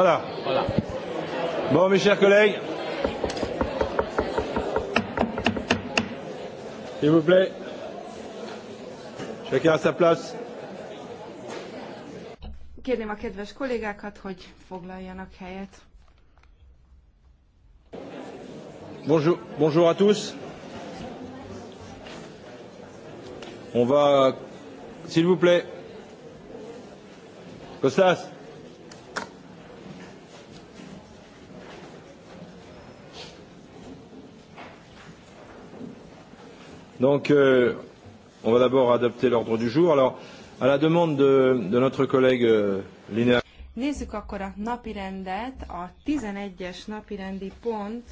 Voilà. voilà. Bon, mes chers collègues. S'il vous plaît. Chacun à sa place. Kérném a kedves kollégákat, hogy foglaljanak helyet. Bonjour, bonjour à tous. On va, s'il vous plaît. Costas. Donc, euh, on va d'abord adopter l'ordre du jour. Alors, à la demande de, de notre collègue euh, Linéa. Nézzük akkor a rendet, a 11-es napi rendi pont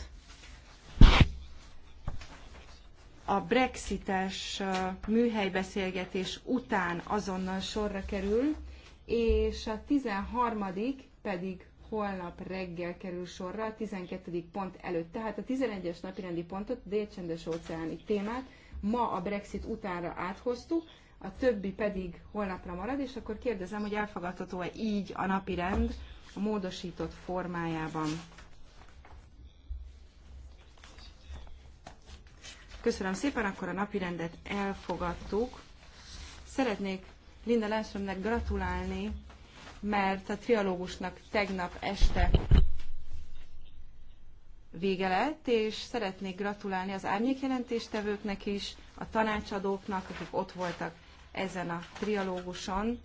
a brexites műhelybeszélgetés után azonnal sorra kerül, és a 13. pedig holnap reggel kerül sorra, a 12. pont előtt. Tehát a 11-es napi rendi pontot, délcsendes óceáni témát ma a Brexit utánra áthoztuk, a többi pedig holnapra marad, és akkor kérdezem, hogy elfogadható-e így a napi rend a módosított formájában. Köszönöm szépen, akkor a napi rendet elfogadtuk. Szeretnék Linda Lenszömnek gratulálni, mert a trialógusnak tegnap este vége lett, és szeretnék gratulálni az árnyékjelentéstevőknek is, a tanácsadóknak, akik ott voltak ezen a trialóguson.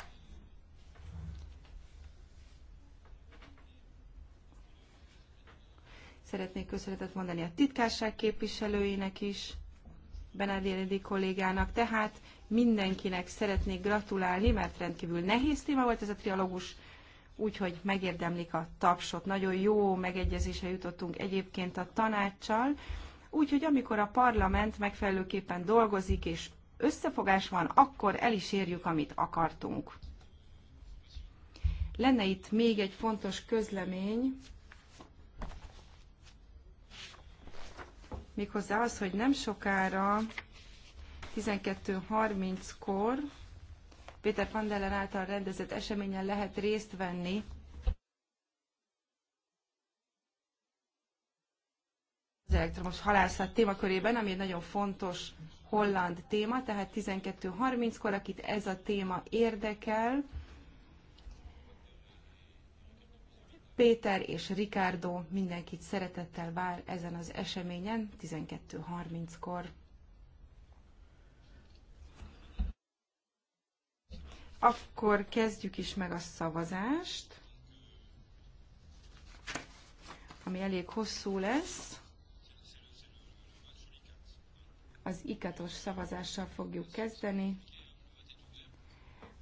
Szeretnék köszönetet mondani a titkárság képviselőinek is, Benedédi kollégának, tehát mindenkinek szeretnék gratulálni, mert rendkívül nehéz téma volt ez a trialógus, úgyhogy megérdemlik a tapsot. Nagyon jó megegyezése jutottunk egyébként a tanácssal, úgyhogy amikor a parlament megfelelőképpen dolgozik és összefogás van, akkor el is érjük, amit akartunk. Lenne itt még egy fontos közlemény, méghozzá az, hogy nem sokára 12.30-kor Péter Fandelen által rendezett eseményen lehet részt venni. az elektromos halászat témakörében, ami egy nagyon fontos holland téma, tehát 12.30-kor, akit ez a téma érdekel, Péter és Ricardo mindenkit szeretettel vár ezen az eseményen 12.30-kor. Akkor kezdjük is meg a szavazást, ami elég hosszú lesz. Az ikatos szavazással fogjuk kezdeni.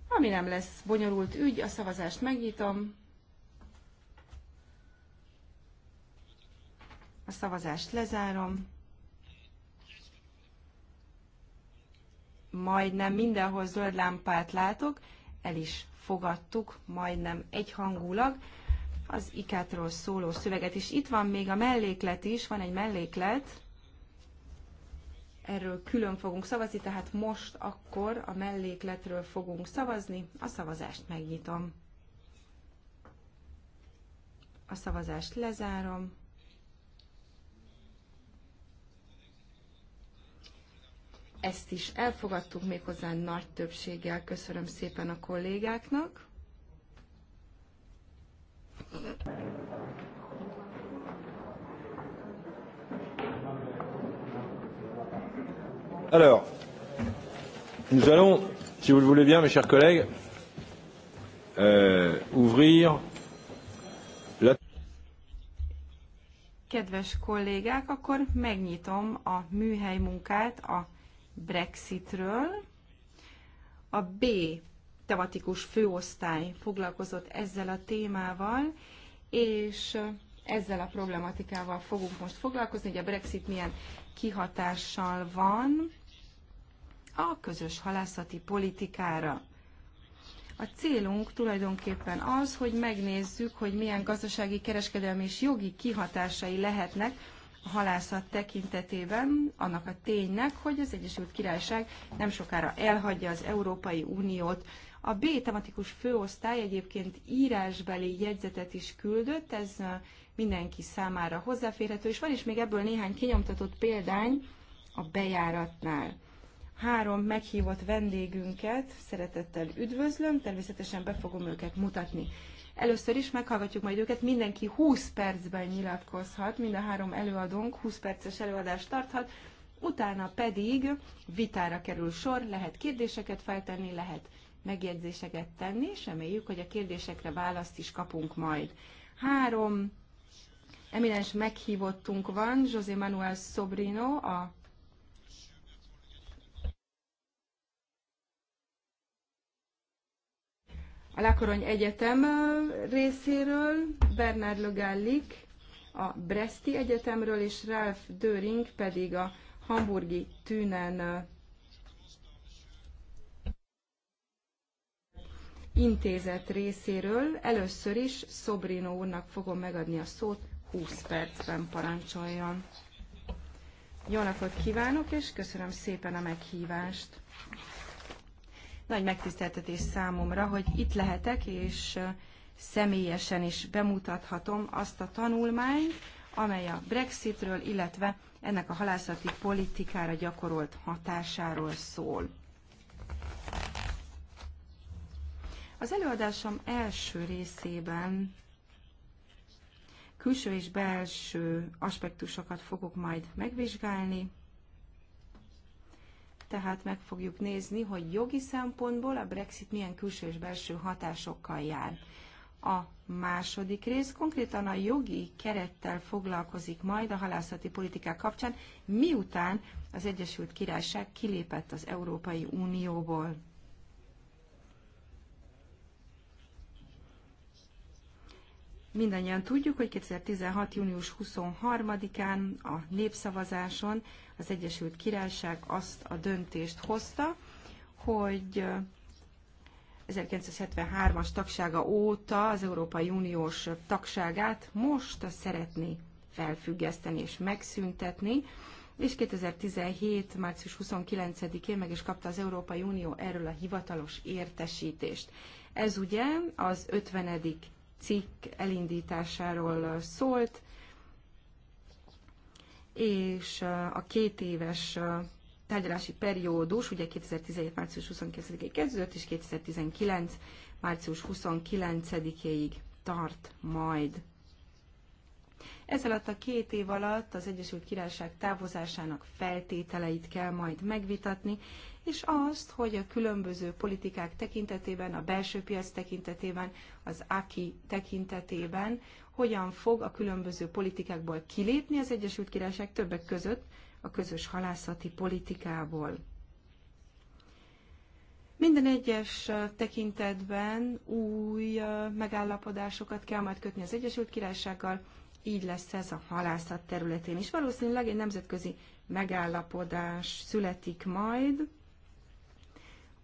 Ami nem lesz bonyolult ügy, a szavazást megnyitom. A szavazást lezárom. majdnem mindenhol zöld lámpát látok, el is fogadtuk, majdnem egyhangulag az ikátról szóló szöveget. És itt van még a melléklet is, van egy melléklet, erről külön fogunk szavazni, tehát most akkor a mellékletről fogunk szavazni, a szavazást megnyitom. A szavazást lezárom. Ezt is elfogadtuk méghozzá nagy többséggel. Köszönöm szépen a kollégáknak. Alors, nous allons, si vous le voulez bien, mes chers collègues, euh, ouvrir la. Kedves kollégák, akkor megnyitom a műhely munkát a Brexitről. A B tematikus főosztály foglalkozott ezzel a témával, és ezzel a problematikával fogunk most foglalkozni, hogy a Brexit milyen kihatással van a közös halászati politikára. A célunk tulajdonképpen az, hogy megnézzük, hogy milyen gazdasági, kereskedelmi és jogi kihatásai lehetnek halászat tekintetében annak a ténynek, hogy az Egyesült Királyság nem sokára elhagyja az Európai Uniót. A B tematikus főosztály egyébként írásbeli jegyzetet is küldött, ez mindenki számára hozzáférhető, és van is még ebből néhány kinyomtatott példány a bejáratnál. Három meghívott vendégünket szeretettel üdvözlöm, természetesen be fogom őket mutatni. Először is meghallgatjuk majd őket, mindenki 20 percben nyilatkozhat, mind a három előadónk 20 perces előadást tarthat, utána pedig vitára kerül sor, lehet kérdéseket feltenni, lehet megjegyzéseket tenni, és reméljük, hogy a kérdésekre választ is kapunk majd. Három eminens meghívottunk van, José Manuel Sobrino, a a Lakorony Egyetem részéről, Bernard Logallik a Bresti Egyetemről, és Ralph Döring pedig a Hamburgi Tünen intézet részéről. Először is Szobrino úrnak fogom megadni a szót, 20 percben parancsoljon. Jó napot kívánok, és köszönöm szépen a meghívást! Nagy megtiszteltetés számomra, hogy itt lehetek, és személyesen is bemutathatom azt a tanulmányt, amely a Brexitről, illetve ennek a halászati politikára gyakorolt hatásáról szól. Az előadásom első részében külső és belső aspektusokat fogok majd megvizsgálni, tehát meg fogjuk nézni, hogy jogi szempontból a Brexit milyen külső és belső hatásokkal jár. A második rész konkrétan a jogi kerettel foglalkozik majd a halászati politikák kapcsán, miután az Egyesült Királyság kilépett az Európai Unióból. Mindannyian tudjuk, hogy 2016. június 23-án a népszavazáson az Egyesült Királyság azt a döntést hozta, hogy 1973-as tagsága óta az Európai Uniós tagságát most szeretné felfüggeszteni és megszüntetni, és 2017. március 29-én meg is kapta az Európai Unió erről a hivatalos értesítést. Ez ugye az 50. cikk elindításáról szólt, és a két éves tárgyalási periódus, ugye 2017. március 29 ig kezdődött, és 2019. március 29-ig tart majd. Ez alatt a két év alatt az Egyesült Királyság távozásának feltételeit kell majd megvitatni, és azt, hogy a különböző politikák tekintetében, a belső piac tekintetében, az AKI tekintetében hogyan fog a különböző politikákból kilépni az Egyesült Királyság többek között a közös halászati politikából. Minden egyes tekintetben új megállapodásokat kell majd kötni az Egyesült Királysággal, így lesz ez a halászat területén is. Valószínűleg egy nemzetközi megállapodás születik majd,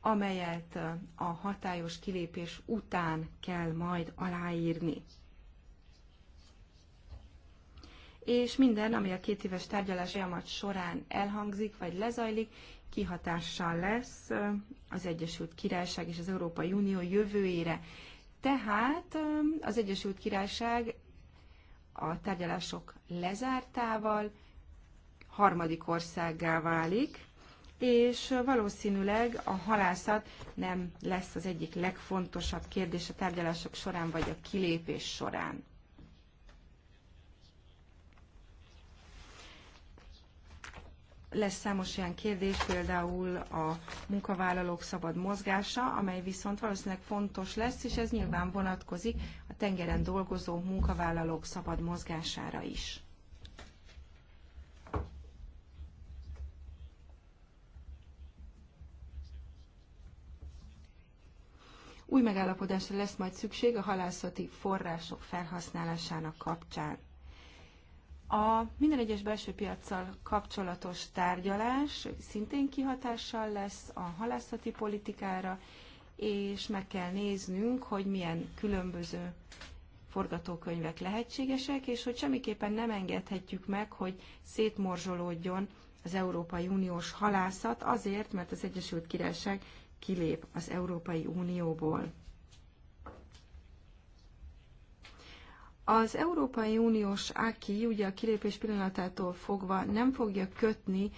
amelyet a hatályos kilépés után kell majd aláírni. És minden, ami a két éves tárgyalás folyamat során elhangzik vagy lezajlik, kihatással lesz az Egyesült Királyság és az Európai Unió jövőjére. Tehát az Egyesült Királyság a tárgyalások lezártával harmadik országgá válik, és valószínűleg a halászat nem lesz az egyik legfontosabb kérdés a tárgyalások során, vagy a kilépés során. lesz számos olyan kérdés, például a munkavállalók szabad mozgása, amely viszont valószínűleg fontos lesz, és ez nyilván vonatkozik a tengeren dolgozó munkavállalók szabad mozgására is. Új megállapodásra lesz majd szükség a halászati források felhasználásának kapcsán. A minden egyes belső piaccal kapcsolatos tárgyalás szintén kihatással lesz a halászati politikára, és meg kell néznünk, hogy milyen különböző forgatókönyvek lehetségesek, és hogy semmiképpen nem engedhetjük meg, hogy szétmorzsolódjon az Európai Uniós halászat azért, mert az Egyesült Királyság kilép az Európai Unióból. Az Európai Uniós AKI ugye a kilépés pillanatától fogva nem fogja kötni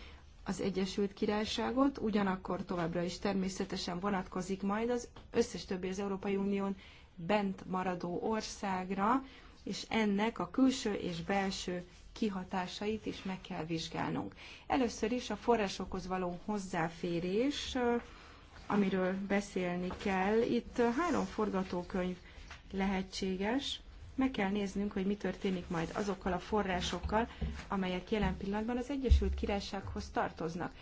az Egyesült Királyságot, ugyanakkor továbbra is természetesen vonatkozik majd az összes többi az Európai Unión bent maradó országra, és ennek a külső és belső kihatásait is meg kell vizsgálnunk. Először is a forrásokhoz való hozzáférés amiről beszélni kell. Itt három forgatókönyv lehetséges. Meg kell néznünk, hogy mi történik majd azokkal a forrásokkal, amelyek jelen pillanatban az Egyesült Királysághoz tartoznak.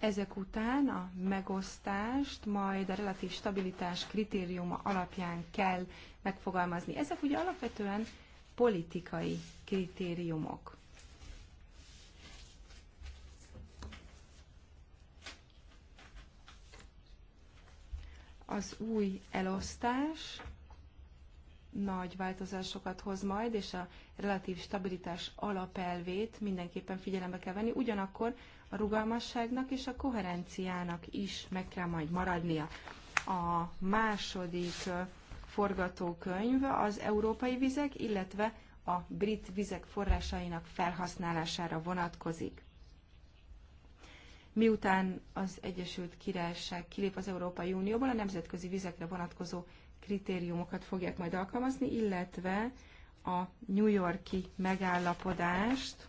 Ezek után a megosztást majd a relatív stabilitás kritériuma alapján kell megfogalmazni. Ezek ugye alapvetően politikai kritériumok. Az új elosztás nagy változásokat hoz majd, és a relatív stabilitás alapelvét mindenképpen figyelembe kell venni, ugyanakkor a rugalmasságnak és a koherenciának is meg kell majd maradnia. A második forgatókönyv az európai vizek, illetve a brit vizek forrásainak felhasználására vonatkozik miután az Egyesült Királyság kilép az Európai Unióból, a nemzetközi vizekre vonatkozó kritériumokat fogják majd alkalmazni, illetve a New Yorki megállapodást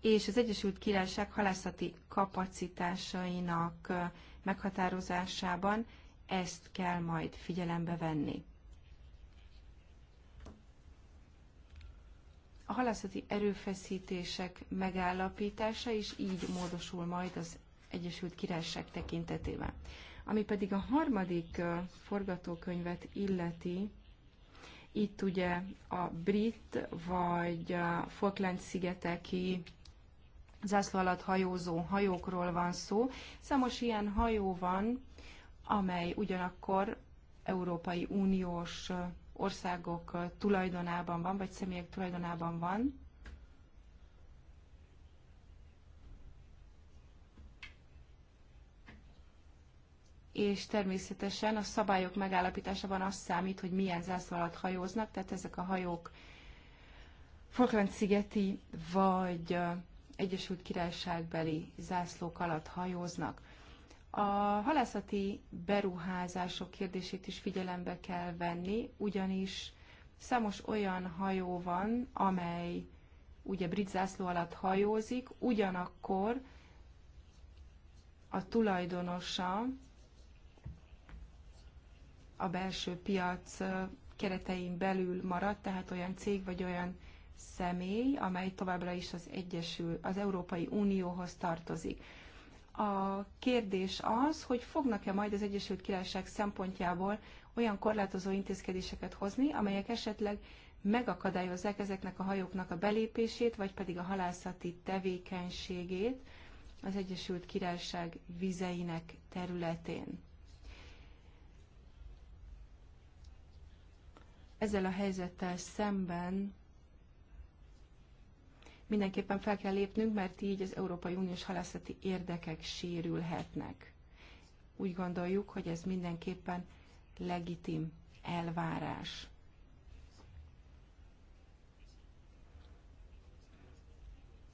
és az Egyesült Királyság halászati kapacitásainak meghatározásában ezt kell majd figyelembe venni. A halászati erőfeszítések megállapítása is így módosul majd az Egyesült Királyság tekintetében. Ami pedig a harmadik forgatókönyvet illeti, itt ugye a brit vagy a Falkland-szigeteki zászló alatt hajózó hajókról van szó. Számos ilyen hajó van, amely ugyanakkor Európai Uniós országok tulajdonában van, vagy személyek tulajdonában van. és természetesen a szabályok megállapításában az számít, hogy milyen zászló alatt hajóznak, tehát ezek a hajók Falkland-szigeti vagy Egyesült Királyságbeli zászlók alatt hajóznak. A halászati beruházások kérdését is figyelembe kell venni, ugyanis számos olyan hajó van, amely ugye brit zászló alatt hajózik, ugyanakkor a tulajdonosa a belső piac keretein belül marad, tehát olyan cég vagy olyan személy, amely továbbra is az, Egyesül, az Európai Unióhoz tartozik. A kérdés az, hogy fognak-e majd az Egyesült Királyság szempontjából olyan korlátozó intézkedéseket hozni, amelyek esetleg megakadályozzák ezeknek a hajóknak a belépését, vagy pedig a halászati tevékenységét az Egyesült Királyság vizeinek területén. Ezzel a helyzettel szemben Mindenképpen fel kell lépnünk, mert így az Európai Uniós halászati érdekek sérülhetnek. Úgy gondoljuk, hogy ez mindenképpen legitim elvárás.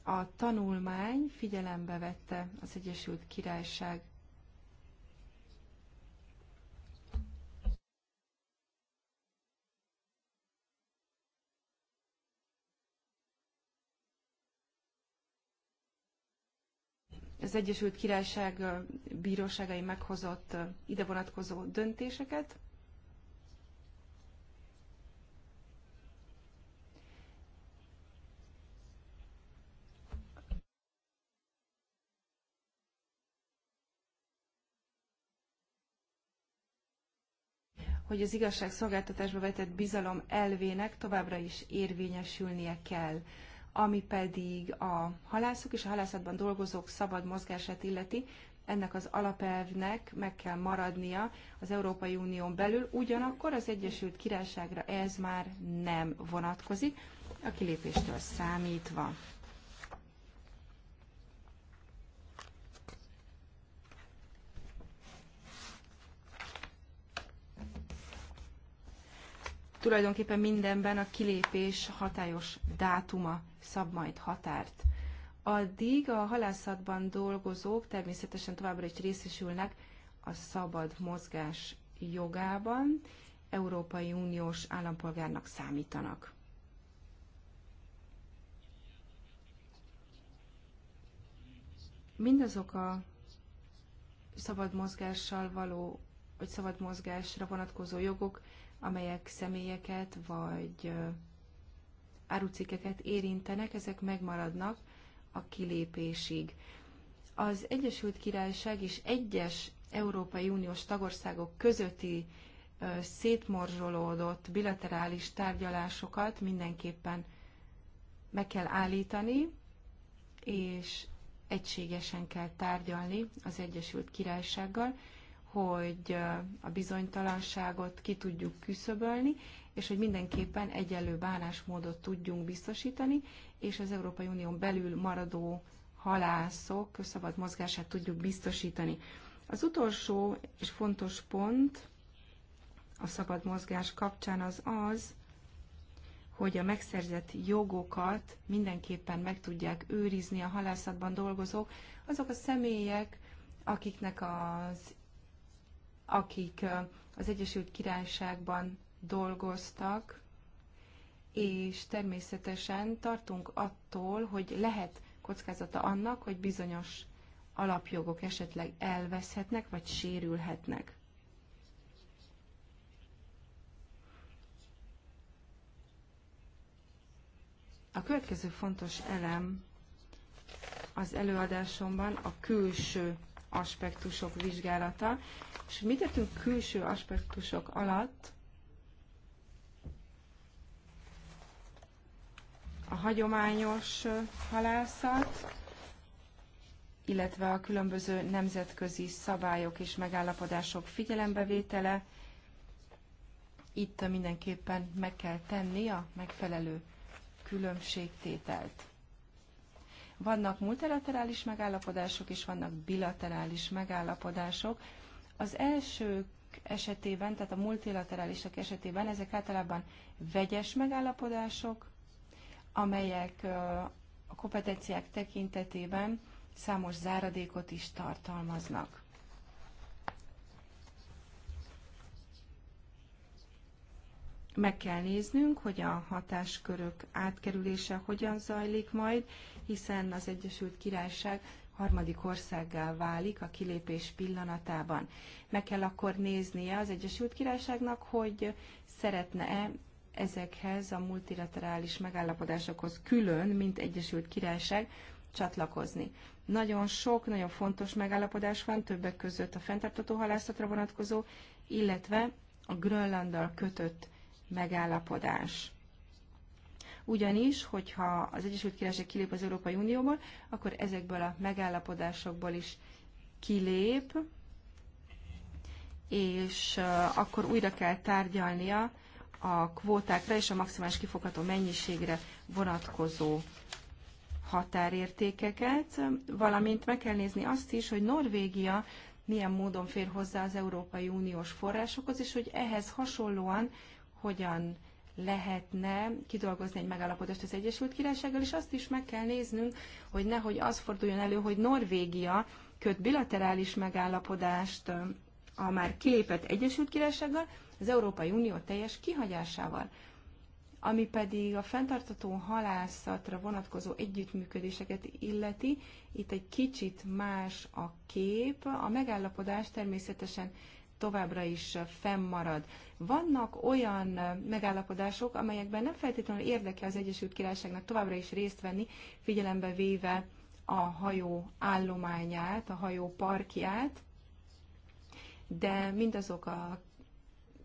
A tanulmány figyelembe vette az Egyesült Királyság az Egyesült Királyság bíróságai meghozott ide vonatkozó döntéseket. hogy az igazságszolgáltatásba vetett bizalom elvének továbbra is érvényesülnie kell. Ami pedig a halászok és a halászatban dolgozók szabad mozgását illeti, ennek az alapelvnek meg kell maradnia az Európai Unión belül, ugyanakkor az Egyesült Királyságra ez már nem vonatkozik, a kilépéstől számítva. tulajdonképpen mindenben a kilépés hatályos dátuma szab majd határt. Addig a halászatban dolgozók természetesen továbbra is részesülnek a szabad mozgás jogában, Európai Uniós állampolgárnak számítanak. Mindazok a szabad mozgással való, vagy szabad mozgásra vonatkozó jogok, amelyek személyeket vagy árucikkeket érintenek, ezek megmaradnak a kilépésig. Az Egyesült Királyság és egyes Európai Uniós tagországok közötti szétmorzsolódott bilaterális tárgyalásokat mindenképpen meg kell állítani, és egységesen kell tárgyalni az Egyesült Királysággal, hogy a bizonytalanságot ki tudjuk küszöbölni, és hogy mindenképpen egyenlő bánásmódot tudjunk biztosítani, és az Európai Unión belül maradó halászok szabad mozgását tudjuk biztosítani. Az utolsó és fontos pont a szabad mozgás kapcsán az az, hogy a megszerzett jogokat mindenképpen meg tudják őrizni a halászatban dolgozók, azok a személyek, akiknek az akik az Egyesült Királyságban dolgoztak, és természetesen tartunk attól, hogy lehet kockázata annak, hogy bizonyos alapjogok esetleg elveszhetnek vagy sérülhetnek. A következő fontos elem az előadásomban a külső aspektusok vizsgálata. És mit értünk külső aspektusok alatt? A hagyományos halászat, illetve a különböző nemzetközi szabályok és megállapodások figyelembevétele. Itt mindenképpen meg kell tenni a megfelelő különbségtételt. Vannak multilaterális megállapodások, és vannak bilaterális megállapodások, az első esetében, tehát a multilaterálisok esetében ezek általában vegyes megállapodások, amelyek a kompetenciák tekintetében számos záradékot is tartalmaznak. Meg kell néznünk, hogy a hatáskörök átkerülése hogyan zajlik majd, hiszen az Egyesült Királyság harmadik országgá válik a kilépés pillanatában. Meg kell akkor néznie az Egyesült Királyságnak, hogy szeretne-e ezekhez a multilaterális megállapodásokhoz külön, mint Egyesült Királyság, csatlakozni. Nagyon sok, nagyon fontos megállapodás van, többek között a fenntartató halászatra vonatkozó, illetve a Grönlanddal kötött megállapodás ugyanis, hogyha az Egyesült Királyság kilép az Európai Unióból, akkor ezekből a megállapodásokból is kilép, és akkor újra kell tárgyalnia a kvótákra és a maximális kifogható mennyiségre vonatkozó határértékeket, valamint meg kell nézni azt is, hogy Norvégia milyen módon fér hozzá az Európai Uniós forrásokhoz, és hogy ehhez hasonlóan hogyan lehetne kidolgozni egy megállapodást az Egyesült Királysággal, és azt is meg kell néznünk, hogy nehogy az forduljon elő, hogy Norvégia köt bilaterális megállapodást a már kilépett Egyesült Királysággal, az Európai Unió teljes kihagyásával. Ami pedig a fenntartató halászatra vonatkozó együttműködéseket illeti, itt egy kicsit más a kép. A megállapodás természetesen továbbra is fennmarad. Vannak olyan megállapodások, amelyekben nem feltétlenül érdeke az Egyesült Királyságnak továbbra is részt venni, figyelembe véve a hajó állományát, a hajó parkját, de mindazok a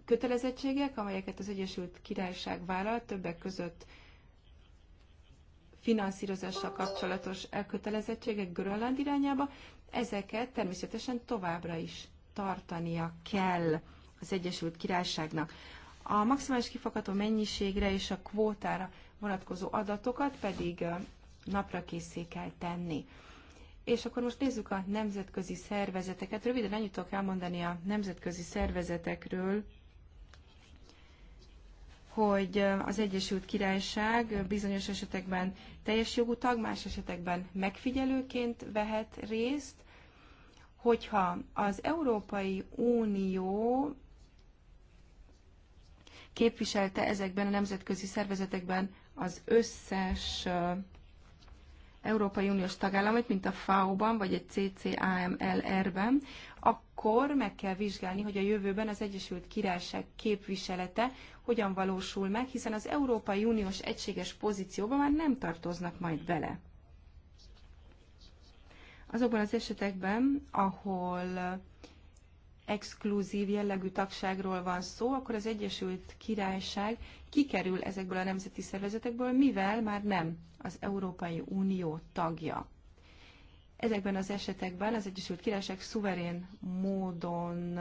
kötelezettségek, amelyeket az Egyesült Királyság vállal, többek között finanszírozással kapcsolatos elkötelezettségek Grönland irányába, ezeket természetesen továbbra is tartania kell az Egyesült Királyságnak. A maximális kifogható mennyiségre és a kvótára vonatkozó adatokat pedig napra készé kell tenni. És akkor most nézzük a nemzetközi szervezeteket. Röviden annyit tudok elmondani a nemzetközi szervezetekről, hogy az Egyesült Királyság bizonyos esetekben teljes jogú tag, más esetekben megfigyelőként vehet részt, hogyha az Európai Unió képviselte ezekben a nemzetközi szervezetekben az összes Európai Uniós tagállamot, mint a FAO-ban, vagy egy CCAMLR-ben, akkor meg kell vizsgálni, hogy a jövőben az Egyesült Királyság képviselete hogyan valósul meg, hiszen az Európai Uniós egységes pozícióban már nem tartoznak majd bele. Azokban az esetekben, ahol exkluzív jellegű tagságról van szó, akkor az Egyesült Királyság kikerül ezekből a nemzeti szervezetekből, mivel már nem az Európai Unió tagja. Ezekben az esetekben az Egyesült Királyság szuverén módon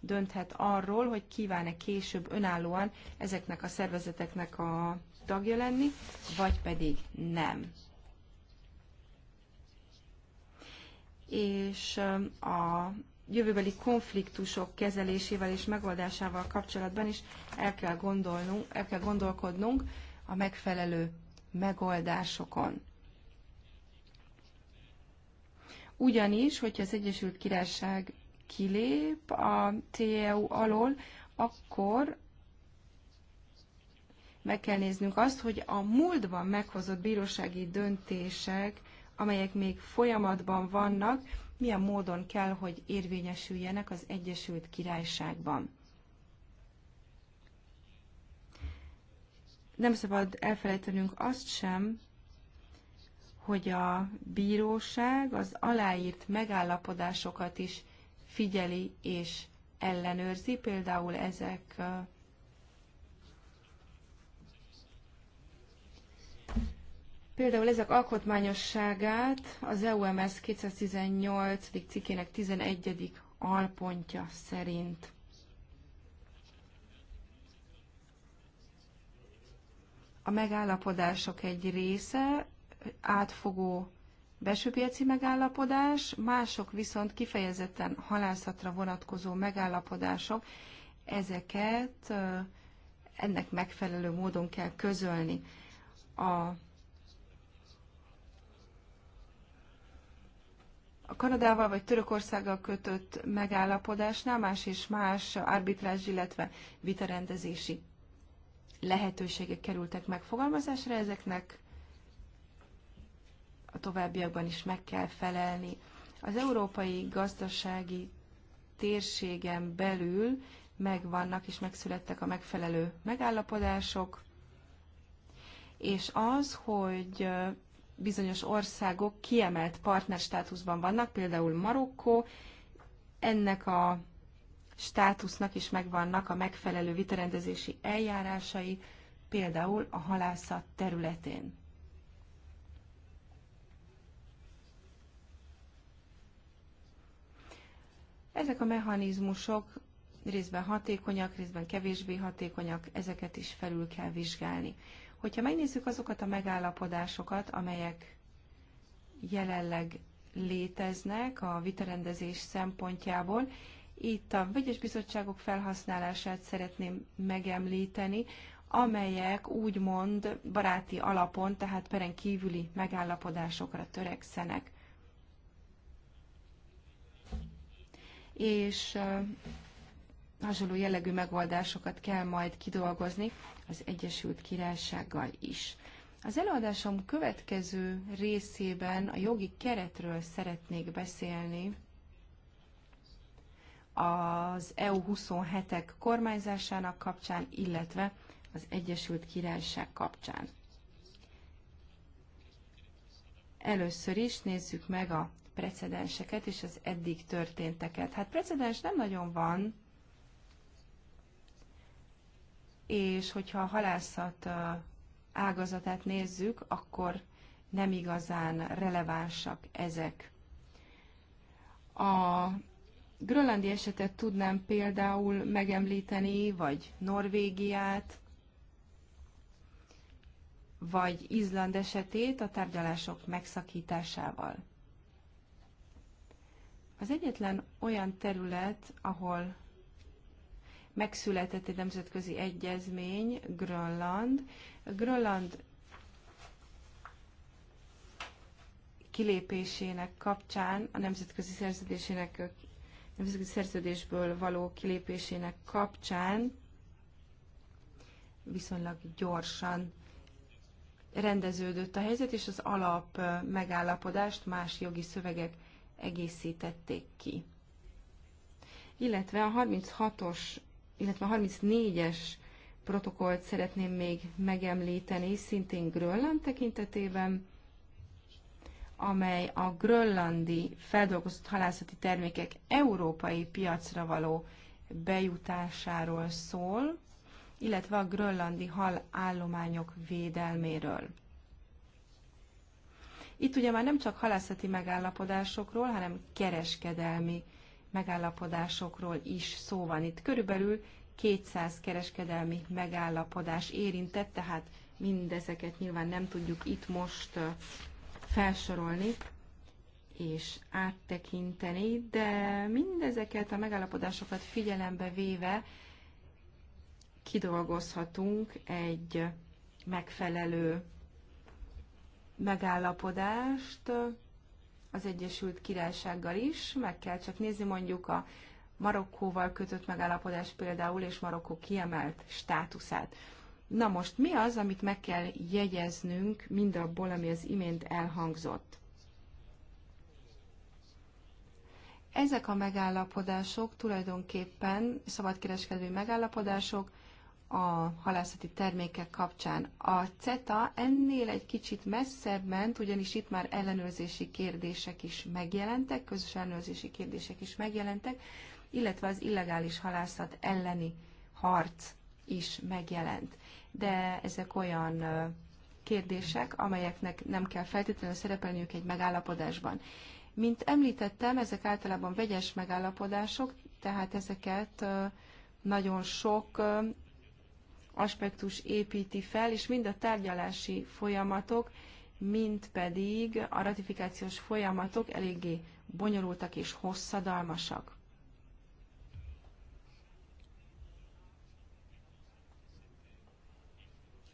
dönthet arról, hogy kíván-e később önállóan ezeknek a szervezeteknek a tagja lenni, vagy pedig nem. és a jövőbeli konfliktusok kezelésével és megoldásával kapcsolatban is el kell, gondolnunk, el kell gondolkodnunk a megfelelő megoldásokon. Ugyanis, hogyha az Egyesült Királyság kilép a TEU alól, akkor meg kell néznünk azt, hogy a múltban meghozott bírósági döntések amelyek még folyamatban vannak, milyen módon kell, hogy érvényesüljenek az Egyesült Királyságban. Nem szabad elfelejtenünk azt sem, hogy a bíróság az aláírt megállapodásokat is figyeli és ellenőrzi, például ezek Például ezek alkotmányosságát az EUMS 218. cikkének 11. alpontja szerint. A megállapodások egy része átfogó besőpiaci megállapodás, mások viszont kifejezetten halászatra vonatkozó megállapodások, ezeket ennek megfelelő módon kell közölni. A a Kanadával vagy Törökországgal kötött megállapodásnál más és más arbitrázs, illetve vitarendezési lehetőségek kerültek megfogalmazásra, ezeknek a továbbiakban is meg kell felelni. Az európai gazdasági térségen belül megvannak és megszülettek a megfelelő megállapodások, és az, hogy bizonyos országok kiemelt partnerstátuszban vannak, például Marokkó, ennek a státusznak is megvannak a megfelelő vitarendezési eljárásai, például a halászat területén. Ezek a mechanizmusok részben hatékonyak, részben kevésbé hatékonyak, ezeket is felül kell vizsgálni. Hogyha megnézzük azokat a megállapodásokat, amelyek jelenleg léteznek a vitarendezés szempontjából, itt a vegyes bizottságok felhasználását szeretném megemlíteni, amelyek úgymond baráti alapon, tehát peren kívüli megállapodásokra törekszenek. És hasonló jellegű megoldásokat kell majd kidolgozni az Egyesült Királysággal is. Az előadásom következő részében a jogi keretről szeretnék beszélni, az EU 27-ek kormányzásának kapcsán, illetve az Egyesült Királyság kapcsán. Először is nézzük meg a precedenseket és az eddig történteket. Hát precedens nem nagyon van, és hogyha a halászat ágazatát nézzük, akkor nem igazán relevánsak ezek. A grönlandi esetet tudnám például megemlíteni, vagy Norvégiát, vagy Izland esetét a tárgyalások megszakításával. Az egyetlen olyan terület, ahol megszületett egy nemzetközi egyezmény, Grönland. Grönland kilépésének kapcsán, a nemzetközi szerződésének, nemzetközi szerződésből való kilépésének kapcsán viszonylag gyorsan rendeződött a helyzet, és az alap megállapodást más jogi szövegek egészítették ki. Illetve a 36-os illetve a 34-es protokollt szeretném még megemlíteni, szintén Grönland tekintetében, amely a grönlandi feldolgozott halászati termékek európai piacra való bejutásáról szól, illetve a grönlandi hal állományok védelméről. Itt ugye már nem csak halászati megállapodásokról, hanem kereskedelmi megállapodásokról is szó van. Itt körülbelül 200 kereskedelmi megállapodás érintett, tehát mindezeket nyilván nem tudjuk itt most felsorolni és áttekinteni, de mindezeket a megállapodásokat figyelembe véve kidolgozhatunk egy megfelelő megállapodást, az Egyesült Királysággal is, meg kell csak nézni mondjuk a Marokkóval kötött megállapodás például, és Marokkó kiemelt státuszát. Na most mi az, amit meg kell jegyeznünk mindabból, ami az imént elhangzott? Ezek a megállapodások tulajdonképpen szabadkereskedelmi megállapodások, a halászati termékek kapcsán. A CETA ennél egy kicsit messzebb ment, ugyanis itt már ellenőrzési kérdések is megjelentek, közös ellenőrzési kérdések is megjelentek, illetve az illegális halászat elleni harc is megjelent. De ezek olyan kérdések, amelyeknek nem kell feltétlenül szerepelniük egy megállapodásban. Mint említettem, ezek általában vegyes megállapodások, tehát ezeket nagyon sok aspektus építi fel, és mind a tárgyalási folyamatok, mint pedig a ratifikációs folyamatok eléggé bonyolultak és hosszadalmasak.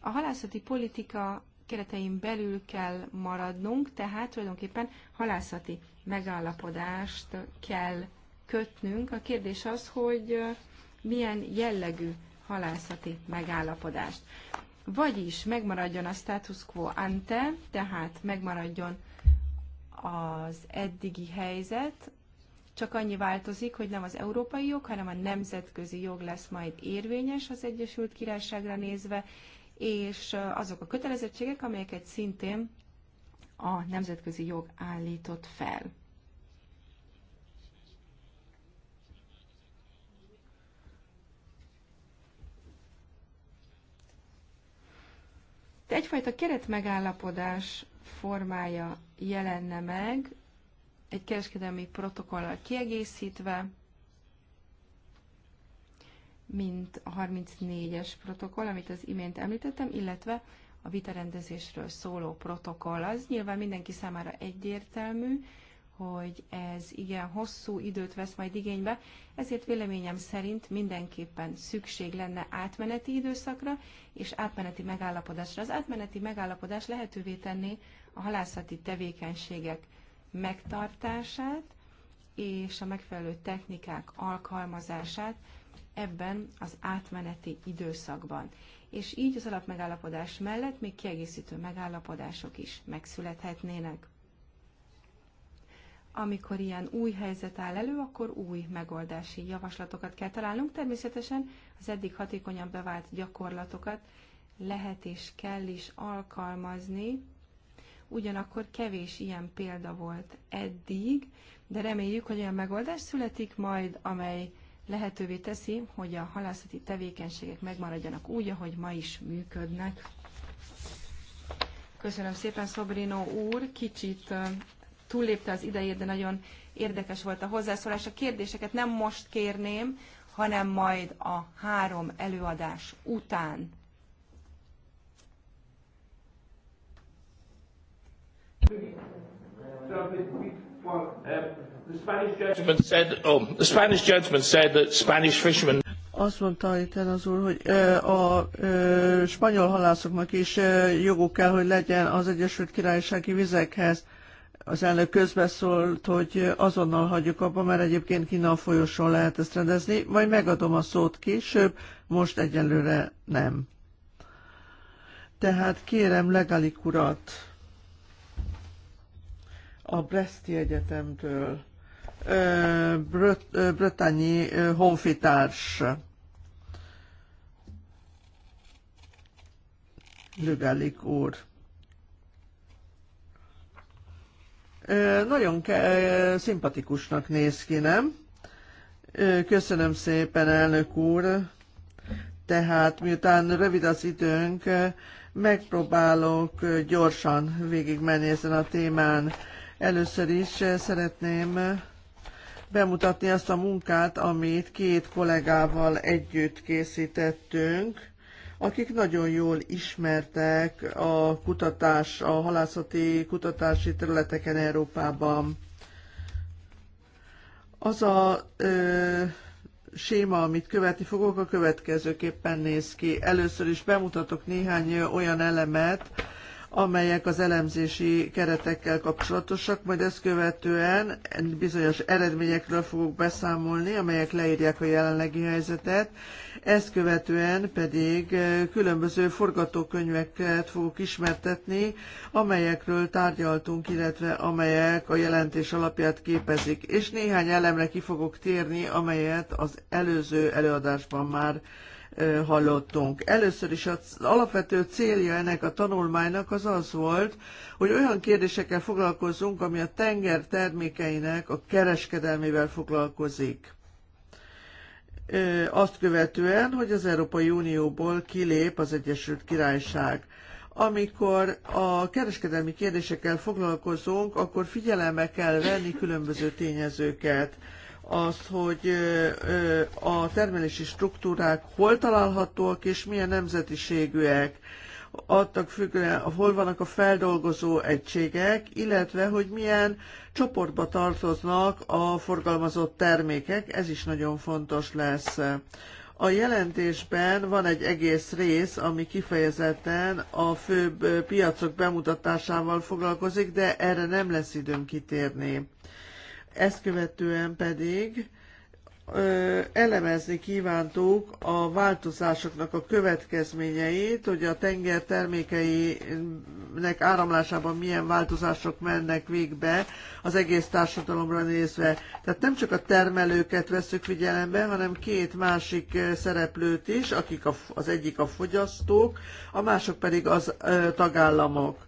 A halászati politika keretein belül kell maradnunk, tehát tulajdonképpen halászati megállapodást kell kötnünk. A kérdés az, hogy milyen jellegű halászati megállapodást. Vagyis megmaradjon a status quo ante, tehát megmaradjon az eddigi helyzet, csak annyi változik, hogy nem az európai jog, hanem a nemzetközi jog lesz majd érvényes az Egyesült Királyságra nézve, és azok a kötelezettségek, amelyeket szintén a nemzetközi jog állított fel. De egyfajta keretmegállapodás formája jelenne meg, egy kereskedelmi protokollal kiegészítve, mint a 34-es protokoll, amit az imént említettem, illetve a vitarendezésről szóló protokoll. Az nyilván mindenki számára egyértelmű, hogy ez igen hosszú időt vesz majd igénybe, ezért véleményem szerint mindenképpen szükség lenne átmeneti időszakra és átmeneti megállapodásra. Az átmeneti megállapodás lehetővé tenné a halászati tevékenységek megtartását és a megfelelő technikák alkalmazását ebben az átmeneti időszakban. És így az alapmegállapodás mellett még kiegészítő megállapodások is megszülethetnének amikor ilyen új helyzet áll elő, akkor új megoldási javaslatokat kell találnunk. Természetesen az eddig hatékonyan bevált gyakorlatokat lehet és kell is alkalmazni. Ugyanakkor kevés ilyen példa volt eddig, de reméljük, hogy olyan megoldás születik majd, amely lehetővé teszi, hogy a halászati tevékenységek megmaradjanak úgy, ahogy ma is működnek. Köszönöm szépen, Szobrino úr. Kicsit túllépte az idejét, de nagyon érdekes volt a hozzászólás. A kérdéseket nem most kérném, hanem majd a három előadás után. Azt mondta itt az úr, hogy a spanyol halászoknak is joguk kell, hogy legyen az Egyesült Királysági vizekhez az elnök közbeszólt, hogy azonnal hagyjuk abba, mert egyébként Kína a folyosón lehet ezt rendezni, majd megadom a szót később, most egyelőre nem. Tehát kérem Legalik urat a Breszti Egyetemtől, Bröt, Brötányi honfitárs. Lügelik úr. Nagyon szimpatikusnak néz ki, nem? Köszönöm szépen, elnök úr. Tehát miután rövid az időnk, megpróbálok gyorsan végigmenni ezen a témán. Először is szeretném bemutatni azt a munkát, amit két kollégával együtt készítettünk akik nagyon jól ismertek a kutatás, a halászati kutatási területeken Európában. Az a ö, séma, amit követni fogok, a következőképpen néz ki. Először is bemutatok néhány olyan elemet, amelyek az elemzési keretekkel kapcsolatosak, majd ezt követően bizonyos eredményekről fogok beszámolni, amelyek leírják a jelenlegi helyzetet, ezt követően pedig eh, különböző forgatókönyveket fogok ismertetni, amelyekről tárgyaltunk, illetve amelyek a jelentés alapját képezik, és néhány elemre ki fogok térni, amelyet az előző előadásban már hallottunk. Először is az alapvető célja ennek a tanulmánynak az az volt, hogy olyan kérdésekkel foglalkozzunk, ami a tenger termékeinek a kereskedelmével foglalkozik. Azt követően, hogy az Európai Unióból kilép az Egyesült Királyság amikor a kereskedelmi kérdésekkel foglalkozunk, akkor figyelembe kell venni különböző tényezőket az, hogy a termelési struktúrák hol találhatóak és milyen nemzetiségűek, adtak függően, hol vannak a feldolgozó egységek, illetve hogy milyen csoportba tartoznak a forgalmazott termékek, ez is nagyon fontos lesz. A jelentésben van egy egész rész, ami kifejezetten a főbb piacok bemutatásával foglalkozik, de erre nem lesz időm kitérni. Ezt követően pedig elemezni kívántuk a változásoknak a következményeit, hogy a tenger termékeinek áramlásában milyen változások mennek végbe az egész társadalomra nézve. Tehát nem csak a termelőket veszük figyelembe, hanem két másik szereplőt is, akik a, az egyik a fogyasztók, a mások pedig az ö, tagállamok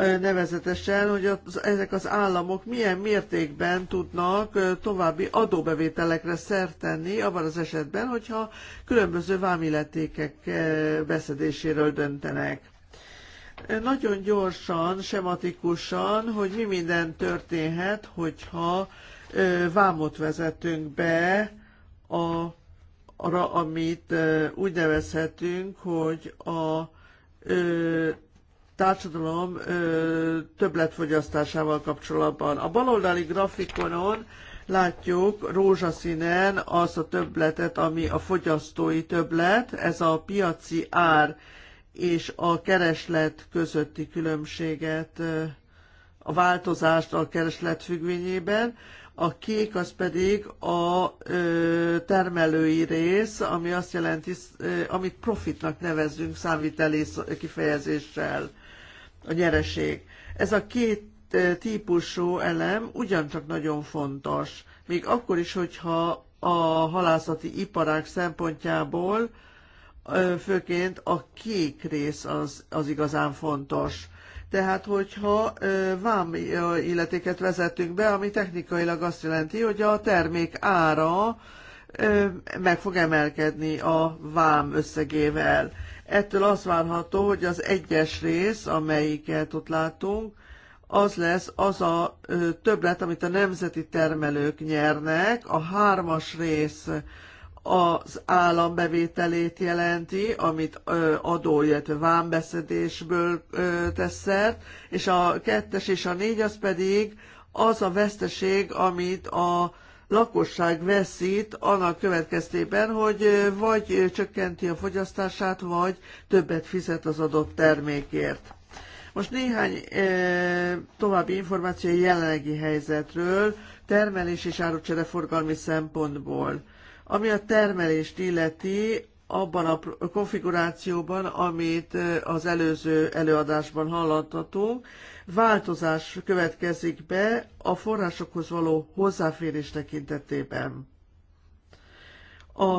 nevezetesen, hogy az, ezek az államok milyen mértékben tudnak további adóbevételekre szert tenni, abban az esetben, hogyha különböző vámilletékek beszedéséről döntenek. Nagyon gyorsan, sematikusan, hogy mi minden történhet, hogyha vámot vezetünk be a, arra, amit úgy nevezhetünk, hogy a társadalom ö, többletfogyasztásával kapcsolatban. A baloldali grafikonon látjuk rózsaszínen az a többletet, ami a fogyasztói többlet, ez a piaci ár és a kereslet közötti különbséget, a változást a kereslet függvényében, a kék az pedig a ö, termelői rész, ami azt jelenti, ö, amit profitnak nevezünk számviteli kifejezéssel a nyereség. Ez a két típusú elem ugyancsak nagyon fontos, még akkor is, hogyha a halászati iparák szempontjából főként a kék rész az, az igazán fontos. Tehát, hogyha vám illetéket vezetünk be, ami technikailag azt jelenti, hogy a termék ára meg fog emelkedni a vám összegével. Ettől az várható, hogy az egyes rész, amelyiket ott látunk, az lesz az a többlet, amit a nemzeti termelők nyernek, a hármas rész az állambevételét jelenti, amit adó, illetve vámbeszedésből tesz szert, és a kettes és a négy az pedig az a veszteség, amit a lakosság veszít annak következtében, hogy vagy csökkenti a fogyasztását, vagy többet fizet az adott termékért. Most néhány e, további információ a jelenlegi helyzetről, termelés és árucsereforgalmi szempontból. Ami a termelést illeti, abban a konfigurációban, amit az előző előadásban hallottatunk, változás következik be a forrásokhoz való hozzáférés tekintetében. A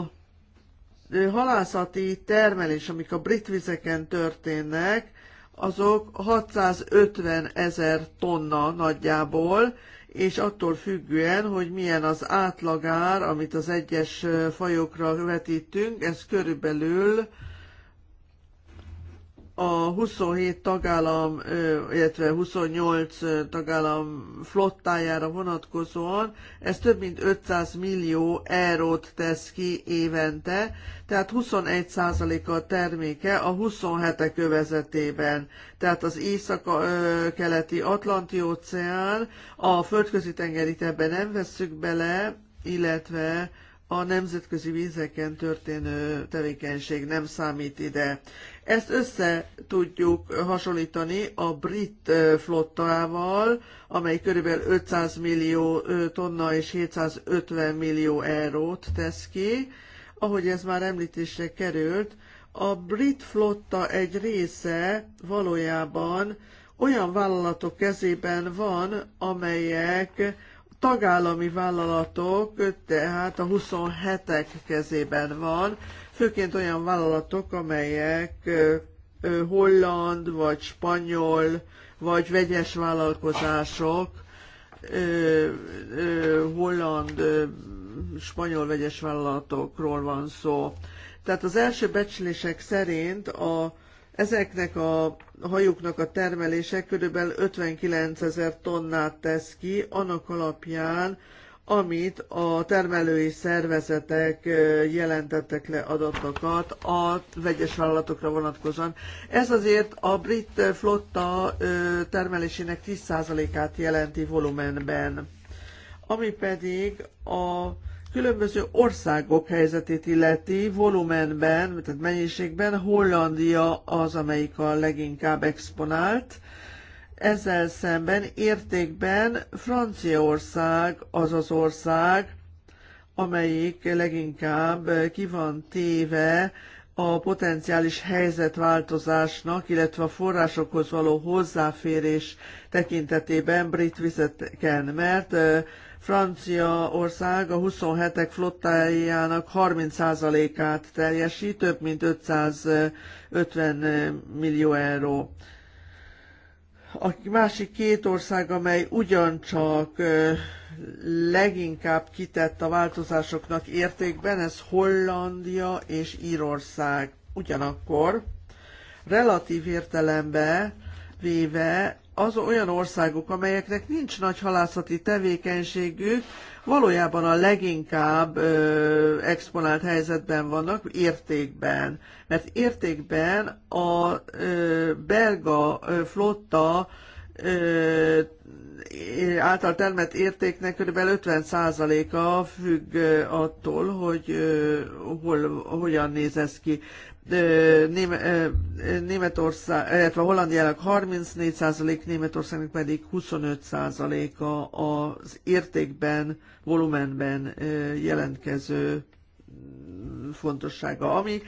halászati termelés, amik a brit vizeken történnek, azok 650 ezer tonna nagyjából, és attól függően, hogy milyen az átlagár, amit az egyes fajokra vetítünk, ez körülbelül a 27 tagállam, illetve 28 tagállam flottájára vonatkozóan, ez több mint 500 millió eurót tesz ki évente, tehát 21%-a a terméke a 27-ek kövezetében. Tehát az észak-keleti Atlanti óceán, a földközi tengerit ebben nem vesszük bele, illetve a nemzetközi vízeken történő tevékenység nem számít ide. Ezt össze tudjuk hasonlítani a brit flottával, amely körülbelül 500 millió tonna és 750 millió eurót tesz ki. Ahogy ez már említésre került, a brit flotta egy része valójában olyan vállalatok kezében van, amelyek tagállami vállalatok, tehát a 27-ek kezében van, főként olyan vállalatok, amelyek holland, vagy spanyol, vagy vegyes vállalkozások, holland, spanyol vegyes vállalatokról van szó. Tehát az első becslések szerint a, ezeknek a hajóknak a termelése kb. 59 ezer tonnát tesz ki, annak alapján, amit a termelői szervezetek jelentettek le adatokat a vegyes vállalatokra vonatkozóan. Ez azért a brit flotta termelésének 10%-át jelenti volumenben. Ami pedig a különböző országok helyzetét illeti volumenben, tehát mennyiségben Hollandia az, amelyik a leginkább exponált, ezzel szemben értékben Franciaország az az ország, amelyik leginkább ki van téve a potenciális helyzetváltozásnak, illetve a forrásokhoz való hozzáférés tekintetében brit vizeteken, mert Franciaország a 27-ek flottájának 30%-át teljesít, több mint 550 millió euró. A másik két ország, amely ugyancsak leginkább kitett a változásoknak értékben, ez Hollandia és Írország. Ugyanakkor relatív értelemben véve az olyan országok, amelyeknek nincs nagy halászati tevékenységük, valójában a leginkább ö, exponált helyzetben vannak értékben. Mert értékben a ö, belga ö, flotta ö, által termett értéknek kb. 50%-a függ attól, hogy ö, hol, hogyan néz ez ki. Németország, illetve Hollandiának 34%, Németországnak pedig 25%-a az értékben, volumenben jelentkező fontossága, ami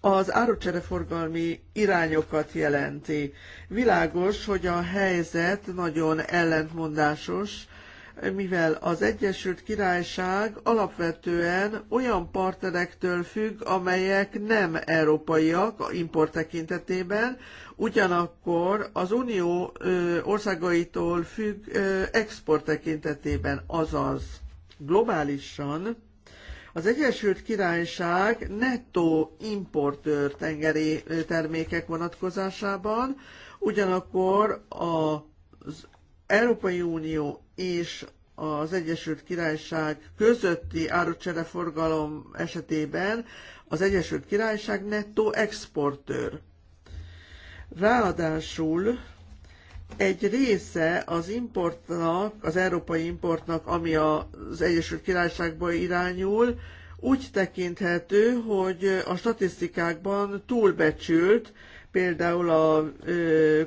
az árucsereforgalmi irányokat jelenti. Világos, hogy a helyzet nagyon ellentmondásos, mivel az Egyesült Királyság alapvetően olyan partnerektől függ, amelyek nem európaiak import tekintetében, ugyanakkor az Unió országaitól függ export tekintetében, azaz globálisan az Egyesült Királyság nettó importőr tengeri termékek vonatkozásában, ugyanakkor az Európai Unió és az Egyesült Királyság közötti árucsereforgalom esetében az Egyesült Királyság nettó exportőr. Ráadásul egy része az importnak, az európai importnak, ami az Egyesült Királyságba irányul, úgy tekinthető, hogy a statisztikákban túlbecsült, Például a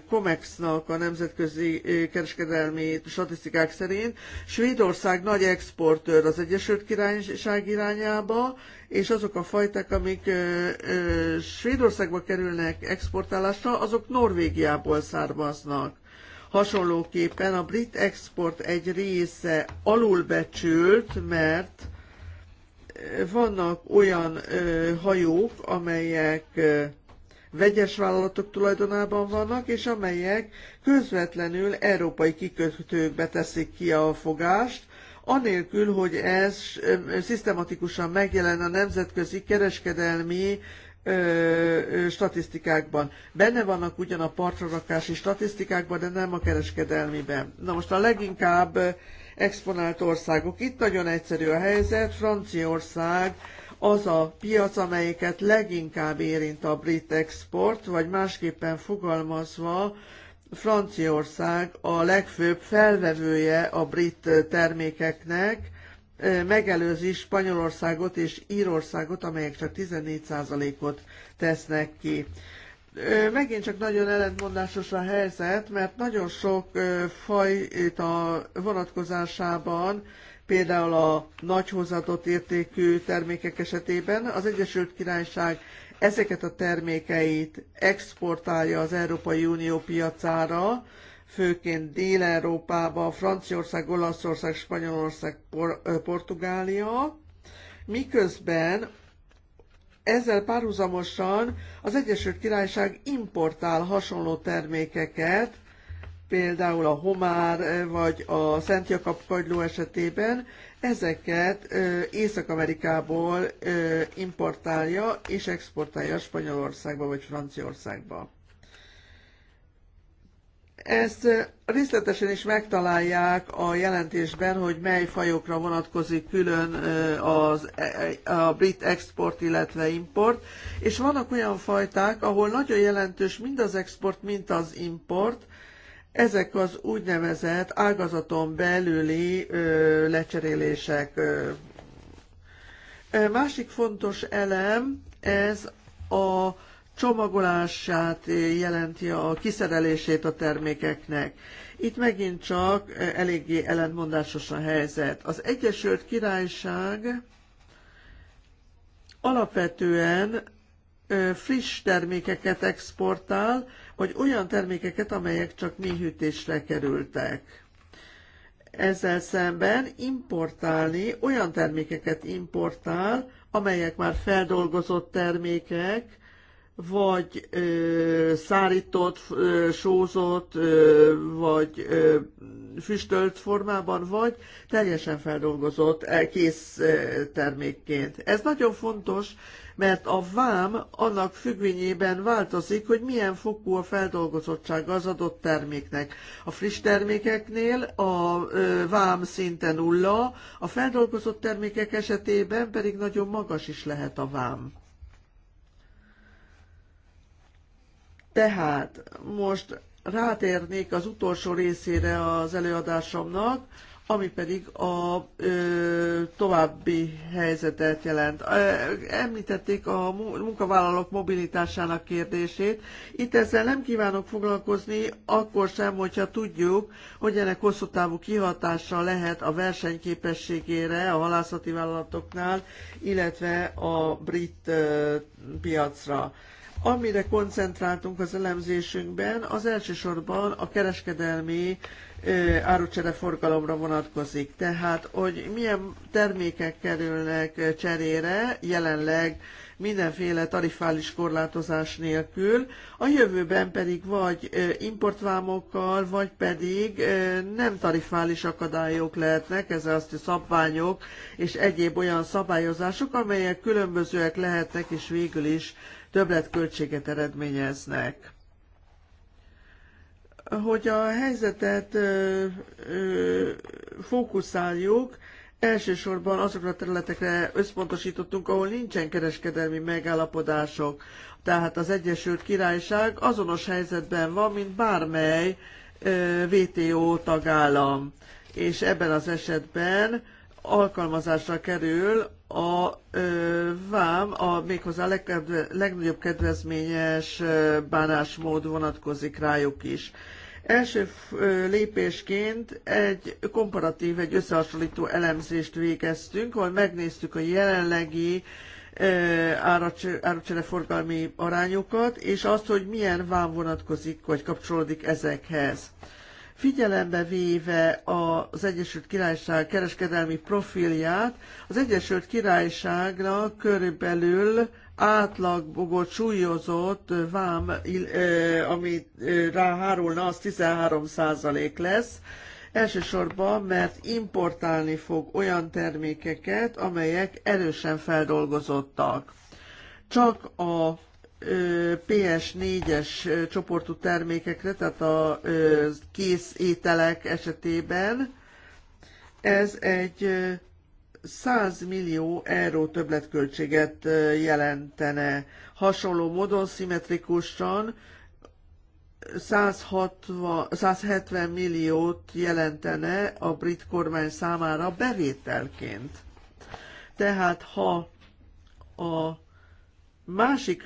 COMEX-nak a nemzetközi kereskedelmi statisztikák szerint Svédország nagy exportőr az Egyesült Királyság irányába, és azok a fajták, amik Svédországba kerülnek exportálásra, azok Norvégiából származnak. Hasonlóképpen a brit export egy része alulbecsült, mert vannak olyan ö, hajók, amelyek vegyes vállalatok tulajdonában vannak, és amelyek közvetlenül európai kikötőkbe teszik ki a fogást, anélkül, hogy ez szisztematikusan megjelen a nemzetközi kereskedelmi statisztikákban. Benne vannak ugyan a partrarakási statisztikákban, de nem a kereskedelmiben. Na most a leginkább exponált országok. Itt nagyon egyszerű a helyzet. Franciaország az a piac, amelyiket leginkább érint a brit export, vagy másképpen fogalmazva, Franciaország a legfőbb felvevője a brit termékeknek, megelőzi Spanyolországot és Írországot, amelyek csak 14%-ot tesznek ki. Megint csak nagyon ellentmondásos a helyzet, mert nagyon sok fajta vonatkozásában például a nagy hozatot értékű termékek esetében az Egyesült Királyság ezeket a termékeit exportálja az Európai Unió piacára, főként Dél-Európába, Franciaország, Olaszország, Spanyolország, Portugália, miközben ezzel párhuzamosan az Egyesült Királyság importál hasonló termékeket például a homár eh, vagy a Szent Jakab kagyló esetében, ezeket eh, Észak-Amerikából eh, importálja és exportálja Spanyolországba vagy Franciaországba. Ezt részletesen is megtalálják a jelentésben, hogy mely fajokra vonatkozik külön az, a brit export, illetve import, és vannak olyan fajták, ahol nagyon jelentős mind az export, mind az import, ezek az úgynevezett ágazaton belüli ö, lecserélések. Ö. Másik fontos elem, ez a csomagolását jelenti a kiszerelését a termékeknek. Itt megint csak eléggé ellentmondásos a helyzet. Az Egyesült Királyság alapvetően friss termékeket exportál, hogy olyan termékeket, amelyek csak méhűtésre kerültek. Ezzel szemben importálni, olyan termékeket importál, amelyek már feldolgozott termékek, vagy ö, szárított, ö, sózott, ö, vagy ö, füstölt formában, vagy teljesen feldolgozott e, kész ö, termékként. Ez nagyon fontos, mert a vám annak függvényében változik, hogy milyen fokú a feldolgozottsága az adott terméknek. A friss termékeknél a vám szinte nulla, a feldolgozott termékek esetében pedig nagyon magas is lehet a vám. Tehát most rátérnék az utolsó részére az előadásomnak, ami pedig a ö, további helyzetet jelent. Említették a munkavállalók mobilitásának kérdését. Itt ezzel nem kívánok foglalkozni, akkor sem, hogyha tudjuk, hogy ennek hosszú távú kihatása lehet a versenyképességére a halászati vállalatoknál, illetve a brit ö, piacra. Amire koncentráltunk az elemzésünkben, az elsősorban a kereskedelmi forgalomra vonatkozik. Tehát, hogy milyen termékek kerülnek cserére jelenleg mindenféle tarifális korlátozás nélkül, a jövőben pedig vagy importvámokkal, vagy pedig nem tarifális akadályok lehetnek, ez azt, a szabványok és egyéb olyan szabályozások, amelyek különbözőek lehetnek, és végül is többletköltséget eredményeznek hogy a helyzetet ö, ö, fókuszáljuk, elsősorban azokra a területekre összpontosítottunk, ahol nincsen kereskedelmi megállapodások. Tehát az Egyesült Királyság azonos helyzetben van, mint bármely ö, WTO tagállam, és ebben az esetben alkalmazásra kerül a vám a méghozzá legkedve, legnagyobb kedvezményes bánásmód vonatkozik rájuk is. Első lépésként egy komparatív, egy összehasonlító elemzést végeztünk, ahol megnéztük a jelenlegi árucsereforgalmi arányokat, és azt, hogy milyen vám vonatkozik, vagy kapcsolódik ezekhez figyelembe véve az Egyesült Királyság kereskedelmi profilját, az Egyesült Királyságnak körülbelül átlagbogot súlyozott vám, ami ráhárulna az 13 százalék lesz, elsősorban, mert importálni fog olyan termékeket, amelyek erősen feldolgozottak. Csak a PS4-es csoportú termékekre, tehát a kész ételek esetében ez egy 100 millió euró többletköltséget jelentene. Hasonló módon szimmetrikusan 160, 170 milliót jelentene a brit kormány számára bevételként. Tehát ha a másik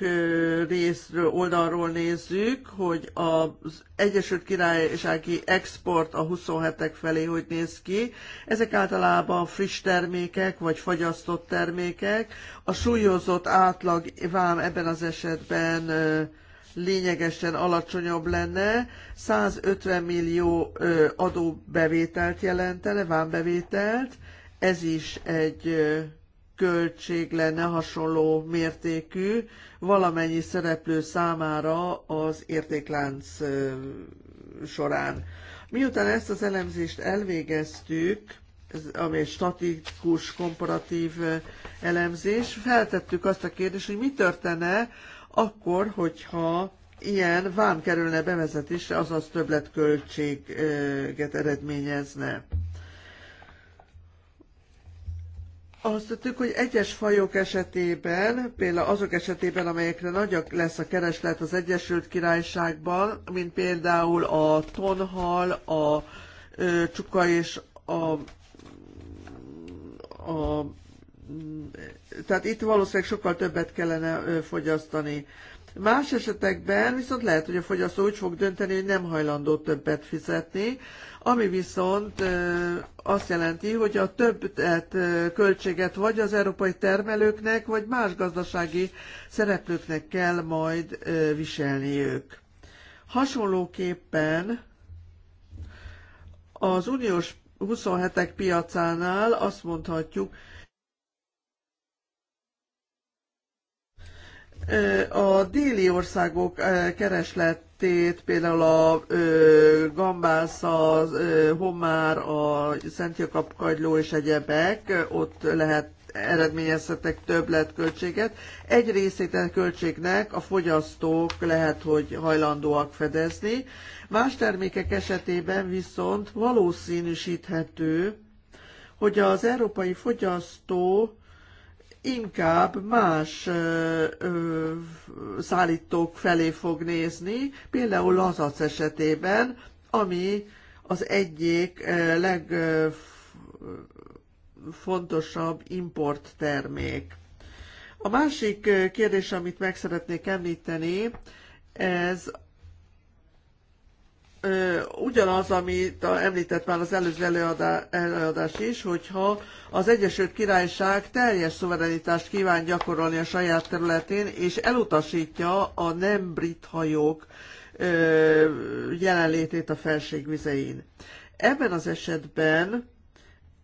részről, oldalról nézzük, hogy az Egyesült Királysági export a 27-ek felé hogy néz ki. Ezek általában friss termékek, vagy fagyasztott termékek. A súlyozott átlag vám ebben az esetben lényegesen alacsonyabb lenne, 150 millió adóbevételt jelentene, vámbevételt, ez is egy költség lenne hasonló mértékű valamennyi szereplő számára az értéklánc során. Miután ezt az elemzést elvégeztük, ami egy statikus, komparatív elemzés, feltettük azt a kérdést, hogy mi történne akkor, hogyha ilyen vám kerülne bevezetésre, azaz többletköltséget eredményezne. azt tettük, hogy egyes fajok esetében, például azok esetében, amelyekre nagy lesz a kereslet az Egyesült Királyságban, mint például a tonhal, a ö, csuka és a, a tehát itt valószínűleg sokkal többet kellene fogyasztani. Más esetekben viszont lehet, hogy a fogyasztó úgy fog dönteni, hogy nem hajlandó többet fizetni ami viszont azt jelenti, hogy a többet költséget vagy az európai termelőknek, vagy más gazdasági szereplőknek kell majd viselniük. Hasonlóképpen az uniós 27-ek piacánál azt mondhatjuk, a a déli országok eh, keresletét, például a gambász, a homár, a kagyló és egyebek, ott lehet eredményezhetek többletköltséget. Egy részét a költségnek a fogyasztók lehet, hogy hajlandóak fedezni, más termékek esetében viszont valószínűsíthető, hogy az európai fogyasztó inkább más ö, ö, szállítók felé fog nézni, például Lazac esetében, ami az egyik legfontosabb legfontosabb importtermék. A másik kérdés, amit meg szeretnék említeni, ez ugyanaz, amit említett már az előző előadás is, hogyha az Egyesült Királyság teljes szuverenitást kíván gyakorolni a saját területén, és elutasítja a nem brit hajók jelenlétét a vizein. Ebben az esetben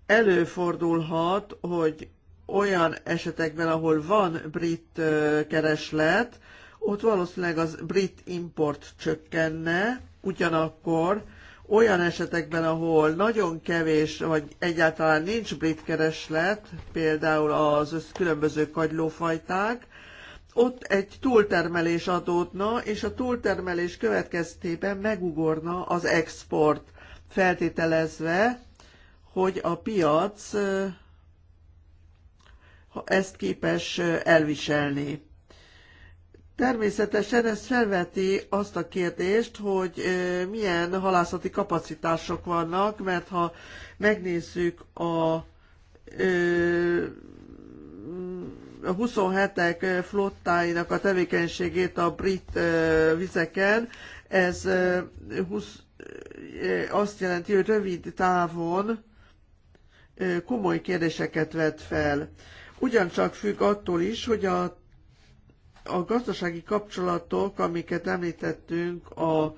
előfordulhat, hogy olyan esetekben, ahol van brit kereslet, ott valószínűleg az brit import csökkenne, Ugyanakkor olyan esetekben, ahol nagyon kevés, vagy egyáltalán nincs brit kereslet, például az különböző kagylófajták, ott egy túltermelés adódna, és a túltermelés következtében megugorna az export, feltételezve, hogy a piac ezt képes elviselni. Természetesen ez felveti azt a kérdést, hogy milyen halászati kapacitások vannak, mert ha megnézzük a a 27-ek flottáinak a tevékenységét a brit vizeken, ez 20, azt jelenti, hogy rövid távon komoly kérdéseket vet fel. Ugyancsak függ attól is, hogy a a gazdasági kapcsolatok, amiket említettünk, a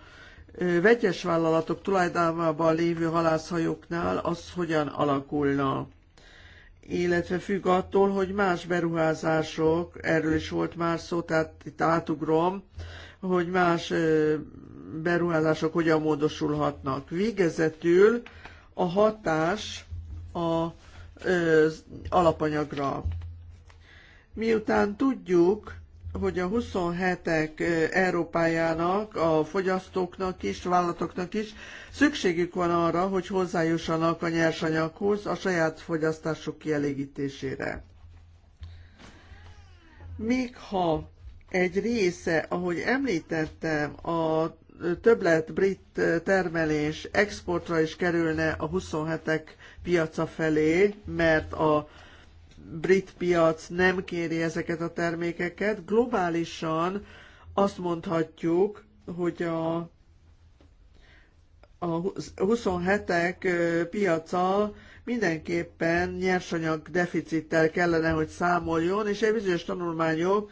vegyes vállalatok tulajdonában lévő halászhajóknál, az hogyan alakulna? illetve függ attól, hogy más beruházások, erről is volt már szó, tehát itt átugrom, hogy más beruházások hogyan módosulhatnak. Végezetül a hatás az alapanyagra. Miután tudjuk, hogy a 27-ek Európájának, a fogyasztóknak is, vállalatoknak is szükségük van arra, hogy hozzájussanak a nyersanyaghoz, a saját fogyasztásuk kielégítésére. Még ha egy része, ahogy említettem, a többlet brit termelés exportra is kerülne a 27-ek piaca felé, mert a brit piac nem kéri ezeket a termékeket. Globálisan azt mondhatjuk, hogy a, a 27-ek piaca mindenképpen nyersanyag deficittel kellene, hogy számoljon, és egy bizonyos tanulmányok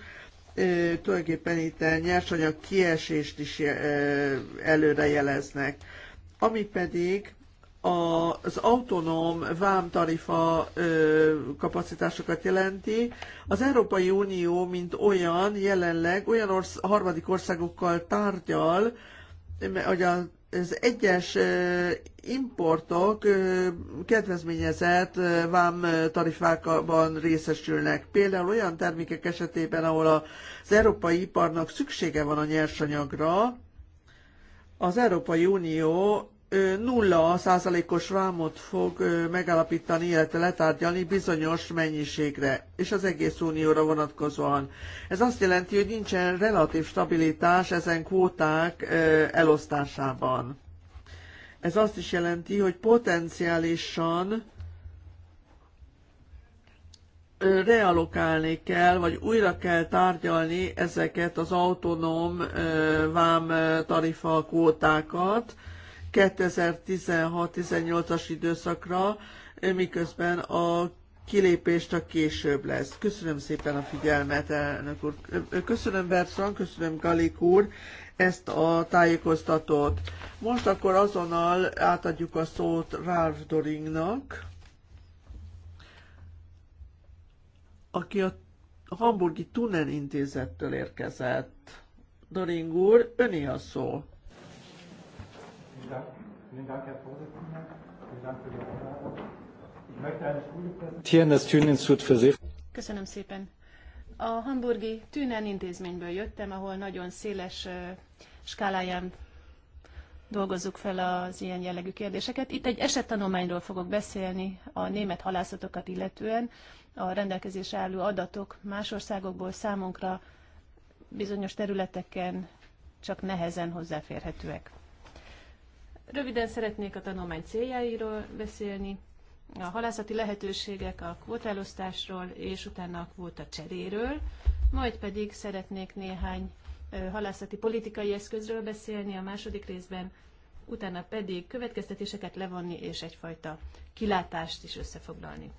tulajdonképpen itt nyersanyag kiesést is előre jeleznek. Ami pedig az autonóm vámtarifa kapacitásokat jelenti. Az Európai Unió, mint olyan, jelenleg olyan orsz- harmadik országokkal tárgyal, hogy az egyes importok kedvezményezett vám tarifákban részesülnek. Például olyan termékek esetében, ahol az európai iparnak szüksége van a nyersanyagra, az Európai Unió nulla százalékos vámot fog megállapítani, illetve letárgyalni bizonyos mennyiségre, és az egész unióra vonatkozóan. Ez azt jelenti, hogy nincsen relatív stabilitás ezen kvóták elosztásában. Ez azt is jelenti, hogy potenciálisan realokálni kell, vagy újra kell tárgyalni ezeket az autonóm vám tarifa kvótákat, 2016-18-as időszakra, eh, miközben a kilépést a később lesz. Köszönöm szépen a figyelmet, elnök úr. Eh, köszönöm Bertran, köszönöm Galik úr ezt a tájékoztatót. Most akkor azonnal átadjuk a szót Ralph Doringnak, aki a Hamburgi Tunen Intézettől érkezett. Doring úr, öné a szó. Vielen Dank, vielen Dank Herr Vorsitzender. Vielen Dank für die Einladung. Ich möchte eine Studie präsentieren, das für Köszönöm szépen. A hamburgi Tünen intézményből jöttem, ahol nagyon széles skáláján dolgozzuk fel az ilyen jellegű kérdéseket. Itt egy esettanulmányról fogok beszélni a német halászatokat illetően. A rendelkezés álló adatok más országokból számunkra bizonyos területeken csak nehezen hozzáférhetőek. Röviden szeretnék a tanulmány céljáiról beszélni, a halászati lehetőségek, a kvótálosztásról, és utána a kvóta cseréről, majd pedig szeretnék néhány halászati politikai eszközről beszélni a második részben, utána pedig következtetéseket levonni és egyfajta kilátást is összefoglalni.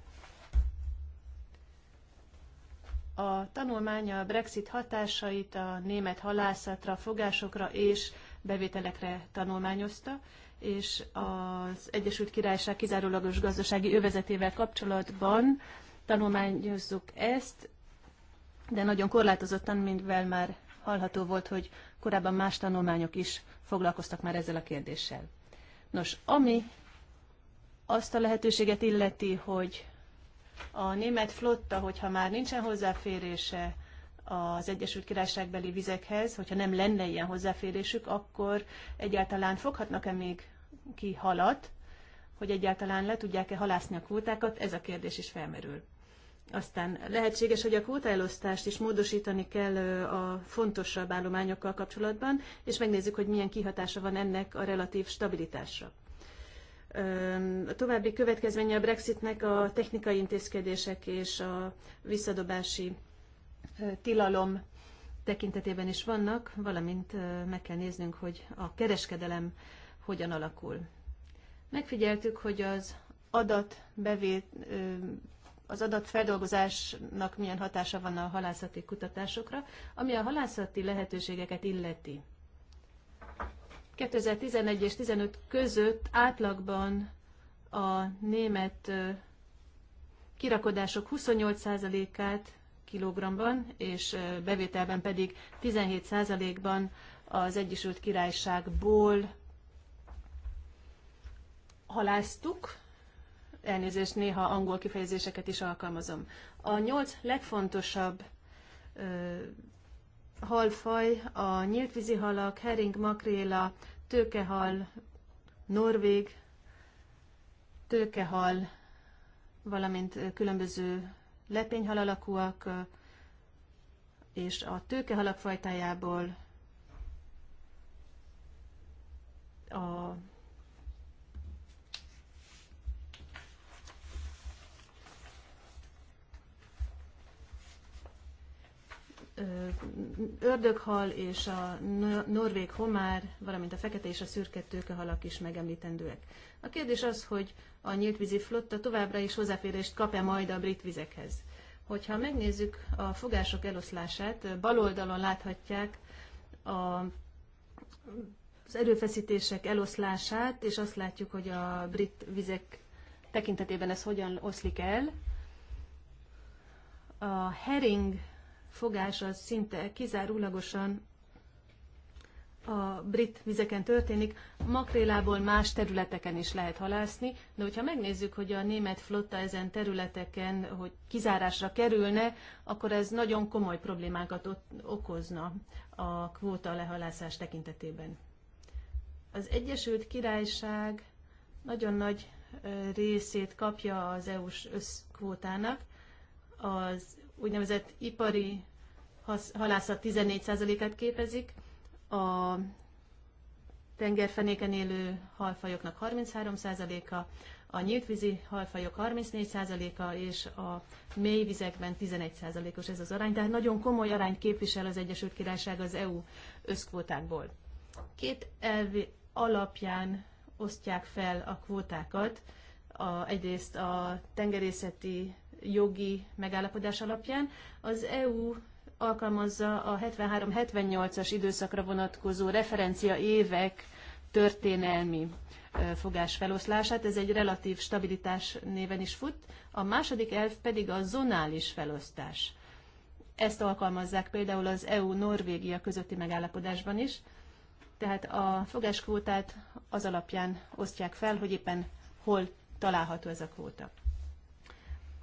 A tanulmánya a Brexit hatásait a német halászatra, fogásokra és bevételekre tanulmányozta, és az Egyesült Királyság kizárólagos gazdasági övezetével kapcsolatban tanulmányozzuk ezt, de nagyon korlátozottan, mivel már hallható volt, hogy korábban más tanulmányok is foglalkoztak már ezzel a kérdéssel. Nos, ami azt a lehetőséget illeti, hogy a német flotta, hogyha már nincsen hozzáférése az Egyesült Királyságbeli vizekhez, hogyha nem lenne ilyen hozzáférésük, akkor egyáltalán foghatnak-e még ki halat, hogy egyáltalán le tudják-e halászni a kvótákat, ez a kérdés is felmerül. Aztán lehetséges, hogy a kvótaelosztást is módosítani kell a fontosabb állományokkal kapcsolatban, és megnézzük, hogy milyen kihatása van ennek a relatív stabilitásra. A további következménye a Brexitnek a technikai intézkedések és a visszadobási tilalom tekintetében is vannak, valamint meg kell néznünk, hogy a kereskedelem hogyan alakul. Megfigyeltük, hogy az adat bevét, az adatfeldolgozásnak milyen hatása van a halászati kutatásokra, ami a halászati lehetőségeket illeti. 2011 és 15 között átlagban a német kirakodások 28%-át kg-ban, és bevételben pedig 17%-ban az Egyesült Királyságból haláztuk, elnézést, néha angol kifejezéseket is alkalmazom. A nyolc legfontosabb ö, halfaj a nyíltvízi halak, hering, makréla, tőkehal, norvég, tőkehal, valamint különböző lepényhal alakúak, és a tőkehalak fajtájából a ördöghal és a norvég homár, valamint a fekete és a szürke tőkehalak is megemlítendőek. A kérdés az, hogy a nyíltvízi flotta továbbra is hozzáférést kap-e majd a brit vizekhez. Hogyha megnézzük a fogások eloszlását, bal oldalon láthatják a, az erőfeszítések eloszlását, és azt látjuk, hogy a brit vizek tekintetében ez hogyan oszlik el. A hering fogás az szinte kizárólagosan a brit vizeken történik, makrélából más területeken is lehet halászni, de hogyha megnézzük, hogy a német flotta ezen területeken, hogy kizárásra kerülne, akkor ez nagyon komoly problémákat okozna a kvóta lehalászás tekintetében. Az Egyesült Királyság nagyon nagy részét kapja az EU-s összkvótának, az úgynevezett ipari halászat 14%-át képezik, a tengerfenéken élő halfajoknak 33%-a, a nyíltvízi halfajok 34%-a és a mély vizekben 11%-os ez az arány, tehát nagyon komoly arány képvisel az Egyesült Királyság az EU összkvótákból. Két elvi alapján osztják fel a kvótákat, a, egyrészt a tengerészeti jogi megállapodás alapján. Az EU alkalmazza a 73-78-as időszakra vonatkozó referencia évek történelmi fogás feloszlását. Ez egy relatív stabilitás néven is fut. A második elv pedig a zonális felosztás. Ezt alkalmazzák például az EU-Norvégia közötti megállapodásban is. Tehát a fogáskvótát az alapján osztják fel, hogy éppen hol található ez a kvóta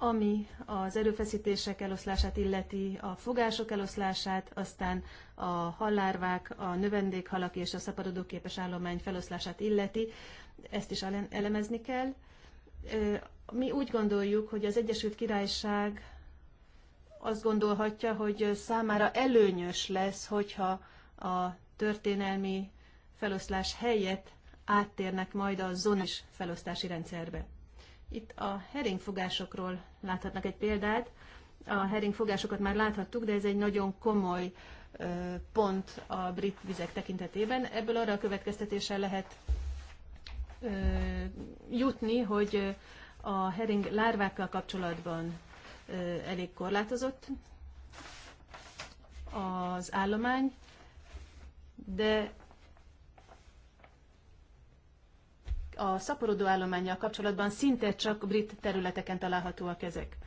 ami az erőfeszítések eloszlását illeti, a fogások eloszlását, aztán a hallárvák, a növendékhalak és a szaporodóképes állomány feloszlását illeti, ezt is elemezni kell. Mi úgy gondoljuk, hogy az Egyesült Királyság azt gondolhatja, hogy számára előnyös lesz, hogyha a történelmi feloszlás helyett áttérnek majd a zonis felosztási rendszerbe. Itt a heringfogásokról láthatnak egy példát. A heringfogásokat már láthattuk, de ez egy nagyon komoly pont a brit vizek tekintetében. Ebből arra a következtetéssel lehet jutni, hogy a hering lárvákkal kapcsolatban elég korlátozott az állomány, de a szaporodó állományjal kapcsolatban szinte csak brit területeken találhatóak ezek.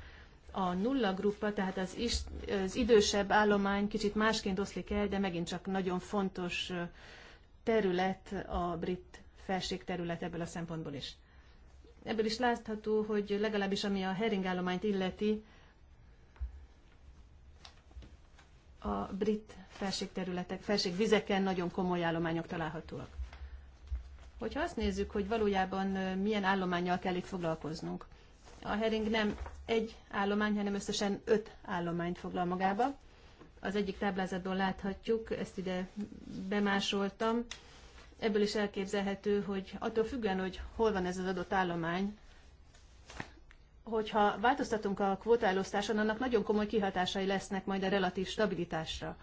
A nulla gruppa, tehát az, is, az idősebb állomány kicsit másként oszlik el, de megint csak nagyon fontos terület a brit felség terület ebből a szempontból is. Ebből is látható, hogy legalábbis ami a hering állományt illeti, a brit felségterületek, felségvizeken nagyon komoly állományok találhatóak. Hogyha azt nézzük, hogy valójában milyen állományjal kell itt foglalkoznunk. A hering nem egy állomány, hanem összesen öt állományt foglal magába. Az egyik táblázatból láthatjuk, ezt ide bemásoltam. Ebből is elképzelhető, hogy attól függően, hogy hol van ez az adott állomány, hogyha változtatunk a kvótaelosztáson, annak nagyon komoly kihatásai lesznek majd a relatív stabilitásra.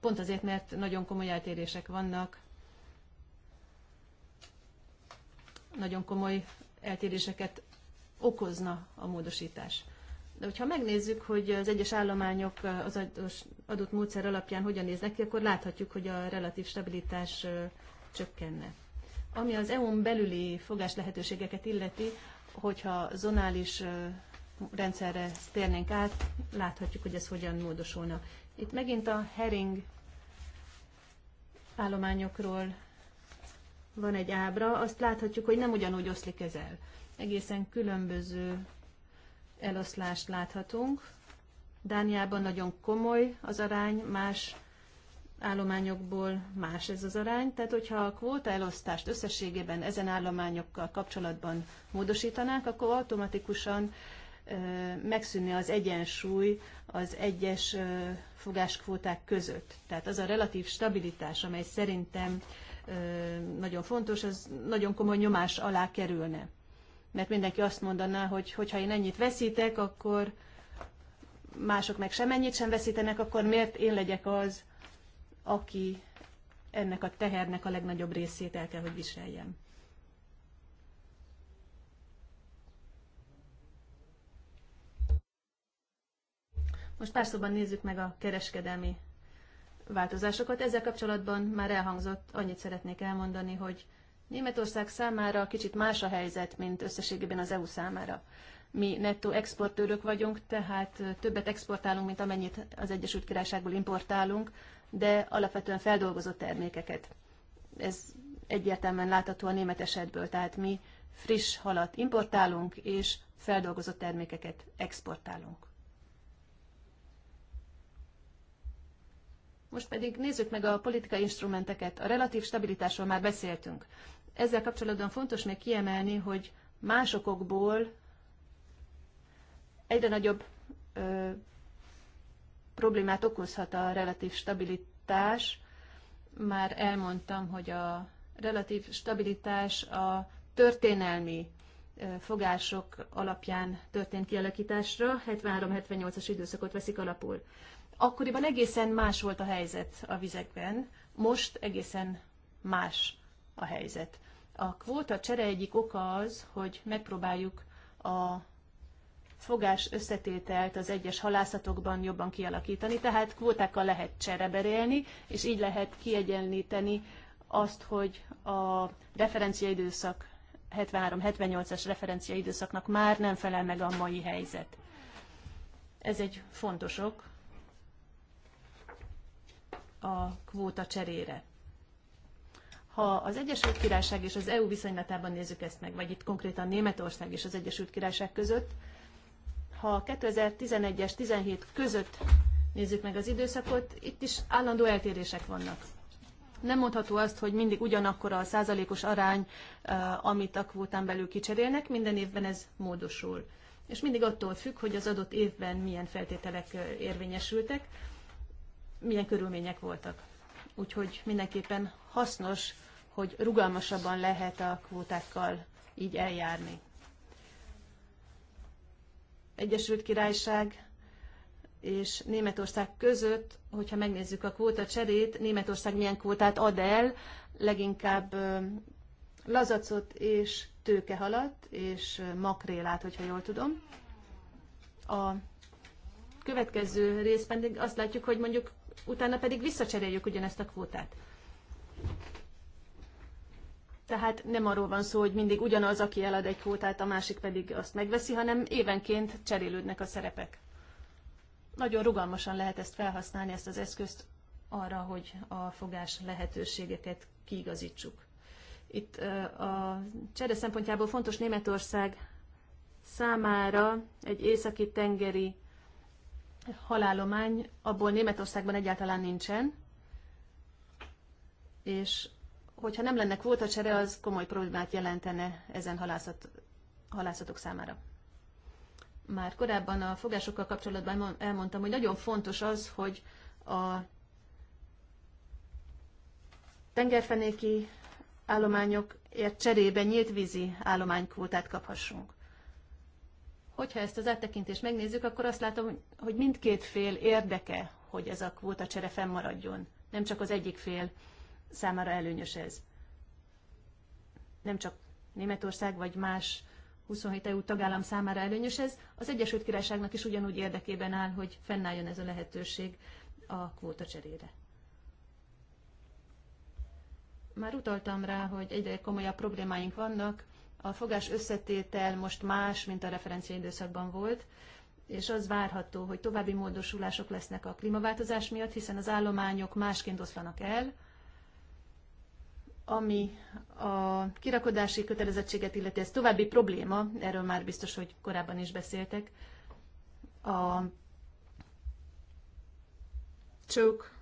Pont azért, mert nagyon komoly eltérések vannak nagyon komoly eltéréseket okozna a módosítás. De hogyha megnézzük, hogy az egyes állományok az adott módszer alapján hogyan néznek ki, akkor láthatjuk, hogy a relatív stabilitás csökkenne. Ami az EU-n belüli fogás lehetőségeket illeti, hogyha zonális rendszerre térnénk át, láthatjuk, hogy ez hogyan módosulna. Itt megint a hering állományokról van egy ábra, azt láthatjuk, hogy nem ugyanúgy oszlik ez el. Egészen különböző eloszlást láthatunk. Dániában nagyon komoly az arány, más állományokból más ez az arány. Tehát, hogyha a kvóta elosztást összességében ezen állományokkal kapcsolatban módosítanák, akkor automatikusan megszűnne az egyensúly az egyes fogáskvóták között. Tehát az a relatív stabilitás, amely szerintem nagyon fontos, ez nagyon komoly nyomás alá kerülne. Mert mindenki azt mondaná, hogy hogyha én ennyit veszítek, akkor mások meg sem ennyit sem veszítenek, akkor miért én legyek az, aki ennek a tehernek a legnagyobb részét el kell, hogy viseljem. Most pár szóban nézzük meg a kereskedelmi változásokat. Ezzel kapcsolatban már elhangzott, annyit szeretnék elmondani, hogy Németország számára kicsit más a helyzet, mint összességében az EU számára. Mi nettó exportőrök vagyunk, tehát többet exportálunk, mint amennyit az Egyesült Királyságból importálunk, de alapvetően feldolgozott termékeket. Ez egyértelműen látható a német esetből, tehát mi friss halat importálunk, és feldolgozott termékeket exportálunk. Most pedig nézzük meg a politikai instrumenteket. A relatív stabilitásról már beszéltünk. Ezzel kapcsolatban fontos még kiemelni, hogy másokból egyre nagyobb ö, problémát okozhat a relatív stabilitás. Már elmondtam, hogy a relatív stabilitás a történelmi fogások alapján történt kialakításra, 73-78-as időszakot veszik alapul. Akkoriban egészen más volt a helyzet a vizekben, most egészen más a helyzet. A kvóta csere egyik oka az, hogy megpróbáljuk a fogás összetételt az egyes halászatokban jobban kialakítani, tehát kvótákkal lehet csereberélni, és így lehet kiegyenlíteni azt, hogy a referenciaidőszak 73-78-as referenciaidőszaknak már nem felel meg a mai helyzet. Ez egy fontos ok, a kvóta cserére. Ha az Egyesült Királyság és az EU viszonylatában nézzük ezt meg, vagy itt konkrétan Németország és az Egyesült Királyság között, ha 2011-es 17 között nézzük meg az időszakot, itt is állandó eltérések vannak. Nem mondható azt, hogy mindig ugyanakkora a százalékos arány, amit a kvótán belül kicserélnek, minden évben ez módosul. És mindig attól függ, hogy az adott évben milyen feltételek érvényesültek milyen körülmények voltak. Úgyhogy mindenképpen hasznos, hogy rugalmasabban lehet a kvótákkal így eljárni. Egyesült Királyság és Németország között, hogyha megnézzük a kvóta cserét, Németország milyen kvótát ad el, leginkább lazacot és tőkehalat és makrélát, hogyha jól tudom. A következő részben azt látjuk, hogy mondjuk utána pedig visszacseréljük ugyanezt a kvótát. Tehát nem arról van szó, hogy mindig ugyanaz, aki elad egy kvótát, a másik pedig azt megveszi, hanem évenként cserélődnek a szerepek. Nagyon rugalmasan lehet ezt felhasználni, ezt az eszközt arra, hogy a fogás lehetőségeket kiigazítsuk. Itt a csere szempontjából fontos Németország számára egy északi tengeri halálomány abból Németországban egyáltalán nincsen, és hogyha nem lenne csere, az komoly problémát jelentene ezen halászat, halászatok számára. Már korábban a fogásokkal kapcsolatban elmondtam, hogy nagyon fontos az, hogy a tengerfenéki állományokért cserébe nyílt vízi állománykvótát kaphassunk. Hogyha ezt az áttekintést megnézzük, akkor azt látom, hogy mindkét fél érdeke, hogy ez a kvóta csere fennmaradjon. Nem csak az egyik fél számára előnyös ez. Nem csak Németország vagy más 27 EU tagállam számára előnyös ez, az Egyesült Királyságnak is ugyanúgy érdekében áll, hogy fennálljon ez a lehetőség a kvóta cserére. Már utaltam rá, hogy egyre komolyabb problémáink vannak, a fogás összetétel most más, mint a időszakban volt, és az várható, hogy további módosulások lesznek a klímaváltozás miatt, hiszen az állományok másként oszlanak el, ami a kirakodási kötelezettséget illeti, ez további probléma, erről már biztos, hogy korábban is beszéltek. A csók,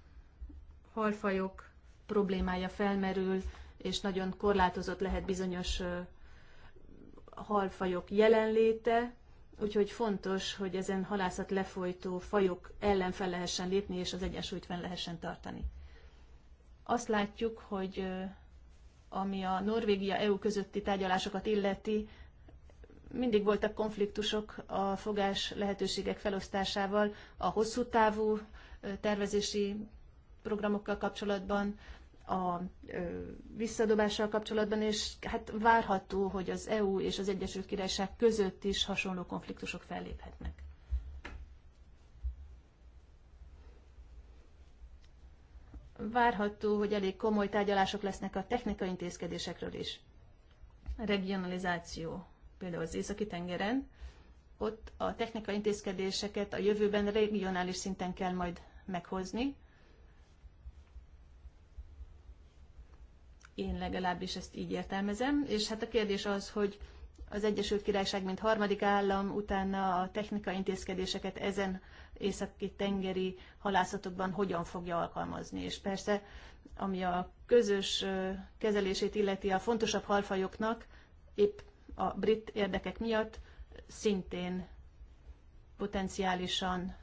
halfajok problémája felmerül, és nagyon korlátozott lehet bizonyos halfajok jelenléte, úgyhogy fontos, hogy ezen halászat lefolytó fajok ellen fel lehessen lépni, és az egyensúlyt fenn lehessen tartani. Azt látjuk, hogy ami a Norvégia-EU közötti tárgyalásokat illeti, mindig voltak konfliktusok a fogás lehetőségek felosztásával, a hosszú távú tervezési programokkal kapcsolatban, a visszadobással kapcsolatban, és hát várható, hogy az EU és az Egyesült Királyság között is hasonló konfliktusok felléphetnek. Várható, hogy elég komoly tárgyalások lesznek a technikai intézkedésekről is. regionalizáció, például az Északi-tengeren, ott a technikai intézkedéseket a jövőben regionális szinten kell majd meghozni, Én legalábbis ezt így értelmezem. És hát a kérdés az, hogy az Egyesült Királyság, mint harmadik állam, utána a technikai intézkedéseket ezen északi tengeri halászatokban hogyan fogja alkalmazni. És persze, ami a közös kezelését illeti a fontosabb halfajoknak, épp a brit érdekek miatt szintén potenciálisan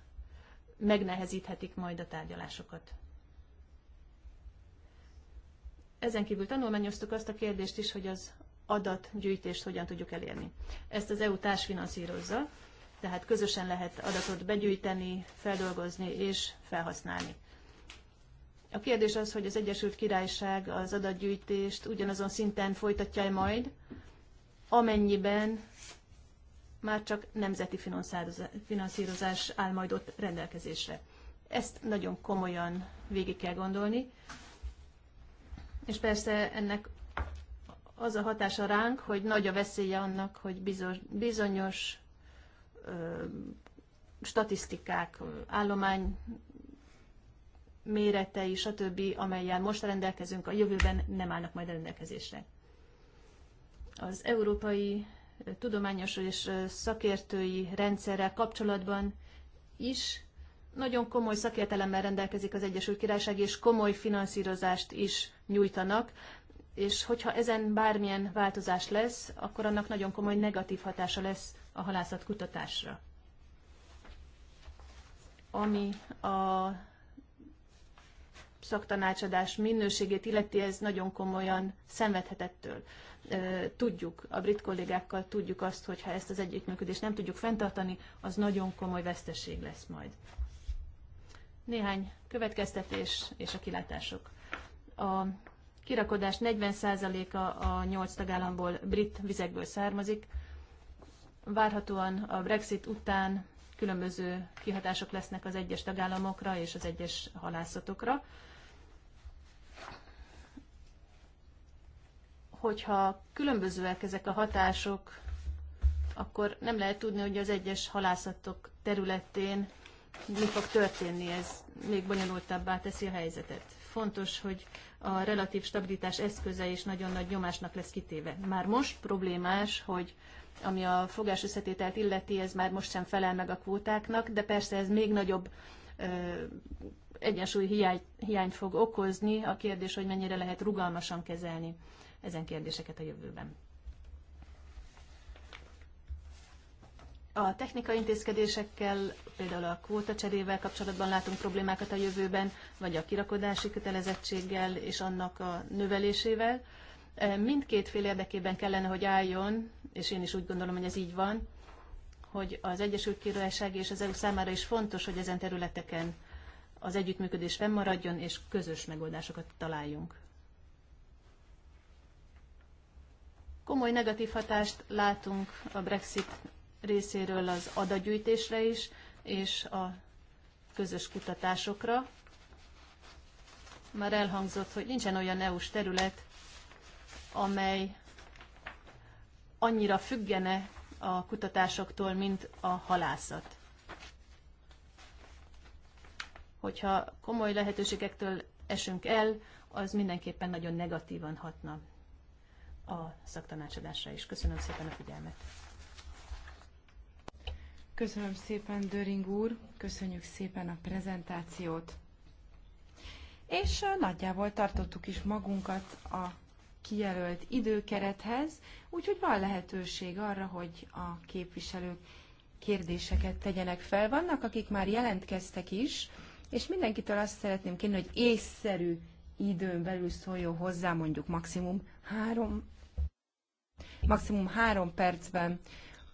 megnehezíthetik majd a tárgyalásokat. Ezen kívül tanulmányoztuk azt a kérdést is, hogy az adatgyűjtést hogyan tudjuk elérni. Ezt az EU társfinanszírozza, tehát közösen lehet adatot begyűjteni, feldolgozni és felhasználni. A kérdés az, hogy az Egyesült Királyság az adatgyűjtést ugyanazon szinten folytatja majd, amennyiben már csak nemzeti finanszírozás áll majd ott rendelkezésre. Ezt nagyon komolyan végig kell gondolni, és persze ennek az a hatása ránk, hogy nagy a veszélye annak, hogy bizonyos, bizonyos ö, statisztikák, állomány méretei, stb., amelyel most rendelkezünk, a jövőben nem állnak majd rendelkezésre. Az európai tudományos és szakértői rendszerrel kapcsolatban is nagyon komoly szakértelemmel rendelkezik az Egyesült Királyság, és komoly finanszírozást is nyújtanak, és hogyha ezen bármilyen változás lesz, akkor annak nagyon komoly negatív hatása lesz a halászat kutatásra. Ami a szaktanácsadás minőségét illeti, ez nagyon komolyan szenvedhetettől. Tudjuk, a brit kollégákkal tudjuk azt, hogy ha ezt az együttműködést nem tudjuk fenntartani, az nagyon komoly veszteség lesz majd. Néhány következtetés és a kilátások. A kirakodás 40%-a a 8 tagállamból brit vizekből származik. Várhatóan a Brexit után különböző kihatások lesznek az egyes tagállamokra és az egyes halászatokra. Hogyha különbözőek ezek a hatások, akkor nem lehet tudni, hogy az egyes halászatok területén mi fog történni, ez még bonyolultabbá teszi a helyzetet. Fontos, hogy a relatív stabilitás eszköze is nagyon nagy nyomásnak lesz kitéve. Már most problémás, hogy ami a fogás összetételt illeti, ez már most sem felel meg a kvótáknak, de persze ez még nagyobb ö, egyensúly hiány, hiány fog okozni. A kérdés, hogy mennyire lehet rugalmasan kezelni ezen kérdéseket a jövőben. A technikai intézkedésekkel, például a kvótacserével kapcsolatban látunk problémákat a jövőben, vagy a kirakodási kötelezettséggel és annak a növelésével. E, mindkét fél érdekében kellene, hogy álljon, és én is úgy gondolom, hogy ez így van, hogy az Egyesült Királyság és az EU számára is fontos, hogy ezen területeken az együttműködés fennmaradjon, és közös megoldásokat találjunk. Komoly negatív hatást látunk a Brexit részéről az adagyűjtésre is, és a közös kutatásokra. Már elhangzott, hogy nincsen olyan EU-s terület, amely annyira függene a kutatásoktól, mint a halászat. Hogyha komoly lehetőségektől esünk el, az mindenképpen nagyon negatívan hatna a szaktanácsadásra is. Köszönöm szépen a figyelmet! Köszönöm szépen, Döring úr, köszönjük szépen a prezentációt. És nagyjából tartottuk is magunkat a kijelölt időkerethez, úgyhogy van lehetőség arra, hogy a képviselők kérdéseket tegyenek fel. Vannak, akik már jelentkeztek is, és mindenkitől azt szeretném kérni, hogy észszerű időn belül szóljon hozzá mondjuk maximum három, maximum három percben.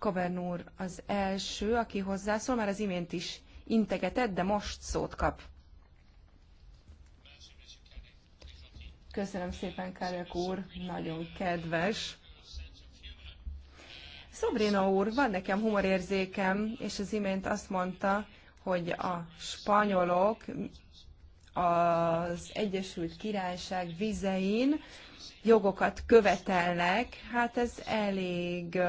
Coburn úr az első, aki hozzászól, már az imént is integetett, de most szót kap. Köszönöm szépen, Kárek úr, nagyon kedves. Szobrina úr, van nekem humorérzékem, és az imént azt mondta, hogy a spanyolok az Egyesült Királyság vizein jogokat követelnek, hát ez elég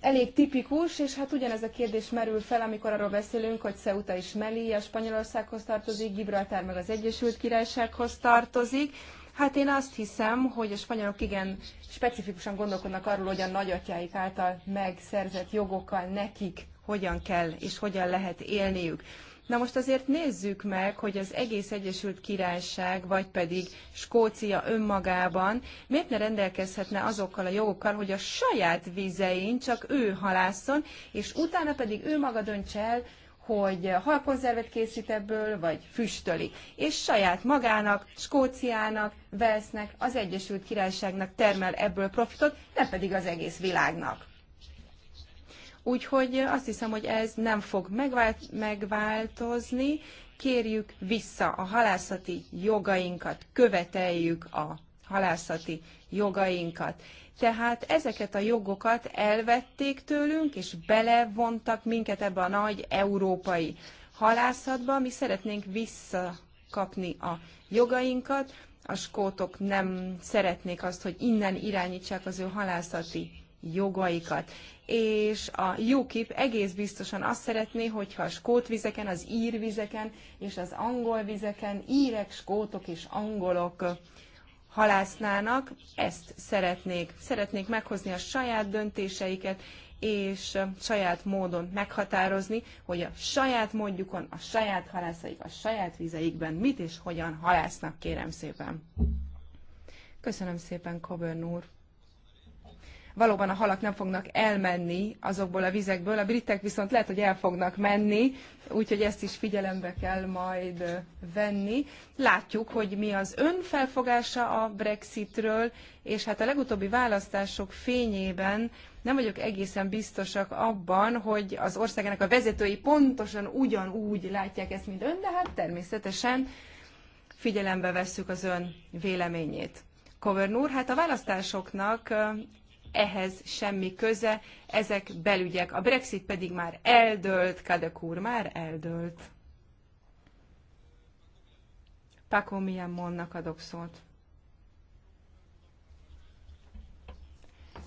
elég tipikus, és hát ugyanez a kérdés merül fel, amikor arról beszélünk, hogy Ceuta és a Spanyolországhoz tartozik, Gibraltar meg az Egyesült Királysághoz tartozik. Hát én azt hiszem, hogy a spanyolok igen specifikusan gondolkodnak arról, hogy a nagyatjáik által megszerzett jogokkal nekik hogyan kell és hogyan lehet élniük. Na most azért nézzük meg, hogy az egész Egyesült Királyság, vagy pedig Skócia önmagában miért ne rendelkezhetne azokkal a jogokkal, hogy a saját vizein csak ő halászon, és utána pedig ő maga dönts el, hogy halkonzervet készít ebből, vagy füstöli. És saját magának, Skóciának, Velsznek, az Egyesült Királyságnak termel ebből profitot, nem pedig az egész világnak. Úgyhogy azt hiszem, hogy ez nem fog megváltozni. Kérjük vissza a halászati jogainkat, követeljük a halászati jogainkat. Tehát ezeket a jogokat elvették tőlünk, és belevontak minket ebbe a nagy európai halászatba. Mi szeretnénk visszakapni a jogainkat. A skótok nem szeretnék azt, hogy innen irányítsák az ő halászati jogaikat. És a UKIP egész biztosan azt szeretné, hogyha a skót vizeken, az ír vizeken és az angol vizeken írek, skótok és angolok halásznának, ezt szeretnék. Szeretnék meghozni a saját döntéseiket, és saját módon meghatározni, hogy a saját módjukon, a saját halászaik, a saját vizeikben mit és hogyan halásznak, kérem szépen. Köszönöm szépen, Coburn úr valóban a halak nem fognak elmenni azokból a vizekből, a britek viszont lehet, hogy el fognak menni, úgyhogy ezt is figyelembe kell majd venni. Látjuk, hogy mi az önfelfogása a Brexitről, és hát a legutóbbi választások fényében nem vagyok egészen biztosak abban, hogy az országának a vezetői pontosan ugyanúgy látják ezt, mint ön, de hát természetesen figyelembe vesszük az ön véleményét. Kovernúr, hát a választásoknak ehhez semmi köze, ezek belügyek. A Brexit pedig már eldőlt, Kadek úr, már eldőlt. Paco milyen monnak adok szót.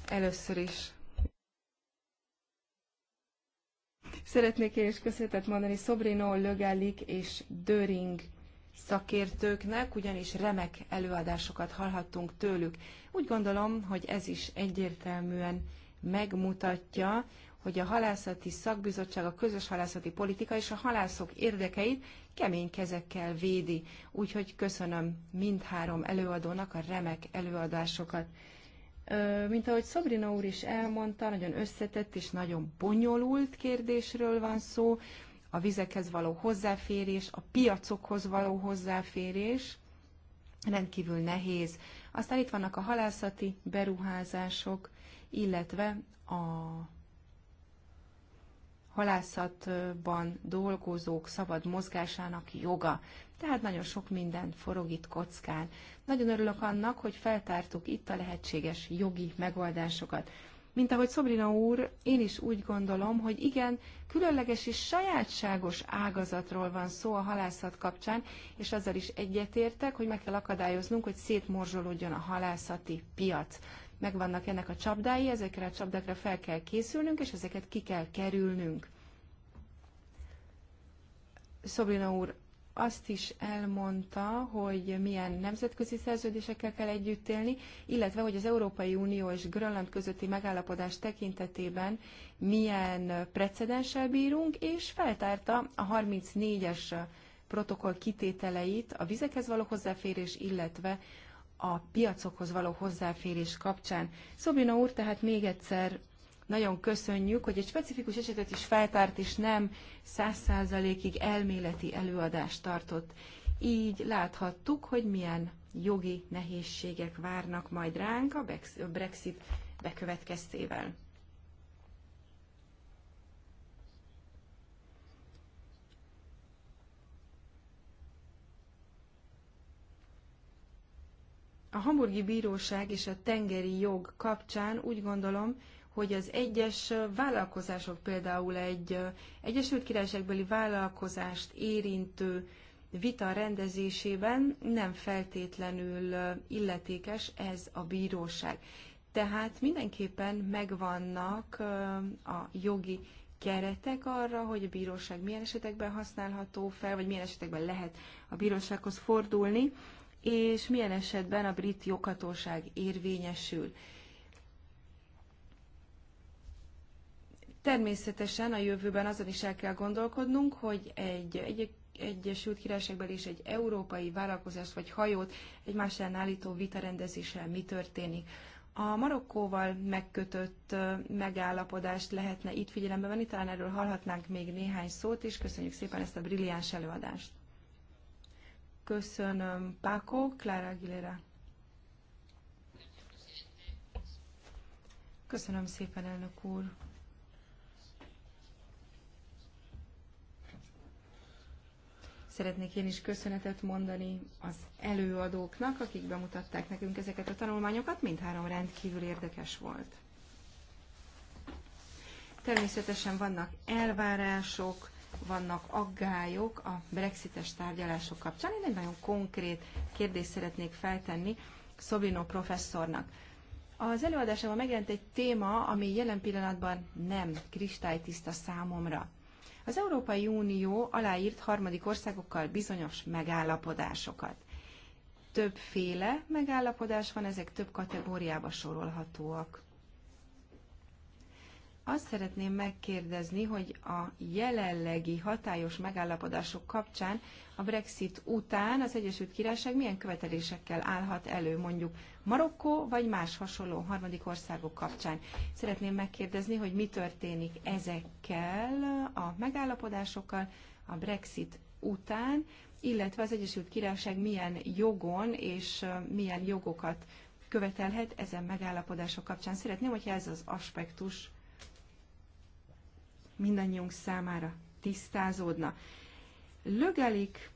Először is Szeretnék én is köszönetet mondani Szobrino, Lögelik és Döring szakértőknek, ugyanis remek előadásokat hallhattunk tőlük. Úgy gondolom, hogy ez is egyértelműen megmutatja, hogy a halászati szakbizottság a közös halászati politika és a halászok érdekeit kemény kezekkel védi. Úgyhogy köszönöm mindhárom előadónak a remek előadásokat. Mint ahogy Szobrina úr is elmondta, nagyon összetett és nagyon bonyolult kérdésről van szó, a vizekhez való hozzáférés, a piacokhoz való hozzáférés rendkívül nehéz. Aztán itt vannak a halászati beruházások, illetve a halászatban dolgozók szabad mozgásának joga. Tehát nagyon sok minden forog itt kockán. Nagyon örülök annak, hogy feltártuk itt a lehetséges jogi megoldásokat. Mint ahogy Szobrina úr, én is úgy gondolom, hogy igen, különleges és sajátságos ágazatról van szó a halászat kapcsán, és azzal is egyetértek, hogy meg kell akadályoznunk, hogy szétmorzsolódjon a halászati piac. Megvannak ennek a csapdái, ezekre a csapdákra fel kell készülnünk, és ezeket ki kell kerülnünk. Szobrina úr azt is elmondta, hogy milyen nemzetközi szerződésekkel kell együtt élni, illetve hogy az Európai Unió és Grönland közötti megállapodás tekintetében milyen precedenssel bírunk, és feltárta a 34-es protokoll kitételeit a vizekhez való hozzáférés, illetve a piacokhoz való hozzáférés kapcsán. Szobina úr tehát még egyszer nagyon köszönjük, hogy egy specifikus esetet is feltárt, és nem száz százalékig elméleti előadást tartott. Így láthattuk, hogy milyen jogi nehézségek várnak majd ránk a Brexit bekövetkeztével. A hamburgi bíróság és a tengeri jog kapcsán úgy gondolom, hogy az egyes vállalkozások, például egy Egyesült Királyságbeli vállalkozást érintő vita rendezésében nem feltétlenül illetékes ez a bíróság. Tehát mindenképpen megvannak a jogi keretek arra, hogy a bíróság milyen esetekben használható fel, vagy milyen esetekben lehet a bírósághoz fordulni, és milyen esetben a brit joghatóság érvényesül. Természetesen a jövőben azon is el kell gondolkodnunk, hogy egy, egy Egyesült Királyságban és egy európai vállalkozást vagy hajót egymás állító vitarendezéssel mi történik. A Marokkóval megkötött megállapodást lehetne itt figyelembe venni, talán erről hallhatnánk még néhány szót is. Köszönjük szépen ezt a brilliáns előadást. Köszönöm, Páko, Klára Aguilera. Köszönöm szépen, elnök úr. Szeretnék én is köszönetet mondani az előadóknak, akik bemutatták nekünk ezeket a tanulmányokat, mindhárom rendkívül érdekes volt. Természetesen vannak elvárások, vannak aggályok a brexites tárgyalások kapcsán. Én egy nagyon konkrét kérdést szeretnék feltenni Szobino professzornak. Az előadásában megjelent egy téma, ami jelen pillanatban nem kristálytiszta számomra – az Európai Unió aláírt harmadik országokkal bizonyos megállapodásokat. Többféle megállapodás van, ezek több kategóriába sorolhatóak. Azt szeretném megkérdezni, hogy a jelenlegi hatályos megállapodások kapcsán a Brexit után az Egyesült Királyság milyen követelésekkel állhat elő mondjuk Marokkó vagy más hasonló harmadik országok kapcsán. Szeretném megkérdezni, hogy mi történik ezekkel a megállapodásokkal a Brexit után, illetve az Egyesült Királyság milyen jogon és milyen jogokat követelhet ezen megállapodások kapcsán. Szeretném, hogyha ez az aspektus mindannyiunk számára tisztázódna. Lögelik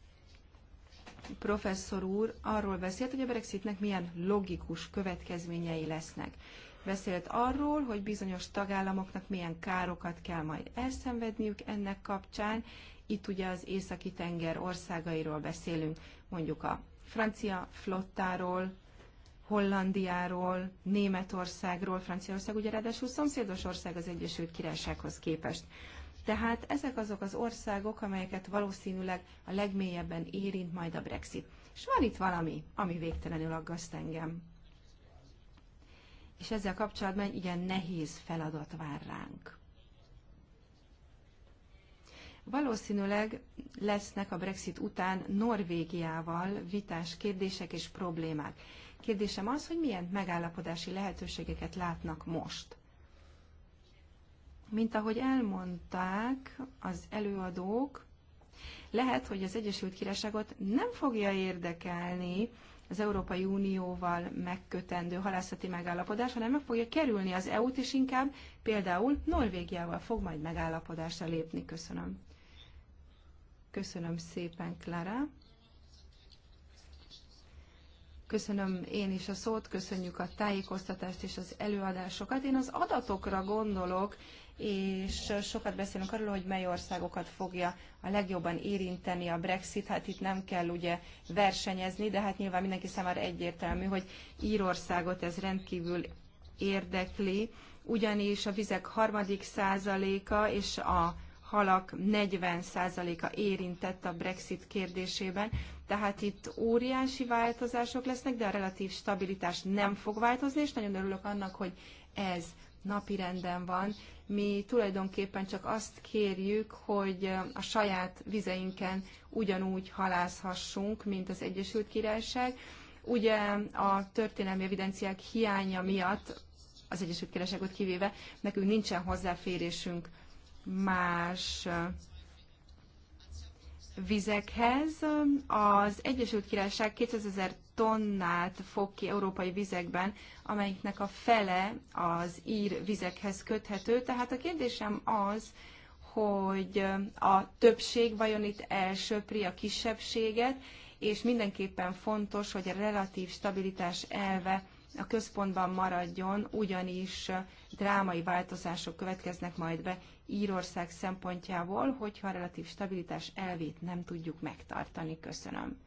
professzor úr arról beszélt, hogy a Brexitnek milyen logikus következményei lesznek. Beszélt arról, hogy bizonyos tagállamoknak milyen károkat kell majd elszenvedniük ennek kapcsán. Itt ugye az északi tenger országairól beszélünk, mondjuk a francia flottáról, Hollandiáról, Németországról, Franciaország ugye ráadásul szomszédos ország az Egyesült Királysághoz képest. Tehát ezek azok az országok, amelyeket valószínűleg a legmélyebben érint majd a Brexit. És van itt valami, ami végtelenül aggaszt engem. És ezzel kapcsolatban igen nehéz feladat vár ránk. Valószínűleg lesznek a Brexit után Norvégiával vitás kérdések és problémák. Kérdésem az, hogy milyen megállapodási lehetőségeket látnak most. Mint ahogy elmondták az előadók, lehet, hogy az Egyesült Királyságot nem fogja érdekelni az Európai Unióval megkötendő halászati megállapodás, hanem meg fogja kerülni az EU-t, és inkább például Norvégiával fog majd megállapodásra lépni. Köszönöm. Köszönöm szépen, Klara, Köszönöm én is a szót, köszönjük a tájékoztatást és az előadásokat. Én az adatokra gondolok, és sokat beszélünk arról, hogy mely országokat fogja a legjobban érinteni a Brexit. Hát itt nem kell ugye versenyezni, de hát nyilván mindenki számára egyértelmű, hogy Írországot ez rendkívül érdekli, ugyanis a vizek harmadik százaléka és a halak 40 százaléka érintett a Brexit kérdésében, tehát itt óriási változások lesznek, de a relatív stabilitás nem fog változni, és nagyon örülök annak, hogy ez Napi renden van. Mi tulajdonképpen csak azt kérjük, hogy a saját vizeinken ugyanúgy halászhassunk, mint az Egyesült Királyság. Ugye a történelmi evidenciák hiánya miatt, az Egyesült Királyságot kivéve, nekünk nincsen hozzáférésünk más vizekhez. Az Egyesült Királyság 200 ezer tonnát fog ki európai vizekben, amelyiknek a fele az ír vizekhez köthető. Tehát a kérdésem az, hogy a többség vajon itt elsöpri a kisebbséget, és mindenképpen fontos, hogy a relatív stabilitás elve a központban maradjon, ugyanis drámai változások következnek majd be Írország szempontjából, hogyha a relatív stabilitás elvét nem tudjuk megtartani. Köszönöm.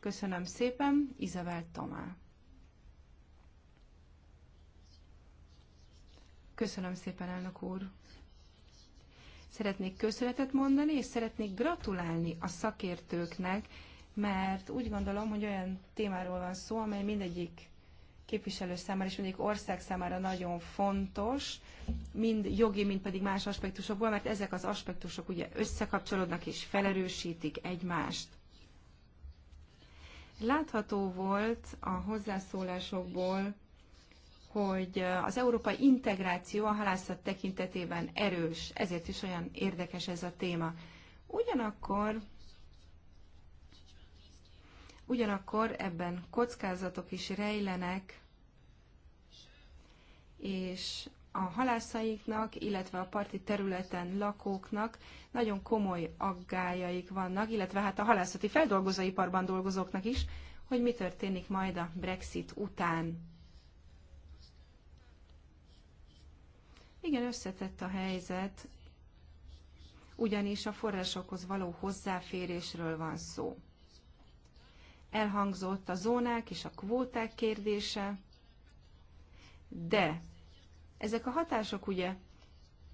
Köszönöm szépen, Izabel Tomá. Köszönöm szépen, elnök úr. Szeretnék köszönetet mondani, és szeretnék gratulálni a szakértőknek, mert úgy gondolom, hogy olyan témáról van szó, amely mindegyik képviselő számára és mindig ország számára nagyon fontos, mind jogi, mind pedig más aspektusokból, mert ezek az aspektusok ugye összekapcsolódnak és felerősítik egymást. Látható volt a hozzászólásokból, hogy az európai integráció a halászat tekintetében erős, ezért is olyan érdekes ez a téma. Ugyanakkor Ugyanakkor ebben kockázatok is rejlenek, és a halászaiknak, illetve a parti területen lakóknak nagyon komoly aggájaik vannak, illetve hát a halászati feldolgozóiparban dolgozóknak is, hogy mi történik majd a Brexit után. Igen, összetett a helyzet, ugyanis a forrásokhoz való hozzáférésről van szó. Elhangzott a zónák és a kvóták kérdése, de ezek a hatások ugye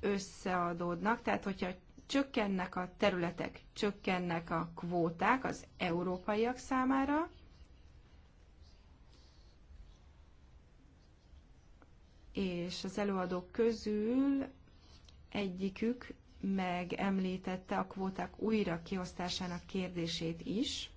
összeadódnak, tehát hogyha csökkennek a területek, csökkennek a kvóták az európaiak számára, és az előadók közül egyikük megemlítette a kvóták újra kiosztásának kérdését is.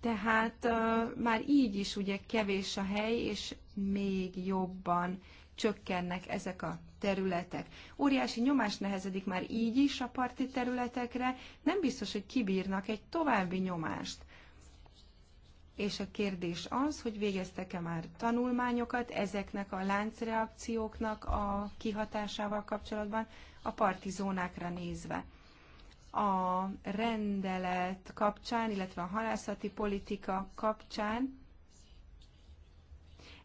Tehát uh, már így is ugye kevés a hely, és még jobban csökkennek ezek a területek. Óriási nyomás nehezedik már így is a parti területekre, nem biztos, hogy kibírnak egy további nyomást. És a kérdés az, hogy végeztek-e már tanulmányokat ezeknek a láncreakcióknak a kihatásával kapcsolatban a parti zónákra nézve a rendelet kapcsán, illetve a halászati politika kapcsán,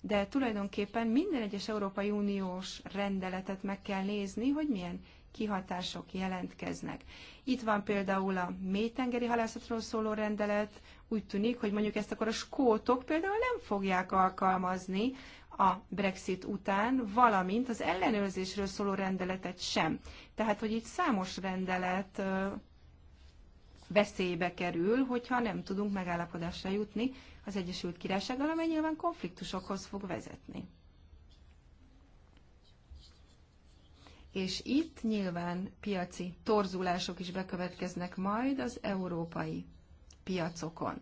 de tulajdonképpen minden egyes Európai Uniós rendeletet meg kell nézni, hogy milyen kihatások jelentkeznek. Itt van például a mélytengeri halászatról szóló rendelet, úgy tűnik, hogy mondjuk ezt akkor a skótok például nem fogják alkalmazni, a Brexit után, valamint az ellenőrzésről szóló rendeletet sem. Tehát, hogy itt számos rendelet veszélybe kerül, hogyha nem tudunk megállapodásra jutni az Egyesült Királysággal, amely nyilván konfliktusokhoz fog vezetni. És itt nyilván piaci torzulások is bekövetkeznek majd az európai piacokon.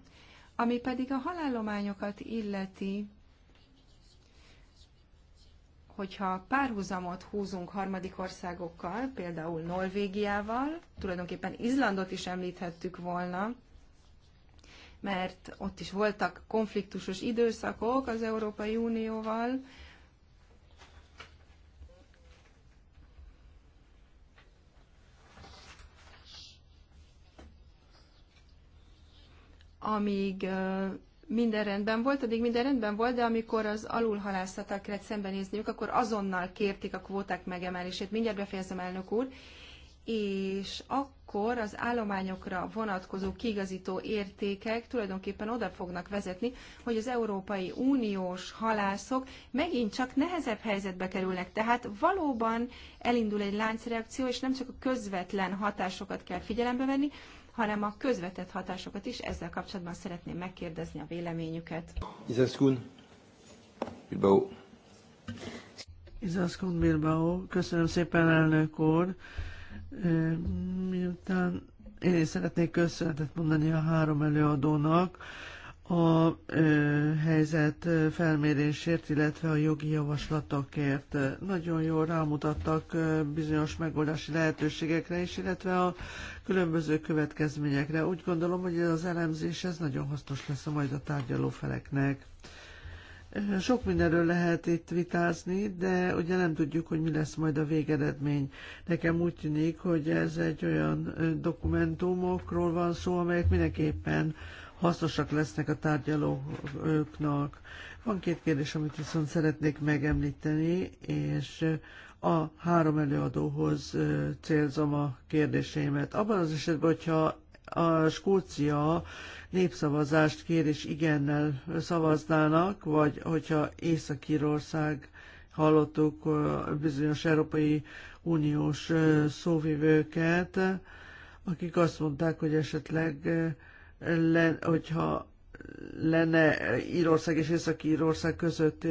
Ami pedig a halállományokat illeti, hogyha párhuzamot húzunk harmadik országokkal, például Norvégiával, tulajdonképpen Izlandot is említhettük volna, mert ott is voltak konfliktusos időszakok az Európai Unióval, amíg minden rendben volt, addig minden rendben volt, de amikor az alulhalászattal kellett szembenézniük, akkor azonnal kérték a kvóták megemelését. Mindjárt befejezem, elnök úr. És akkor az állományokra vonatkozó kigazító értékek tulajdonképpen oda fognak vezetni, hogy az Európai Uniós halászok megint csak nehezebb helyzetbe kerülnek. Tehát valóban elindul egy láncreakció, és nem csak a közvetlen hatásokat kell figyelembe venni, hanem a közvetett hatásokat is. Ezzel kapcsolatban szeretném megkérdezni a véleményüket. Izaskun, Bilbao. Izaskun Bilbao, köszönöm szépen elnök úr. Miután én is szeretnék köszönetet mondani a három előadónak, a ö, helyzet felmérésért, illetve a jogi javaslatokért. Nagyon jól rámutattak ö, bizonyos megoldási lehetőségekre is, illetve a különböző következményekre. Úgy gondolom, hogy ez az elemzés ez nagyon hasznos lesz a majd a tárgyaló feleknek. Sok mindenről lehet itt vitázni, de ugye nem tudjuk, hogy mi lesz majd a végeredmény. Nekem úgy tűnik, hogy ez egy olyan dokumentumokról van szó, amelyek mindenképpen hasznosak lesznek a tárgyalóknak. Van két kérdés, amit viszont szeretnék megemlíteni, és a három előadóhoz célzom a kérdéseimet. Abban az esetben, hogyha a Skócia népszavazást kér és igennel szavaznának, vagy hogyha Észak-Írország hallottuk bizonyos Európai Uniós szóvivőket, akik azt mondták, hogy esetleg le, hogyha lenne Írország és Észak-Írország között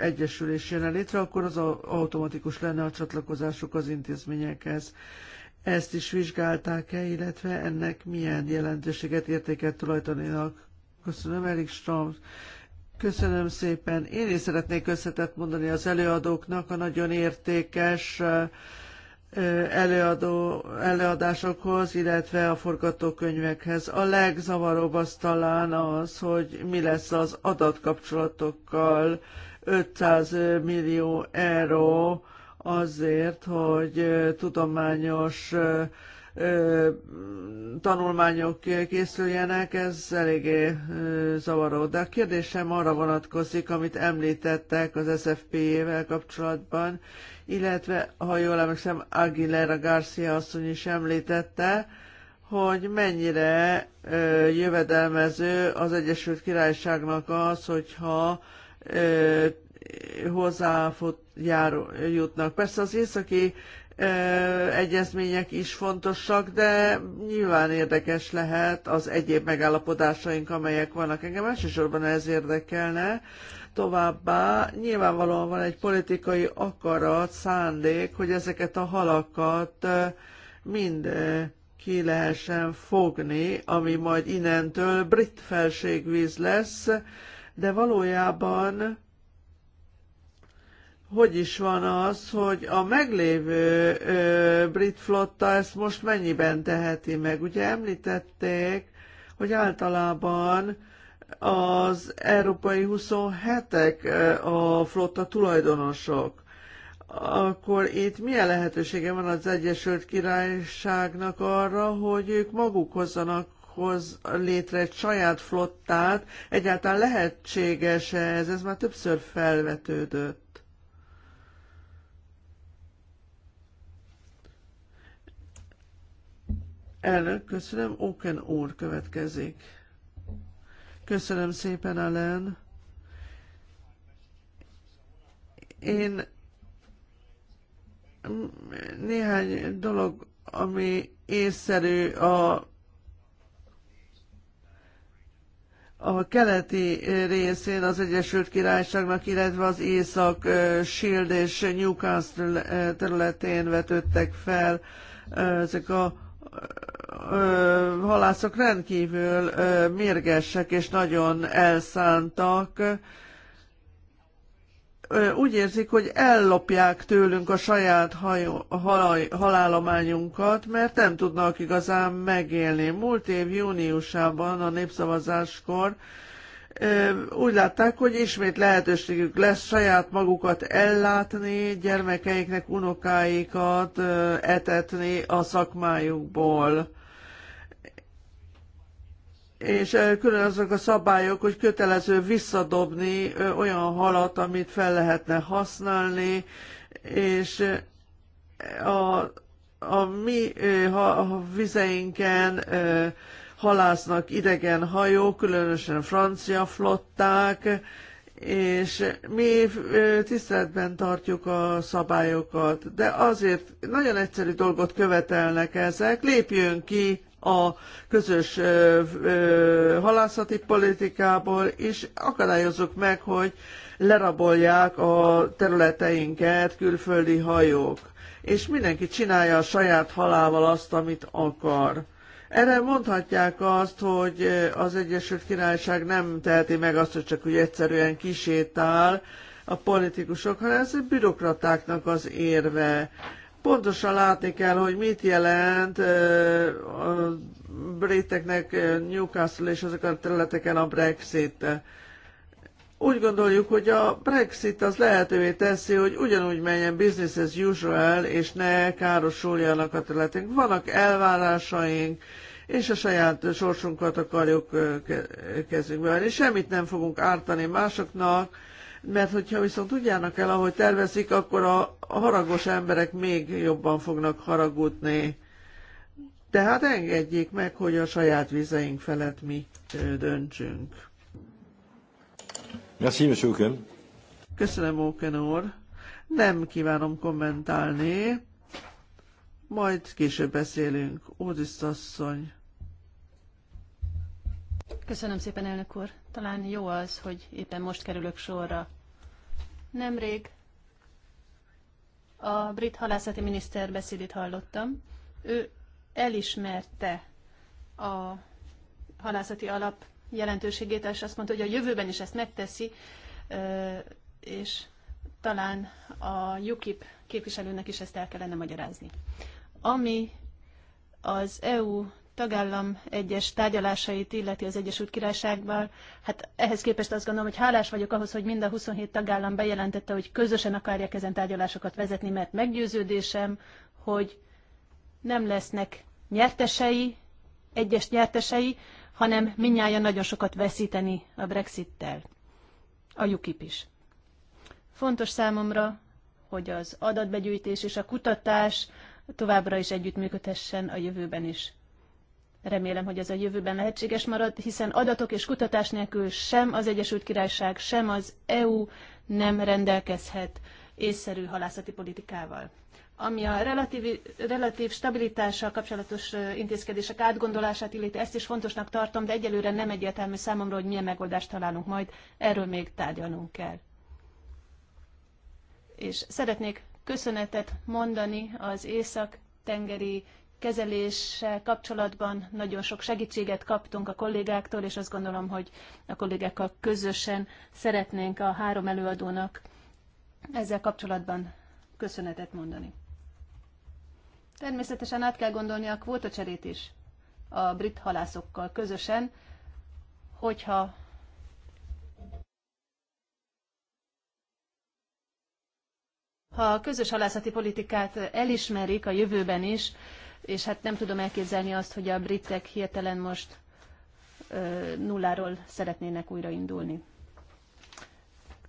egyesülés jönne létre, akkor az a, automatikus lenne a csatlakozásuk az intézményekhez. Ezt is vizsgálták-e, illetve ennek milyen jelentőséget, értéket tulajdonítanak? Köszönöm, Erik Strom. Köszönöm szépen. Én is szeretnék összetett mondani az előadóknak a nagyon értékes uh, előadó, előadásokhoz, illetve a forgatókönyvekhez. A legzavaróbb az talán az, hogy mi lesz az adatkapcsolatokkal 500 millió euró azért, hogy tudományos tanulmányok készüljenek, ez eléggé zavaró. De a kérdésem arra vonatkozik, amit említettek az SFP-vel kapcsolatban, illetve, ha jól emlékszem, Aguilera Garcia asszony is említette, hogy mennyire ö, jövedelmező az Egyesült Királyságnak az, hogyha hozzájutnak. Persze az északi egyezmények is fontosak, de nyilván érdekes lehet az egyéb megállapodásaink, amelyek vannak. Engem elsősorban ez érdekelne. Továbbá nyilvánvalóan van egy politikai akarat, szándék, hogy ezeket a halakat mind ki lehessen fogni, ami majd innentől brit felségvíz lesz, de valójában hogy is van az, hogy a meglévő ö, brit flotta ezt most mennyiben teheti meg? Ugye említették, hogy általában az európai 27-ek a flotta tulajdonosok. Akkor itt milyen lehetősége van az Egyesült Királyságnak arra, hogy ők maguk hozzanak hoz létre egy saját flottát? Egyáltalán lehetséges -e ez? Ez már többször felvetődött. Elnök, köszönöm. Oken úr következik. Köszönöm szépen, Ellen. Én néhány dolog, ami észszerű a a keleti részén az Egyesült Királyságnak, illetve az Észak Shield és Newcastle területén vetődtek fel ezek a ö, halászok rendkívül ö, mérgesek és nagyon elszántak. Ö, úgy érzik, hogy ellopják tőlünk a saját hajó, halaj, mert nem tudnak igazán megélni. Múlt év júniusában a népszavazáskor úgy látták, hogy ismét lehetőségük lesz saját magukat ellátni, gyermekeiknek unokáikat etetni a szakmájukból és eh, külön azok a szabályok, hogy kötelező visszadobni olyan halat, amit fel lehetne használni, és eh, a, a mi eh, ha, a vizeinken halásznak idegen hajók, különösen francia flották, és mi tiszteletben tartjuk a szabályokat, de azért nagyon egyszerű dolgot követelnek ezek, lépjünk ki a közös ö, ö, halászati politikából, és akadályozzuk meg, hogy lerabolják a területeinket külföldi hajók. És mindenki csinálja a saját halával azt, amit akar. Erre mondhatják azt, hogy az Egyesült Királyság nem teheti meg azt, hogy csak úgy egyszerűen kisétál a politikusok, hanem ez bürokratáknak az érve. Pontosan látni kell, hogy mit jelent a briteknek Newcastle és ezek a területeken a Brexit. Úgy gondoljuk, hogy a Brexit az lehetővé teszi, hogy ugyanúgy menjen business as usual, és ne károsuljanak a területünk. Vannak elvárásaink, és a saját sorsunkat akarjuk kezünkbe venni. Semmit nem fogunk ártani másoknak, mert hogyha viszont úgy járnak el, ahogy tervezik, akkor a haragos emberek még jobban fognak haragudni. Tehát engedjék meg, hogy a saját vizeink felett mi döntsünk. Merci, Monsieur Oken. Köszönöm, Oken úr. Nem kívánom kommentálni. Majd később beszélünk. Ódiszt asszony. Köszönöm szépen, elnök úr. Talán jó az, hogy éppen most kerülök sorra. Nemrég a brit halászati miniszter beszédét hallottam. Ő elismerte a halászati alap jelentőségét, és azt mondta, hogy a jövőben is ezt megteszi, és talán a UKIP képviselőnek is ezt el kellene magyarázni. Ami az EU tagállam egyes tárgyalásait illeti az Egyesült Királyságban, hát ehhez képest azt gondolom, hogy hálás vagyok ahhoz, hogy mind a 27 tagállam bejelentette, hogy közösen akarják ezen tárgyalásokat vezetni, mert meggyőződésem, hogy nem lesznek nyertesei, egyes nyertesei, hanem minnyáján nagyon sokat veszíteni a Brexittel. A UKIP is. Fontos számomra, hogy az adatbegyűjtés és a kutatás továbbra is együttműködhessen a jövőben is. Remélem, hogy ez a jövőben lehetséges marad, hiszen adatok és kutatás nélkül sem az Egyesült Királyság, sem az EU nem rendelkezhet észszerű halászati politikával. Ami a relatív, relatív stabilitással kapcsolatos intézkedések átgondolását illeti, ezt is fontosnak tartom, de egyelőre nem egyértelmű számomra, hogy milyen megoldást találunk majd, erről még tárgyalnunk kell. És szeretnék köszönetet mondani az Észak-tengeri kezeléssel kapcsolatban nagyon sok segítséget kaptunk a kollégáktól, és azt gondolom, hogy a kollégákkal közösen szeretnénk a három előadónak ezzel kapcsolatban köszönetet mondani. Természetesen át kell gondolni a kvótacserét is a brit halászokkal közösen, hogyha ha a közös halászati politikát elismerik a jövőben is, és hát nem tudom elképzelni azt, hogy a britek hirtelen most ö, nulláról szeretnének újraindulni.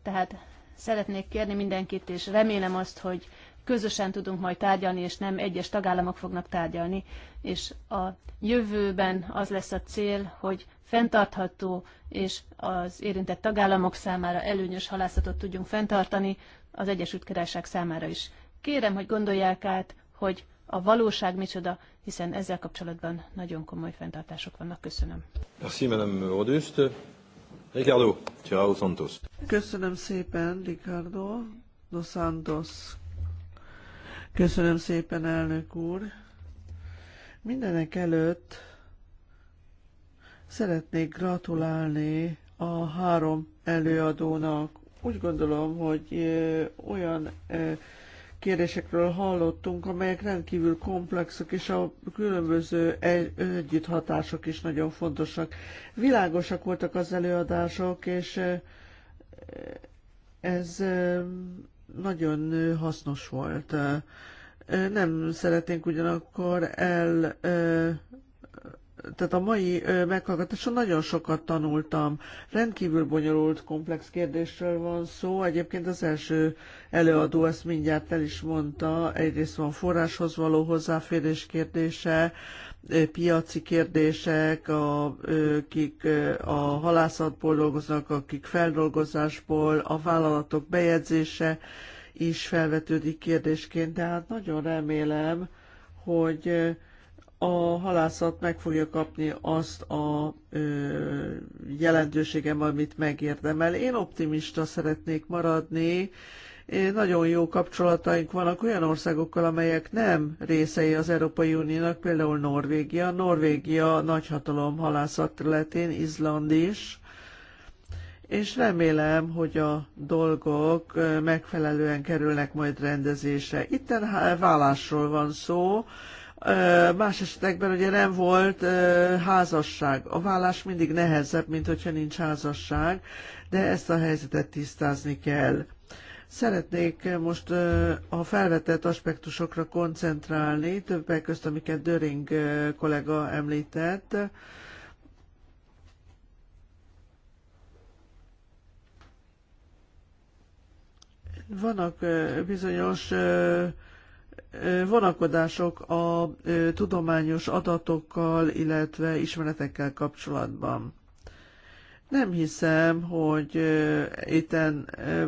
Tehát szeretnék kérni mindenkit, és remélem azt, hogy közösen tudunk majd tárgyalni, és nem egyes tagállamok fognak tárgyalni. És a jövőben az lesz a cél, hogy fenntartható és az érintett tagállamok számára előnyös halászatot tudjunk fenntartani, az Egyesült Királyság számára is. Kérem, hogy gondolják át, hogy a valóság micsoda, hiszen ezzel kapcsolatban nagyon komoly fenntartások vannak. Köszönöm. Merci, Madame Rodust. Ricardo, Ciao Santos. Köszönöm szépen, Ricardo dos Santos. Köszönöm szépen, elnök úr. Mindenek előtt szeretnék gratulálni a három előadónak. Úgy gondolom, hogy olyan kérdésekről hallottunk, amelyek rendkívül komplexek, és a különböző együtthatások is nagyon fontosak. Világosak voltak az előadások, és ez nagyon hasznos volt. Nem szeretnénk ugyanakkor el tehát a mai meghallgatáson nagyon sokat tanultam. Rendkívül bonyolult, komplex kérdésről van szó. Egyébként az első előadó ezt mindjárt el is mondta. Egyrészt van forráshoz való hozzáférés kérdése, piaci kérdések, a, akik a halászatból dolgoznak, akik feldolgozásból, a vállalatok bejegyzése is felvetődik kérdésként. Tehát nagyon remélem, hogy a halászat meg fogja kapni azt a ö, jelentőségem, amit megérdemel. Én optimista szeretnék maradni. Én nagyon jó kapcsolataink vannak olyan országokkal, amelyek nem részei az Európai Uniónak, például Norvégia. Norvégia nagyhatalom halászat területén, Izland is és remélem, hogy a dolgok megfelelően kerülnek majd rendezésre. Itten vállásról van szó, Más esetekben ugye nem volt házasság. A vállás mindig nehezebb, mint hogyha nincs házasság, de ezt a helyzetet tisztázni kell. Szeretnék most a felvetett aspektusokra koncentrálni, többek közt, amiket Döring kollega említett. Vannak bizonyos vonakodások a tudományos adatokkal, illetve ismeretekkel kapcsolatban. Nem hiszem, hogy uh, itten uh,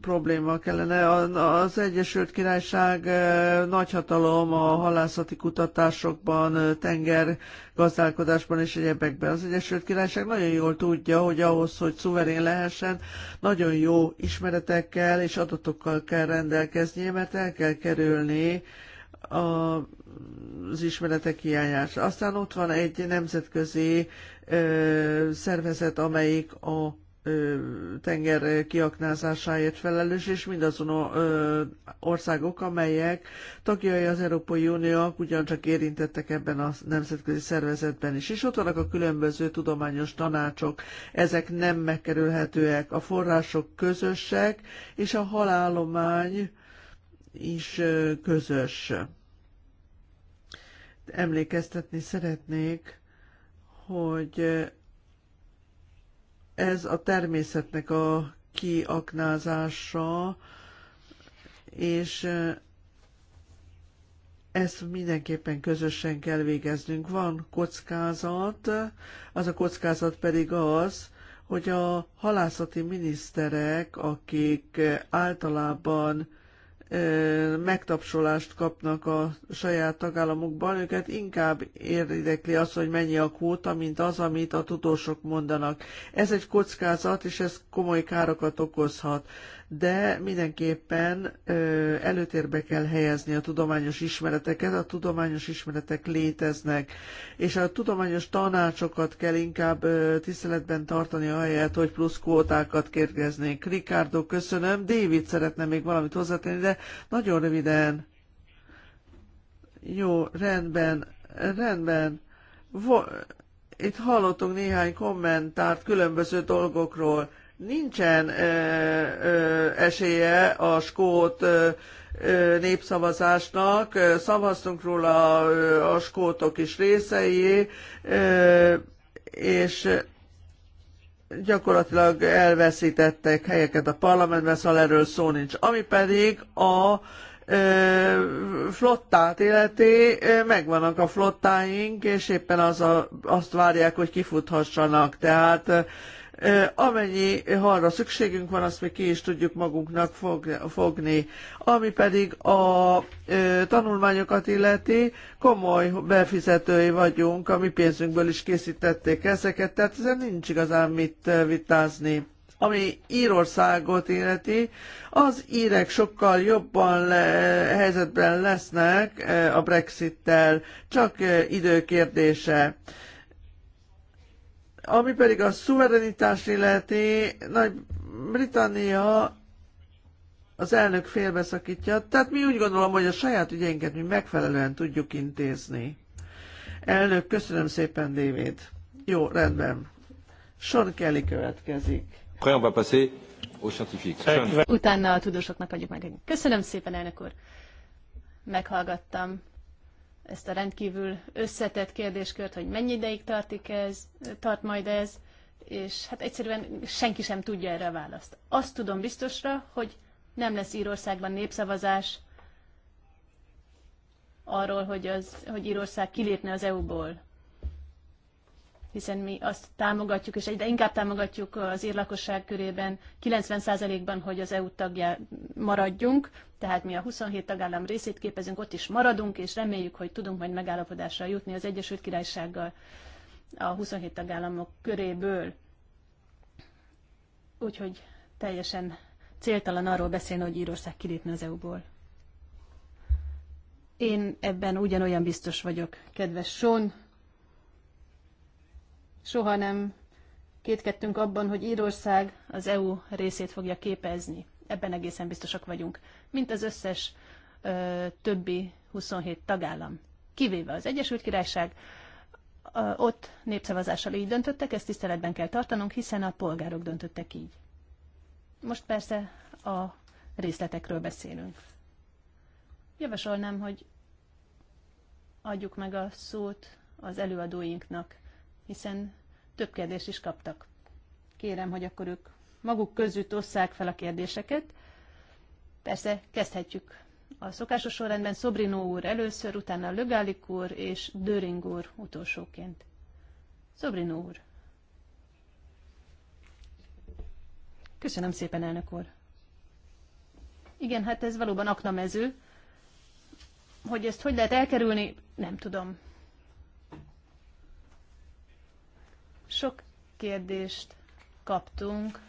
probléma kellene. Az Egyesült Királyság uh, nagyhatalom a halászati kutatásokban, uh, tenger gazdálkodásban és egyebekben. Az Egyesült Királyság nagyon jól tudja, hogy ahhoz, hogy szuverén lehessen, nagyon jó ismeretekkel és adatokkal kell rendelkeznie, mert el kell kerülni a, az ismeretek hiányás. Aztán ott van egy nemzetközi uh, szervezet, amelyik a tenger kiaknázásáért felelős, és mindazon a, országok, amelyek tagjai az Európai Uniók ugyancsak érintettek ebben a nemzetközi szervezetben is. És ott vannak a különböző tudományos tanácsok, ezek nem megkerülhetőek, a források közösek, és a halálomány is közös. Emlékeztetni szeretnék, hogy ez a természetnek a kiaknázása, és ezt mindenképpen közösen kell végeznünk. Van kockázat, az a kockázat pedig az, hogy a halászati miniszterek, akik általában megtapsolást kapnak a saját tagállamokban, őket inkább érdekli az, hogy mennyi a kvóta, mint az, amit a tudósok mondanak. Ez egy kockázat, és ez komoly károkat okozhat de mindenképpen előtérbe kell helyezni a tudományos ismereteket, a tudományos ismeretek léteznek, és a tudományos tanácsokat kell inkább tiszteletben tartani ahelyett, hogy plusz kvótákat kérgeznénk. Ricardo, köszönöm. David szeretne még valamit hozzátenni, de nagyon röviden. Jó, rendben, rendben. Vo- Itt hallottunk néhány kommentárt különböző dolgokról nincsen esélye a skót népszavazásnak, szavaztunk róla a skótok is részei, és gyakorlatilag elveszítettek helyeket a parlamentben, szóval erről szó nincs. Ami pedig a flottát illeti, megvannak a flottáink, és éppen az a, azt várják, hogy kifuthassanak. Tehát Amennyi halra szükségünk van, azt mi ki is tudjuk magunknak fogni. Ami pedig a tanulmányokat illeti, komoly befizetői vagyunk, a mi pénzünkből is készítették ezeket, tehát ezen nincs igazán mit vitázni ami Írországot illeti, az írek sokkal jobban le, helyzetben lesznek a Brexittel, csak idő kérdése. Ami pedig a szuverenitás illeti, Nagy-Britannia az elnök félbeszakítja, tehát mi úgy gondolom, hogy a saját ügyeinket mi megfelelően tudjuk intézni. Elnök, köszönöm szépen, David. Jó, rendben. Sean Kelly következik. Utána a tudósoknak adjuk meg. Köszönöm szépen, elnök úr. Meghallgattam ezt a rendkívül összetett kérdéskört, hogy mennyi ideig tartik ez, tart majd ez, és hát egyszerűen senki sem tudja erre a választ. Azt tudom biztosra, hogy nem lesz Írországban népszavazás arról, hogy, az, hogy Írország kilépne az EU-ból hiszen mi azt támogatjuk, és egyre inkább támogatjuk az ír lakosság körében 90%-ban, hogy az EU tagja maradjunk, tehát mi a 27 tagállam részét képezünk, ott is maradunk, és reméljük, hogy tudunk majd megállapodásra jutni az Egyesült Királysággal a 27 tagállamok köréből. Úgyhogy teljesen céltalan arról beszélni, hogy Írország kilépne az EU-ból. Én ebben ugyanolyan biztos vagyok, kedves Sean, soha nem kétkedtünk abban, hogy Írország az EU részét fogja képezni. Ebben egészen biztosak vagyunk, mint az összes ö, többi 27 tagállam, kivéve az Egyesült Királyság. Ö, ott népszavazással így döntöttek, ezt tiszteletben kell tartanunk, hiszen a polgárok döntöttek így. Most persze a részletekről beszélünk. Javasolnám, hogy adjuk meg a szót az előadóinknak hiszen több kérdést is kaptak. Kérem, hogy akkor ők maguk között osszák fel a kérdéseket. Persze kezdhetjük a szokásos sorrendben Szobrinó úr először, utána Lögálik úr és Döring úr utolsóként. Szobrinó úr. Köszönöm szépen, elnök úr. Igen, hát ez valóban aknamező. Hogy ezt hogy lehet elkerülni, nem tudom. Sok kérdést kaptunk,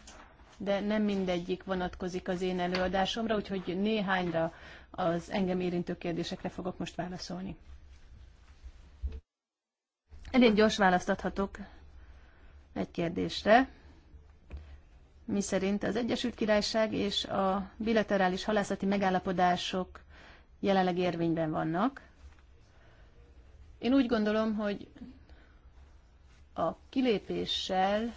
de nem mindegyik vonatkozik az én előadásomra, úgyhogy néhányra az engem érintő kérdésekre fogok most válaszolni. Elég gyors választ adhatok egy kérdésre, mi szerint az Egyesült Királyság és a bilaterális halászati megállapodások jelenleg érvényben vannak. Én úgy gondolom, hogy a kilépéssel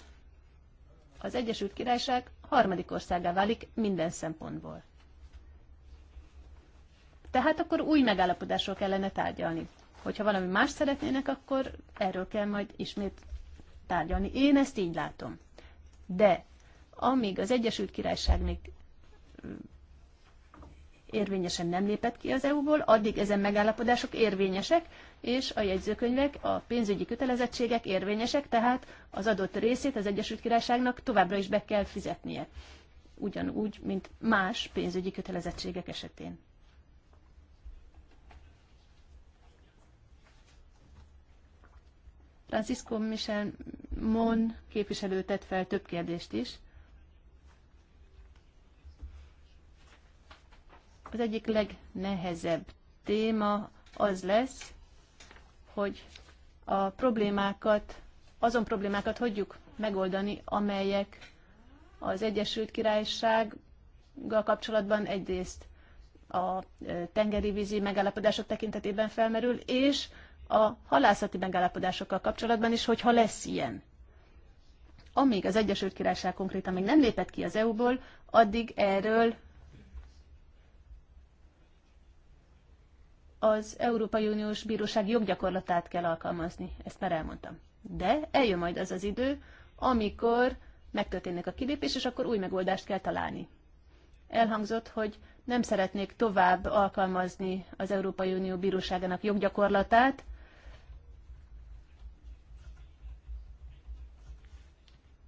az Egyesült Királyság harmadik országá válik minden szempontból. Tehát akkor új megállapodásról kellene tárgyalni. Hogyha valami más szeretnének, akkor erről kell majd ismét tárgyalni. Én ezt így látom. De amíg az Egyesült Királyság még érvényesen nem lépett ki az EU-ból, addig ezen megállapodások érvényesek, és a jegyzőkönyvek, a pénzügyi kötelezettségek érvényesek, tehát az adott részét az Egyesült Királyságnak továbbra is be kell fizetnie. Ugyanúgy, mint más pénzügyi kötelezettségek esetén. Francisco Michel Mon képviselő tett fel több kérdést is. Az egyik legnehezebb téma az lesz, hogy a problémákat, azon problémákat hagyjuk megoldani, amelyek az Egyesült Királysággal kapcsolatban egyrészt a e, tengeri vízi megállapodások tekintetében felmerül, és a halászati megállapodásokkal kapcsolatban is, hogyha lesz ilyen. Amíg az Egyesült Királyság konkrétan még nem lépett ki az EU-ból, addig erről az Európai Uniós Bíróság joggyakorlatát kell alkalmazni, ezt már elmondtam. De eljön majd az az idő, amikor megtörténik a kilépés, és akkor új megoldást kell találni. Elhangzott, hogy nem szeretnék tovább alkalmazni az Európai Unió Bíróságának joggyakorlatát,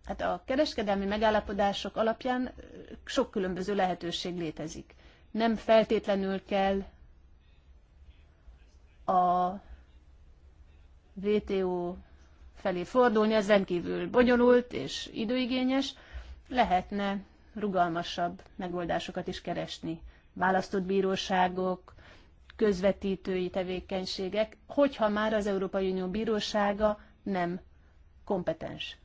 Hát a kereskedelmi megállapodások alapján sok különböző lehetőség létezik. Nem feltétlenül kell a WTO felé fordulni, ez rendkívül bonyolult és időigényes, lehetne rugalmasabb megoldásokat is keresni. Választott bíróságok, közvetítői tevékenységek, hogyha már az Európai Unió bírósága nem kompetens.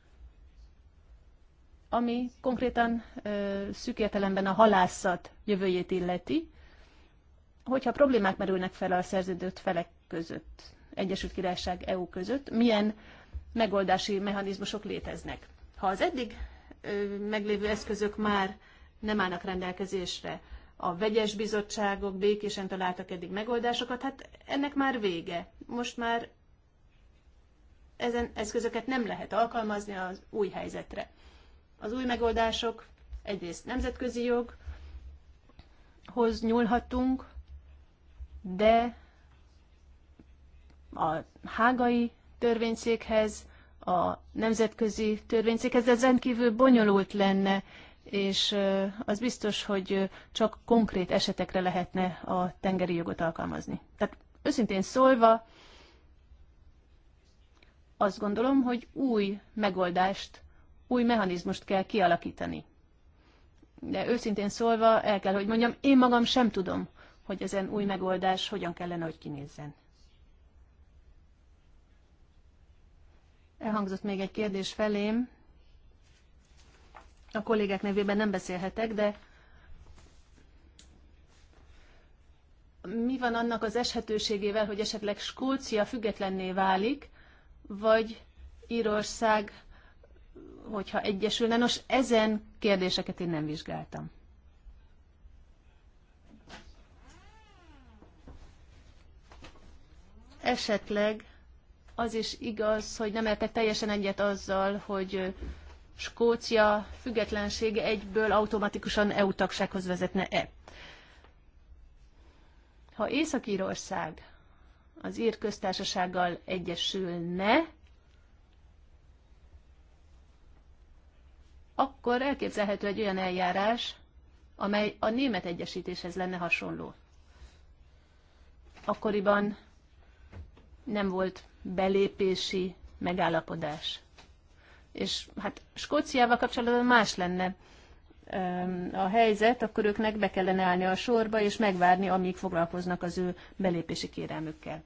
Ami konkrétan ö, szűk értelemben a halászat jövőjét illeti, hogyha problémák merülnek fel a szerződött felek között, Egyesült Királyság EU között, milyen megoldási mechanizmusok léteznek. Ha az eddig meglévő eszközök már nem állnak rendelkezésre, a vegyes bizottságok békésen találtak eddig megoldásokat, hát ennek már vége. Most már ezen eszközöket nem lehet alkalmazni az új helyzetre. Az új megoldások egyrészt nemzetközi joghoz nyúlhatunk, de a hágai törvényszékhez, a nemzetközi törvényszékhez, de ez rendkívül bonyolult lenne, és az biztos, hogy csak konkrét esetekre lehetne a tengeri jogot alkalmazni. Tehát őszintén szólva, azt gondolom, hogy új megoldást, új mechanizmust kell kialakítani. De őszintén szólva el kell, hogy mondjam, én magam sem tudom, hogy ezen új megoldás hogyan kellene, hogy kinézzen. Elhangzott még egy kérdés felém. A kollégák nevében nem beszélhetek, de mi van annak az eshetőségével, hogy esetleg Skócia függetlenné válik, vagy Írország, hogyha egyesülne? Nos, ezen kérdéseket én nem vizsgáltam. Esetleg az is igaz, hogy nem értek teljesen egyet azzal, hogy Skócia függetlensége egyből automatikusan EU tagsághoz vezetne-e. Ha Észak-Írország az ír köztársasággal egyesülne, akkor elképzelhető egy olyan eljárás, amely a német egyesítéshez lenne hasonló. Akkoriban nem volt belépési megállapodás. És hát Skóciával kapcsolatban más lenne a helyzet, akkor őknek be kellene állni a sorba, és megvárni, amíg foglalkoznak az ő belépési kérelmükkel.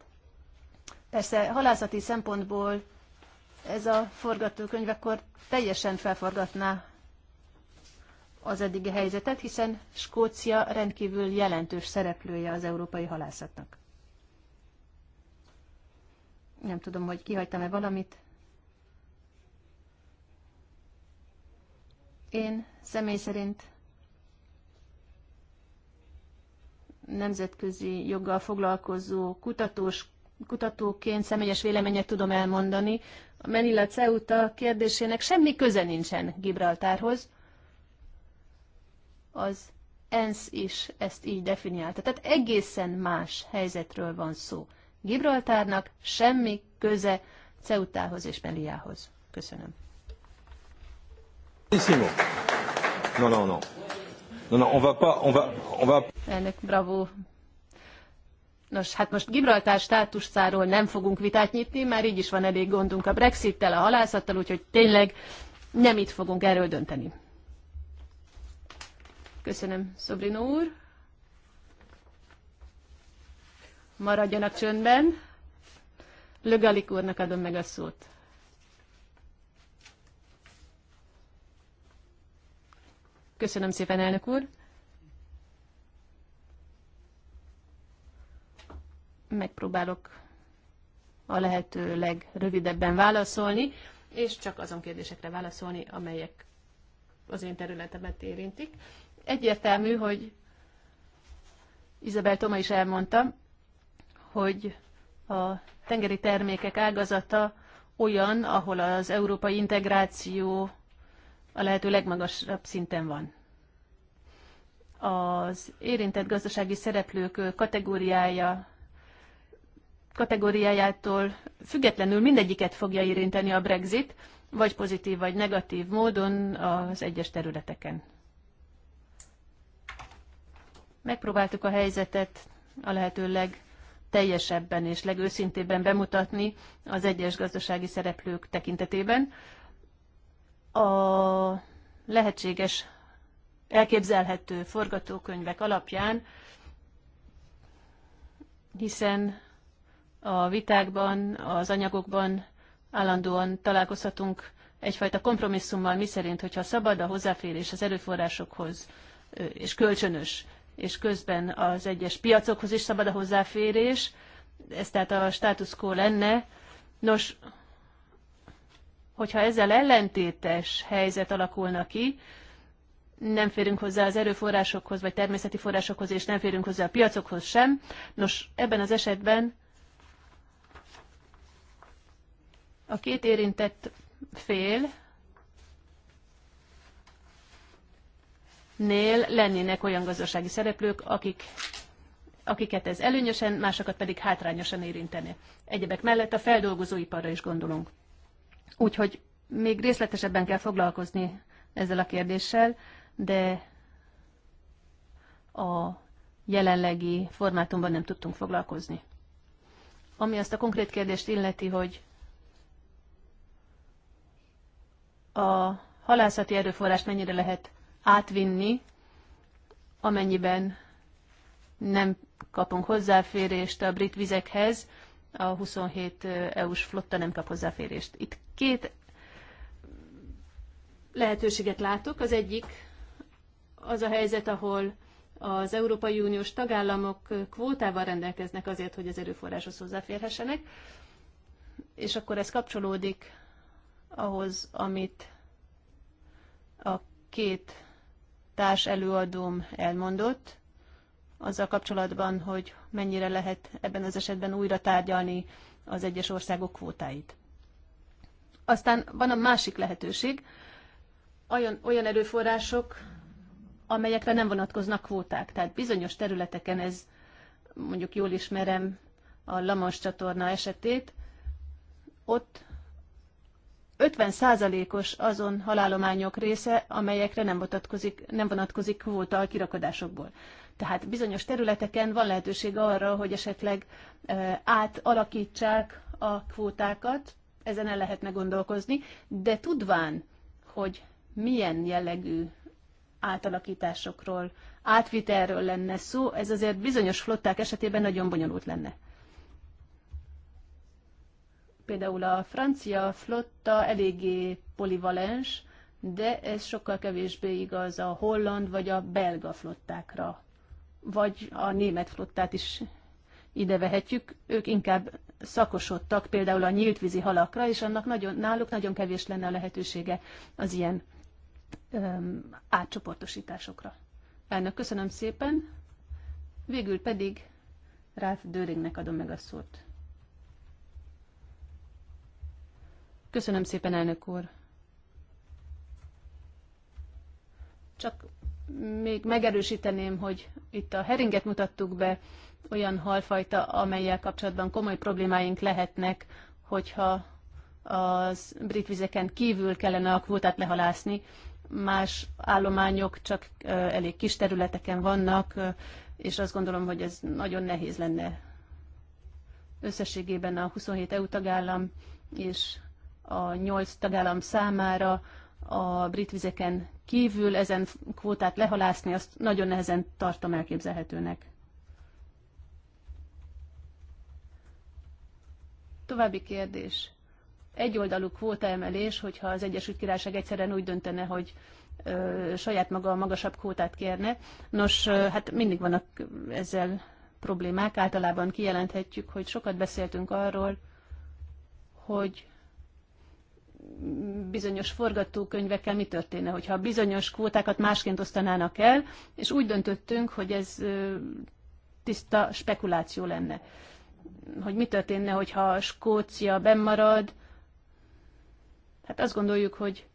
Persze halászati szempontból ez a forgatókönyv akkor teljesen felforgatná az eddigi helyzetet, hiszen Skócia rendkívül jelentős szereplője az európai halászatnak. Nem tudom, hogy kihagytam-e valamit. Én személy szerint nemzetközi joggal foglalkozó kutatós, kutatóként személyes véleményet tudom elmondani. A Menila Ceuta kérdésének semmi köze nincsen Gibraltárhoz. Az ENSZ is ezt így definiálta. Tehát egészen más helyzetről van szó. Gibraltárnak semmi köze Ceutához és Meliához. Köszönöm. No, no, no. No, no, on va pas, on va, on va... Elnök, bravo. Nos, hát most Gibraltár státuszáról nem fogunk vitát nyitni, már így is van elég gondunk a Brexittel, a halászattal, úgyhogy tényleg nem itt fogunk erről dönteni. Köszönöm, Szobrino úr. Maradjanak csöndben. Lögalik úrnak adom meg a szót. Köszönöm szépen, elnök úr. Megpróbálok a lehető legrövidebben válaszolni, és csak azon kérdésekre válaszolni, amelyek az én területemet érintik. Egyértelmű, hogy Izabel Toma is elmondta, hogy a tengeri termékek ágazata olyan, ahol az európai integráció a lehető legmagasabb szinten van. Az érintett gazdasági szereplők kategóriája kategóriájától függetlenül mindegyiket fogja érinteni a Brexit, vagy pozitív, vagy negatív módon az egyes területeken. Megpróbáltuk a helyzetet a lehető leg teljesebben és legőszintébben bemutatni az egyes gazdasági szereplők tekintetében. A lehetséges, elképzelhető forgatókönyvek alapján, hiszen a vitákban, az anyagokban állandóan találkozhatunk egyfajta kompromisszummal, miszerint, hogyha szabad a hozzáférés az erőforrásokhoz és kölcsönös és közben az egyes piacokhoz is szabad a hozzáférés, ez tehát a status quo lenne. Nos, hogyha ezzel ellentétes helyzet alakulna ki, nem férünk hozzá az erőforrásokhoz, vagy természeti forrásokhoz, és nem férünk hozzá a piacokhoz sem. Nos, ebben az esetben a két érintett fél nél lennének olyan gazdasági szereplők, akik, akiket ez előnyösen, másokat pedig hátrányosan érintene. Egyebek mellett a feldolgozóiparra is gondolunk. Úgyhogy még részletesebben kell foglalkozni ezzel a kérdéssel, de a jelenlegi formátumban nem tudtunk foglalkozni. Ami azt a konkrét kérdést illeti, hogy a halászati erőforrást mennyire lehet átvinni, amennyiben nem kapunk hozzáférést a brit vizekhez, a 27 EU-s flotta nem kap hozzáférést. Itt két lehetőséget látok. Az egyik az a helyzet, ahol az Európai Uniós tagállamok kvótával rendelkeznek azért, hogy az erőforráshoz hozzáférhessenek, és akkor ez kapcsolódik ahhoz, amit a két társ előadóm elmondott, azzal kapcsolatban, hogy mennyire lehet ebben az esetben újra tárgyalni az egyes országok kvótáit. Aztán van a másik lehetőség, olyan, olyan erőforrások, amelyekre nem vonatkoznak kvóták. Tehát bizonyos területeken ez, mondjuk jól ismerem a Lamas csatorna esetét, ott 50%-os azon halálományok része, amelyekre nem vonatkozik, nem vonatkozik kvóta a kirakodásokból. Tehát bizonyos területeken van lehetőség arra, hogy esetleg átalakítsák a kvótákat, ezen el lehetne gondolkozni, de tudván, hogy milyen jellegű átalakításokról, átvitelről lenne szó, ez azért bizonyos flották esetében nagyon bonyolult lenne. Például a francia flotta eléggé polivalens, de ez sokkal kevésbé igaz a holland vagy a belga flottákra, vagy a német flottát is ide vehetjük. Ők inkább szakosodtak például a nyíltvízi halakra, és annak nagyon, náluk nagyon kevés lenne a lehetősége az ilyen öm, átcsoportosításokra. Elnök, köszönöm szépen. Végül pedig Ralph Döringnek adom meg a szót. Köszönöm szépen, elnök úr. Csak még megerősíteném, hogy itt a heringet mutattuk be, olyan halfajta, amelyel kapcsolatban komoly problémáink lehetnek, hogyha az brit vizeken kívül kellene a kvótát lehalászni. Más állományok csak elég kis területeken vannak, és azt gondolom, hogy ez nagyon nehéz lenne. Összességében a 27 EU tagállam és a nyolc tagállam számára a brit vizeken kívül ezen kvótát lehalászni, azt nagyon nehezen tartom elképzelhetőnek. További kérdés. Egyoldalú kvótaemelés, hogyha az Egyesült Királyság egyszerűen úgy döntene, hogy ö, saját maga a magasabb kvótát kérne. Nos, ö, hát mindig vannak ezzel problémák. Általában kijelenthetjük, hogy sokat beszéltünk arról, hogy bizonyos forgatókönyvekkel mi történne, hogyha bizonyos kvótákat másként osztanának el, és úgy döntöttünk, hogy ez tiszta spekuláció lenne. Hogy mi történne, hogyha Skócia bennmarad, hát azt gondoljuk, hogy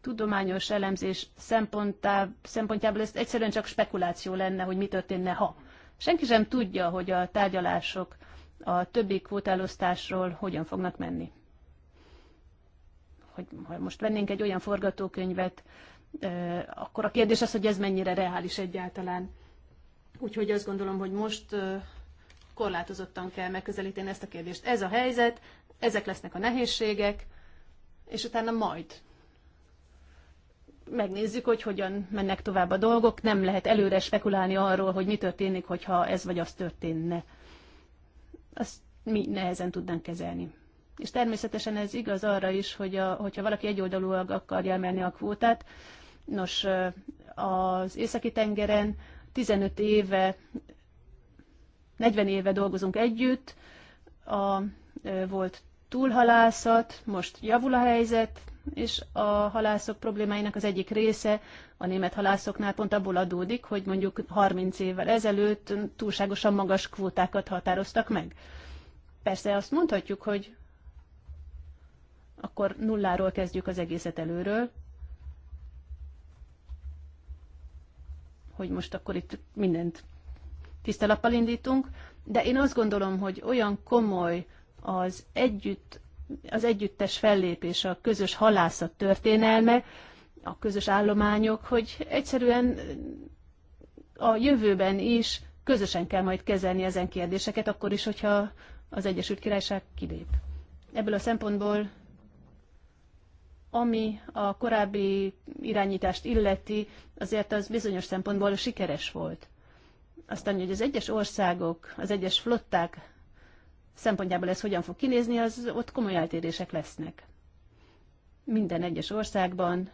tudományos elemzés szempontjából ez egyszerűen csak spekuláció lenne, hogy mi történne, ha. Senki sem tudja, hogy a tárgyalások a többi kvótálosztásról hogyan fognak menni hogy ha most vennénk egy olyan forgatókönyvet, akkor a kérdés az, hogy ez mennyire reális egyáltalán. Úgyhogy azt gondolom, hogy most korlátozottan kell megközelíteni ezt a kérdést. Ez a helyzet, ezek lesznek a nehézségek, és utána majd megnézzük, hogy hogyan mennek tovább a dolgok. Nem lehet előre spekulálni arról, hogy mi történik, hogyha ez vagy az történne. Azt mi nehezen tudnánk kezelni és természetesen ez igaz arra is, hogy a, hogyha valaki egyoldalúan akarja emelni a kvótát, nos, az északi tengeren 15 éve, 40 éve dolgozunk együtt, a, volt túlhalászat, most javul a helyzet, és a halászok problémáinak az egyik része a német halászoknál pont abból adódik, hogy mondjuk 30 évvel ezelőtt túlságosan magas kvótákat határoztak meg. Persze azt mondhatjuk, hogy akkor nulláról kezdjük az egészet előről, hogy most akkor itt mindent tiszta lappal indítunk, de én azt gondolom, hogy olyan komoly az együtt, az együttes fellépés, a közös halászat történelme, a közös állományok, hogy egyszerűen a jövőben is közösen kell majd kezelni ezen kérdéseket, akkor is, hogyha az Egyesült Királyság kilép. Ebből a szempontból ami a korábbi irányítást illeti, azért az bizonyos szempontból sikeres volt. Aztán, hogy az egyes országok, az egyes flották szempontjából ez hogyan fog kinézni, az ott komoly eltérések lesznek. Minden egyes országban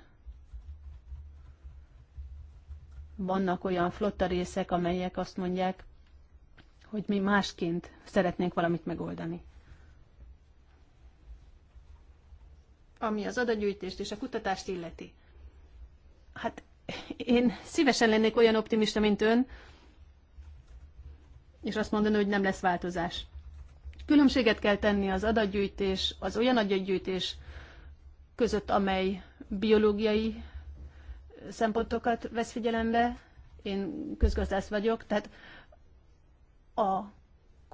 vannak olyan flotta részek, amelyek azt mondják, hogy mi másként szeretnénk valamit megoldani. ami az adagyűjtést és a kutatást illeti. Hát én szívesen lennék olyan optimista, mint ön, és azt mondani, hogy nem lesz változás. Különbséget kell tenni az adatgyűjtés, az olyan adatgyűjtés között, amely biológiai szempontokat vesz figyelembe. Én közgazdász vagyok, tehát a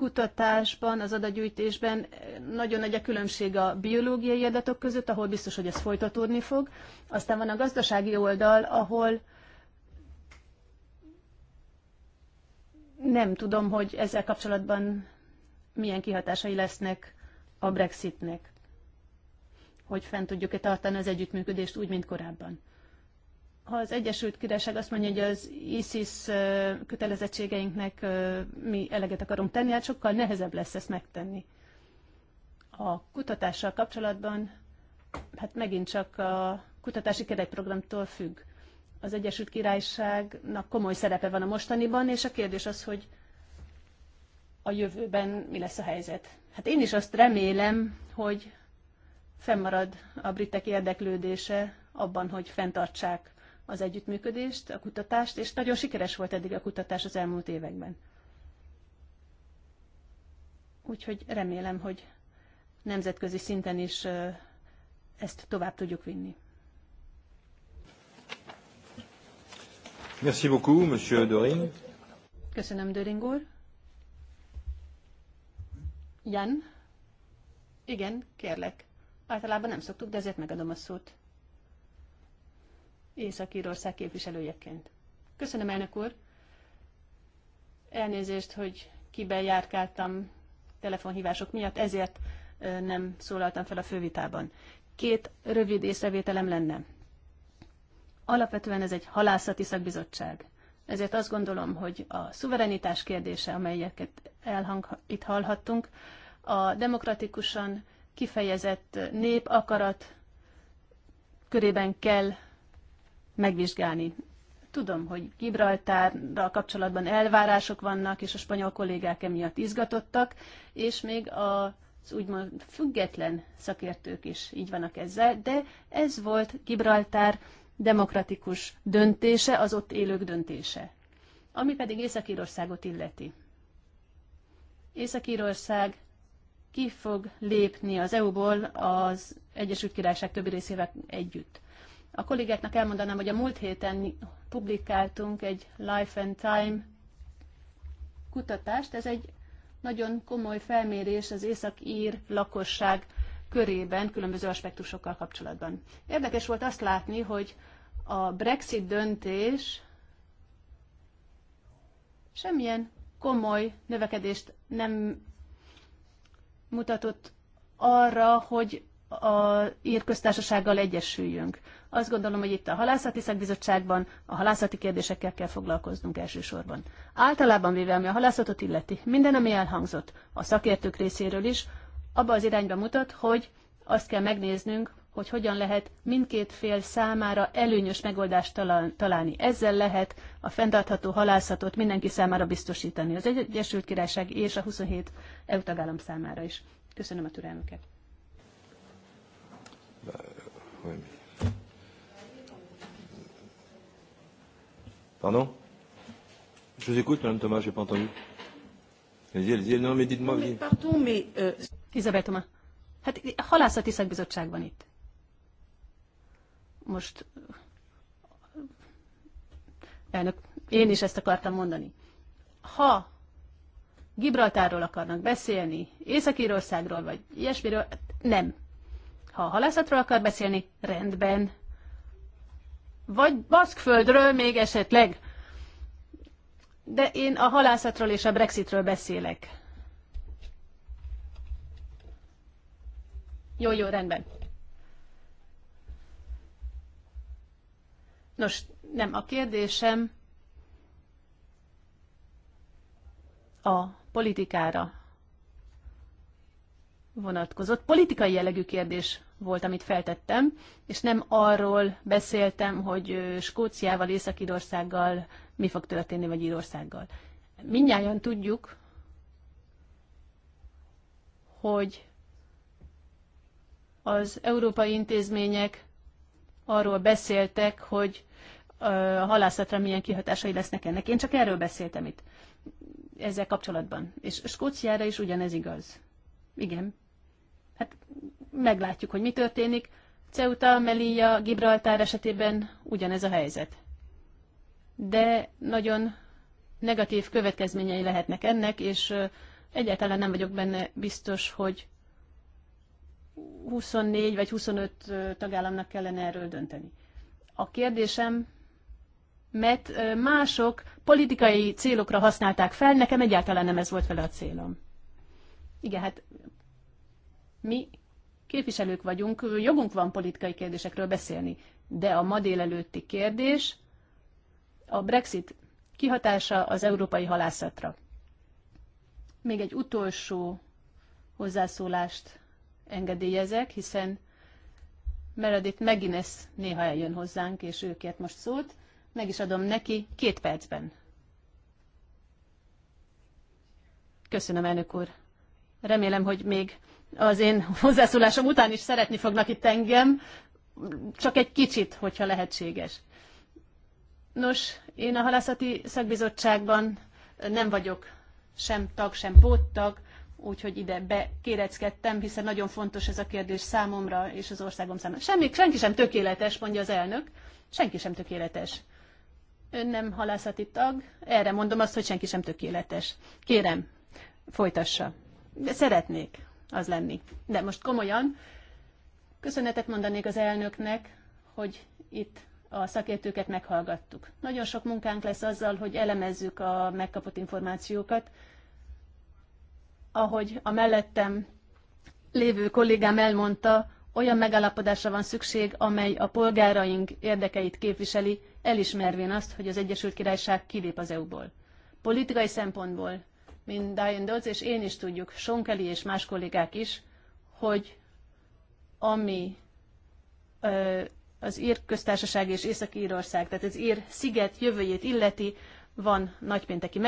kutatásban, az adagyűjtésben nagyon nagy a különbség a biológiai adatok között, ahol biztos, hogy ez folytatódni fog. Aztán van a gazdasági oldal, ahol nem tudom, hogy ezzel kapcsolatban milyen kihatásai lesznek a Brexitnek, hogy fent tudjuk-e tartani az együttműködést úgy, mint korábban ha az Egyesült Királyság azt mondja, hogy az ISIS kötelezettségeinknek mi eleget akarunk tenni, hát sokkal nehezebb lesz ezt megtenni. A kutatással kapcsolatban, hát megint csak a kutatási keretprogramtól függ. Az Egyesült Királyságnak komoly szerepe van a mostaniban, és a kérdés az, hogy a jövőben mi lesz a helyzet. Hát én is azt remélem, hogy fennmarad a britek érdeklődése abban, hogy fenntartsák az együttműködést, a kutatást, és nagyon sikeres volt eddig a kutatás az elmúlt években. Úgyhogy remélem, hogy nemzetközi szinten is ezt tovább tudjuk vinni. Merci beaucoup, Monsieur Dorin. Köszönöm, Döring úr. Jan? Igen, kérlek. Általában nem szoktuk, de ezért megadom a szót. Észak-Írország képviselőjeként. Köszönöm, elnök úr! Elnézést, hogy kiben járkáltam telefonhívások miatt, ezért nem szólaltam fel a fővitában. Két rövid észrevételem lenne. Alapvetően ez egy halászati szakbizottság. Ezért azt gondolom, hogy a szuverenitás kérdése, amelyeket elhang, itt hallhattunk, a demokratikusan kifejezett nép akarat körében kell megvizsgálni. Tudom, hogy Gibraltárral kapcsolatban elvárások vannak, és a spanyol kollégák emiatt izgatottak, és még a az úgymond független szakértők is így vannak ezzel, de ez volt Gibraltár demokratikus döntése, az ott élők döntése. Ami pedig Észak-Írországot illeti. Észak-Írország ki fog lépni az EU-ból az Egyesült Királyság többi részével együtt. A kollégáknak elmondanám, hogy a múlt héten publikáltunk egy Life and Time kutatást. Ez egy nagyon komoly felmérés az észak-ír lakosság körében különböző aspektusokkal kapcsolatban. Érdekes volt azt látni, hogy a Brexit döntés semmilyen komoly növekedést nem mutatott arra, hogy a ír köztársasággal egyesüljünk. Azt gondolom, hogy itt a halászati szakbizottságban a halászati kérdésekkel kell foglalkoznunk elsősorban. Általában véve, ami a halászatot illeti, minden, ami elhangzott a szakértők részéről is, abba az irányba mutat, hogy azt kell megnéznünk, hogy hogyan lehet mindkét fél számára előnyös megoldást találni. Ezzel lehet a fenntartható halászatot mindenki számára biztosítani, az Egyesült Királyság és a 27 EU tagállam számára is. Köszönöm a türelmüket. Pardon Je vous écoute, Madame Thomas, je n'ai pas entendu. Allez-y, allez-y. Non, mais dites-moi. Pardon, mais... Euh... Isabelle Thomas. Hát halászati szakbizottság van itt. Most... Elnök, én is ezt akartam mondani. Ha Gibraltárról akarnak beszélni, Észak-Írországról, vagy ilyesmiről, hát nem. Ha a halászatról akar beszélni, rendben, vagy Baszkföldről még esetleg. De én a halászatról és a Brexitről beszélek. Jó, jó, rendben. Nos, nem, a kérdésem a politikára vonatkozott. Politikai jellegű kérdés volt, amit feltettem, és nem arról beszéltem, hogy Skóciával, Észak-Írországgal mi fog történni, vagy Írországgal. Mindnyáján tudjuk, hogy az európai intézmények arról beszéltek, hogy a halászatra milyen kihatásai lesznek ennek. Én csak erről beszéltem itt ezzel kapcsolatban. És Skóciára is ugyanez igaz. Igen. Hát meglátjuk, hogy mi történik. Ceuta, Melilla, Gibraltár esetében ugyanez a helyzet. De nagyon negatív következményei lehetnek ennek, és egyáltalán nem vagyok benne biztos, hogy 24 vagy 25 tagállamnak kellene erről dönteni. A kérdésem, mert mások politikai célokra használták fel, nekem egyáltalán nem ez volt vele a célom. Igen, hát mi képviselők vagyunk, jogunk van politikai kérdésekről beszélni. De a ma délelőtti kérdés a Brexit kihatása az európai halászatra. Még egy utolsó hozzászólást engedélyezek, hiszen Meredith McGuinness néha eljön hozzánk, és ő kért most szót. Meg is adom neki két percben. Köszönöm, elnök úr. Remélem, hogy még az én hozzászólásom után is szeretni fognak itt engem, csak egy kicsit, hogyha lehetséges. Nos, én a halászati szakbizottságban nem vagyok sem tag, sem póttag, úgyhogy ide bekéreckedtem, hiszen nagyon fontos ez a kérdés számomra és az országom számára. Semmi, senki sem tökéletes, mondja az elnök. Senki sem tökéletes. Ön nem halászati tag, erre mondom azt, hogy senki sem tökéletes. Kérem, folytassa. De szeretnék az lenni. De most komolyan köszönetet mondanék az elnöknek, hogy itt a szakértőket meghallgattuk. Nagyon sok munkánk lesz azzal, hogy elemezzük a megkapott információkat. Ahogy a mellettem lévő kollégám elmondta, olyan megállapodásra van szükség, amely a polgáraink érdekeit képviseli, elismervén azt, hogy az Egyesült Királyság kilép az EU-ból. Politikai szempontból mint Diane Dodds, és én is tudjuk, Sonkeli és más kollégák is, hogy ami az Ír köztársaság és Észak-Írország, tehát az Ír sziget jövőjét illeti, van nagypénteki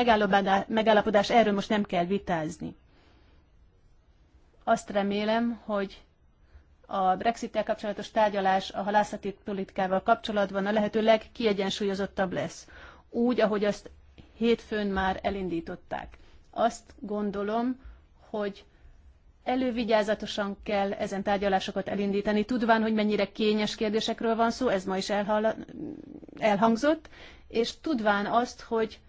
megállapodás, erről most nem kell vitázni. Azt remélem, hogy a Brexit-tel kapcsolatos tárgyalás a halászati politikával kapcsolatban a lehető legkiegyensúlyozottabb lesz. Úgy, ahogy azt hétfőn már elindították. Azt gondolom, hogy elővigyázatosan kell ezen tárgyalásokat elindítani, tudván, hogy mennyire kényes kérdésekről van szó, ez ma is elhala, elhangzott, és tudván azt, hogy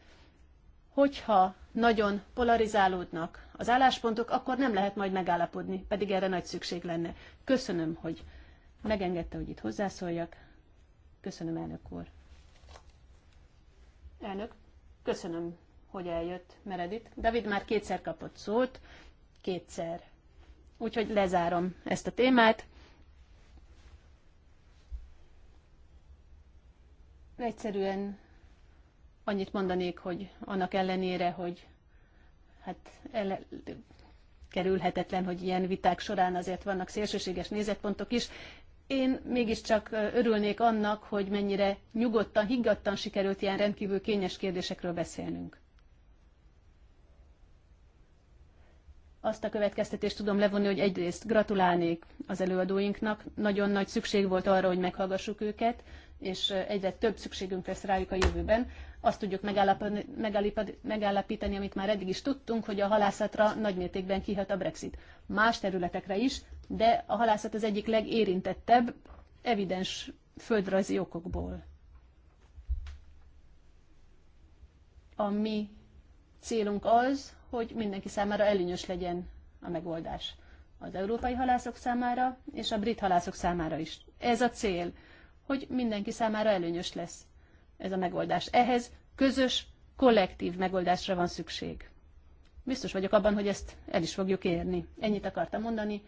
hogyha nagyon polarizálódnak az álláspontok, akkor nem lehet majd megállapodni, pedig erre nagy szükség lenne. Köszönöm, hogy megengedte, hogy itt hozzászóljak. Köszönöm, elnök úr. Elnök, köszönöm hogy eljött Meredith. David már kétszer kapott szót, kétszer. Úgyhogy lezárom ezt a témát. Egyszerűen annyit mondanék, hogy annak ellenére, hogy hát ele, kerülhetetlen, hogy ilyen viták során azért vannak szélsőséges nézetpontok is, én mégiscsak örülnék annak, hogy mennyire nyugodtan, higgadtan sikerült ilyen rendkívül kényes kérdésekről beszélnünk. azt a következtetést tudom levonni, hogy egyrészt gratulálnék az előadóinknak, nagyon nagy szükség volt arra, hogy meghallgassuk őket, és egyre több szükségünk lesz rájuk a jövőben. Azt tudjuk megállapítani, amit már eddig is tudtunk, hogy a halászatra nagymértékben kihat a Brexit. Más területekre is, de a halászat az egyik legérintettebb, evidens földrajzi okokból. A mi célunk az, hogy mindenki számára előnyös legyen a megoldás. Az európai halászok számára és a brit halászok számára is. Ez a cél, hogy mindenki számára előnyös lesz ez a megoldás. Ehhez közös, kollektív megoldásra van szükség. Biztos vagyok abban, hogy ezt el is fogjuk érni. Ennyit akartam mondani.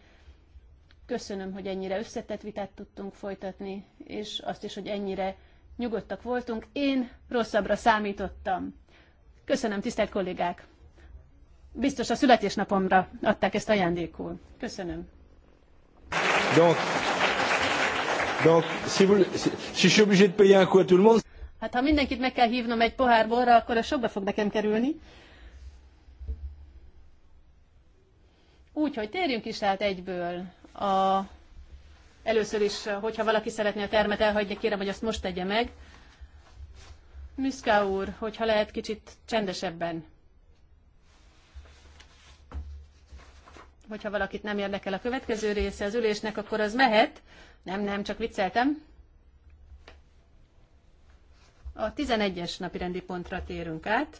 Köszönöm, hogy ennyire összetett vitát tudtunk folytatni, és azt is, hogy ennyire nyugodtak voltunk. Én rosszabbra számítottam. Köszönöm, tisztelt kollégák! Biztos a születésnapomra adták ezt ajándékul. Köszönöm. Donc, donc si, vous, si, si je suis obligé de payer un coup à tout le monde... Hát ha mindenkit meg kell hívnom egy pohár borra, akkor a sokba fog nekem kerülni. Úgyhogy térjünk is át egyből. A, először is, hogyha valaki szeretné a termet elhagyni, kérem, hogy azt most tegye meg. Müszka úr, hogyha lehet kicsit csendesebben. hogyha valakit nem érdekel a következő része az ülésnek, akkor az mehet. Nem, nem, csak vicceltem. A 11-es napi rendi pontra térünk át.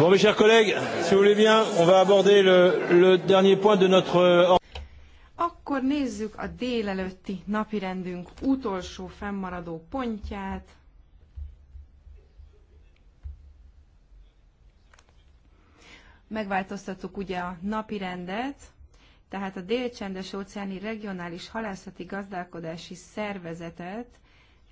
Bon, mes chers collègues, si vous voulez bien, on va aborder le, le dernier point de notre. Euh, Akkor nézzük a délelőtti napirendünk utolsó fennmaradó pontját. Megváltoztattuk ugye a napirendet, tehát a délcsendes óceáni regionális halászati gazdálkodási szervezetet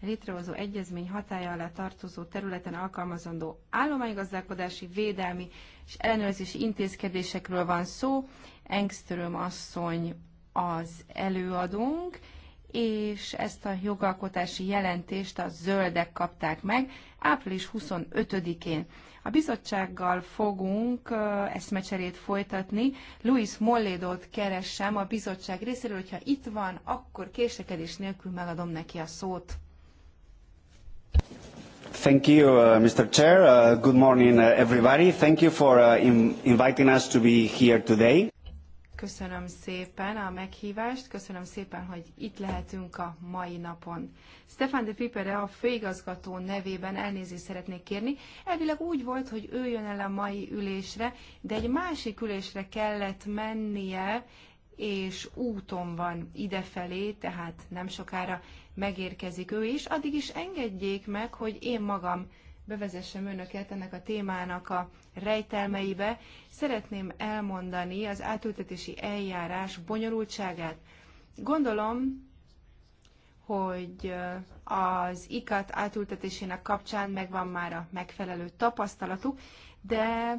létrehozó egyezmény hatája alá tartozó területen alkalmazandó állománygazdálkodási, védelmi és ellenőrzési intézkedésekről van szó. Engström asszony az előadónk, és ezt a jogalkotási jelentést a zöldek kapták meg április 25-én. A bizottsággal fogunk eszmecserét folytatni. Luis Mollédot keresem a bizottság részéről, hogyha itt van, akkor késekedés nélkül megadom neki a szót. Thank you, uh, Mr. Chair. Uh, good morning, uh, everybody. Thank you for uh, in inviting us to be here today. Köszönöm szépen a meghívást, köszönöm szépen, hogy itt lehetünk a mai napon. Stefan de Pipere a főigazgató nevében elnézést szeretnék kérni. Elvileg úgy volt, hogy ő jön el a mai ülésre, de egy másik ülésre kellett mennie, és úton van idefelé, tehát nem sokára megérkezik ő is, addig is engedjék meg, hogy én magam bevezessem önöket ennek a témának a rejtelmeibe. Szeretném elmondani az átültetési eljárás bonyolultságát. Gondolom, hogy az ikat átültetésének kapcsán megvan már a megfelelő tapasztalatuk, de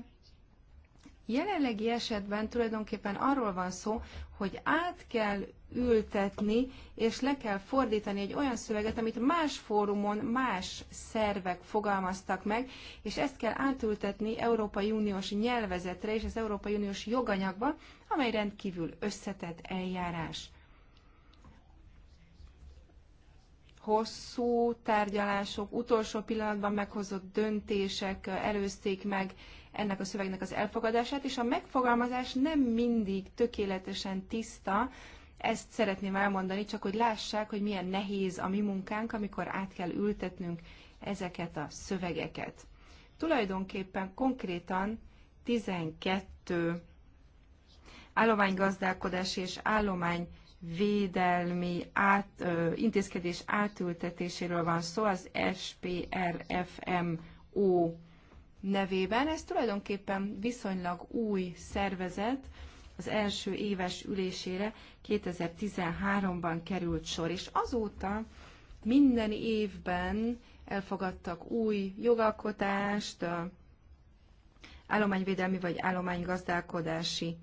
Jelenlegi esetben tulajdonképpen arról van szó, hogy át kell ültetni, és le kell fordítani egy olyan szöveget, amit más fórumon más szervek fogalmaztak meg, és ezt kell átültetni Európai Uniós nyelvezetre és az Európai Uniós joganyagba, amely rendkívül összetett eljárás. Hosszú tárgyalások, utolsó pillanatban meghozott döntések előzték meg ennek a szövegnek az elfogadását, és a megfogalmazás nem mindig tökéletesen tiszta, ezt szeretném elmondani, csak hogy lássák, hogy milyen nehéz a mi munkánk, amikor át kell ültetnünk ezeket a szövegeket. Tulajdonképpen konkrétan 12 állománygazdálkodási és állomány védelmi át, ö, intézkedés átültetéséről van szó, az SPRFMO nevében. Ez tulajdonképpen viszonylag új szervezet, az első éves ülésére 2013-ban került sor, és azóta minden évben elfogadtak új jogalkotást, állományvédelmi vagy állománygazdálkodási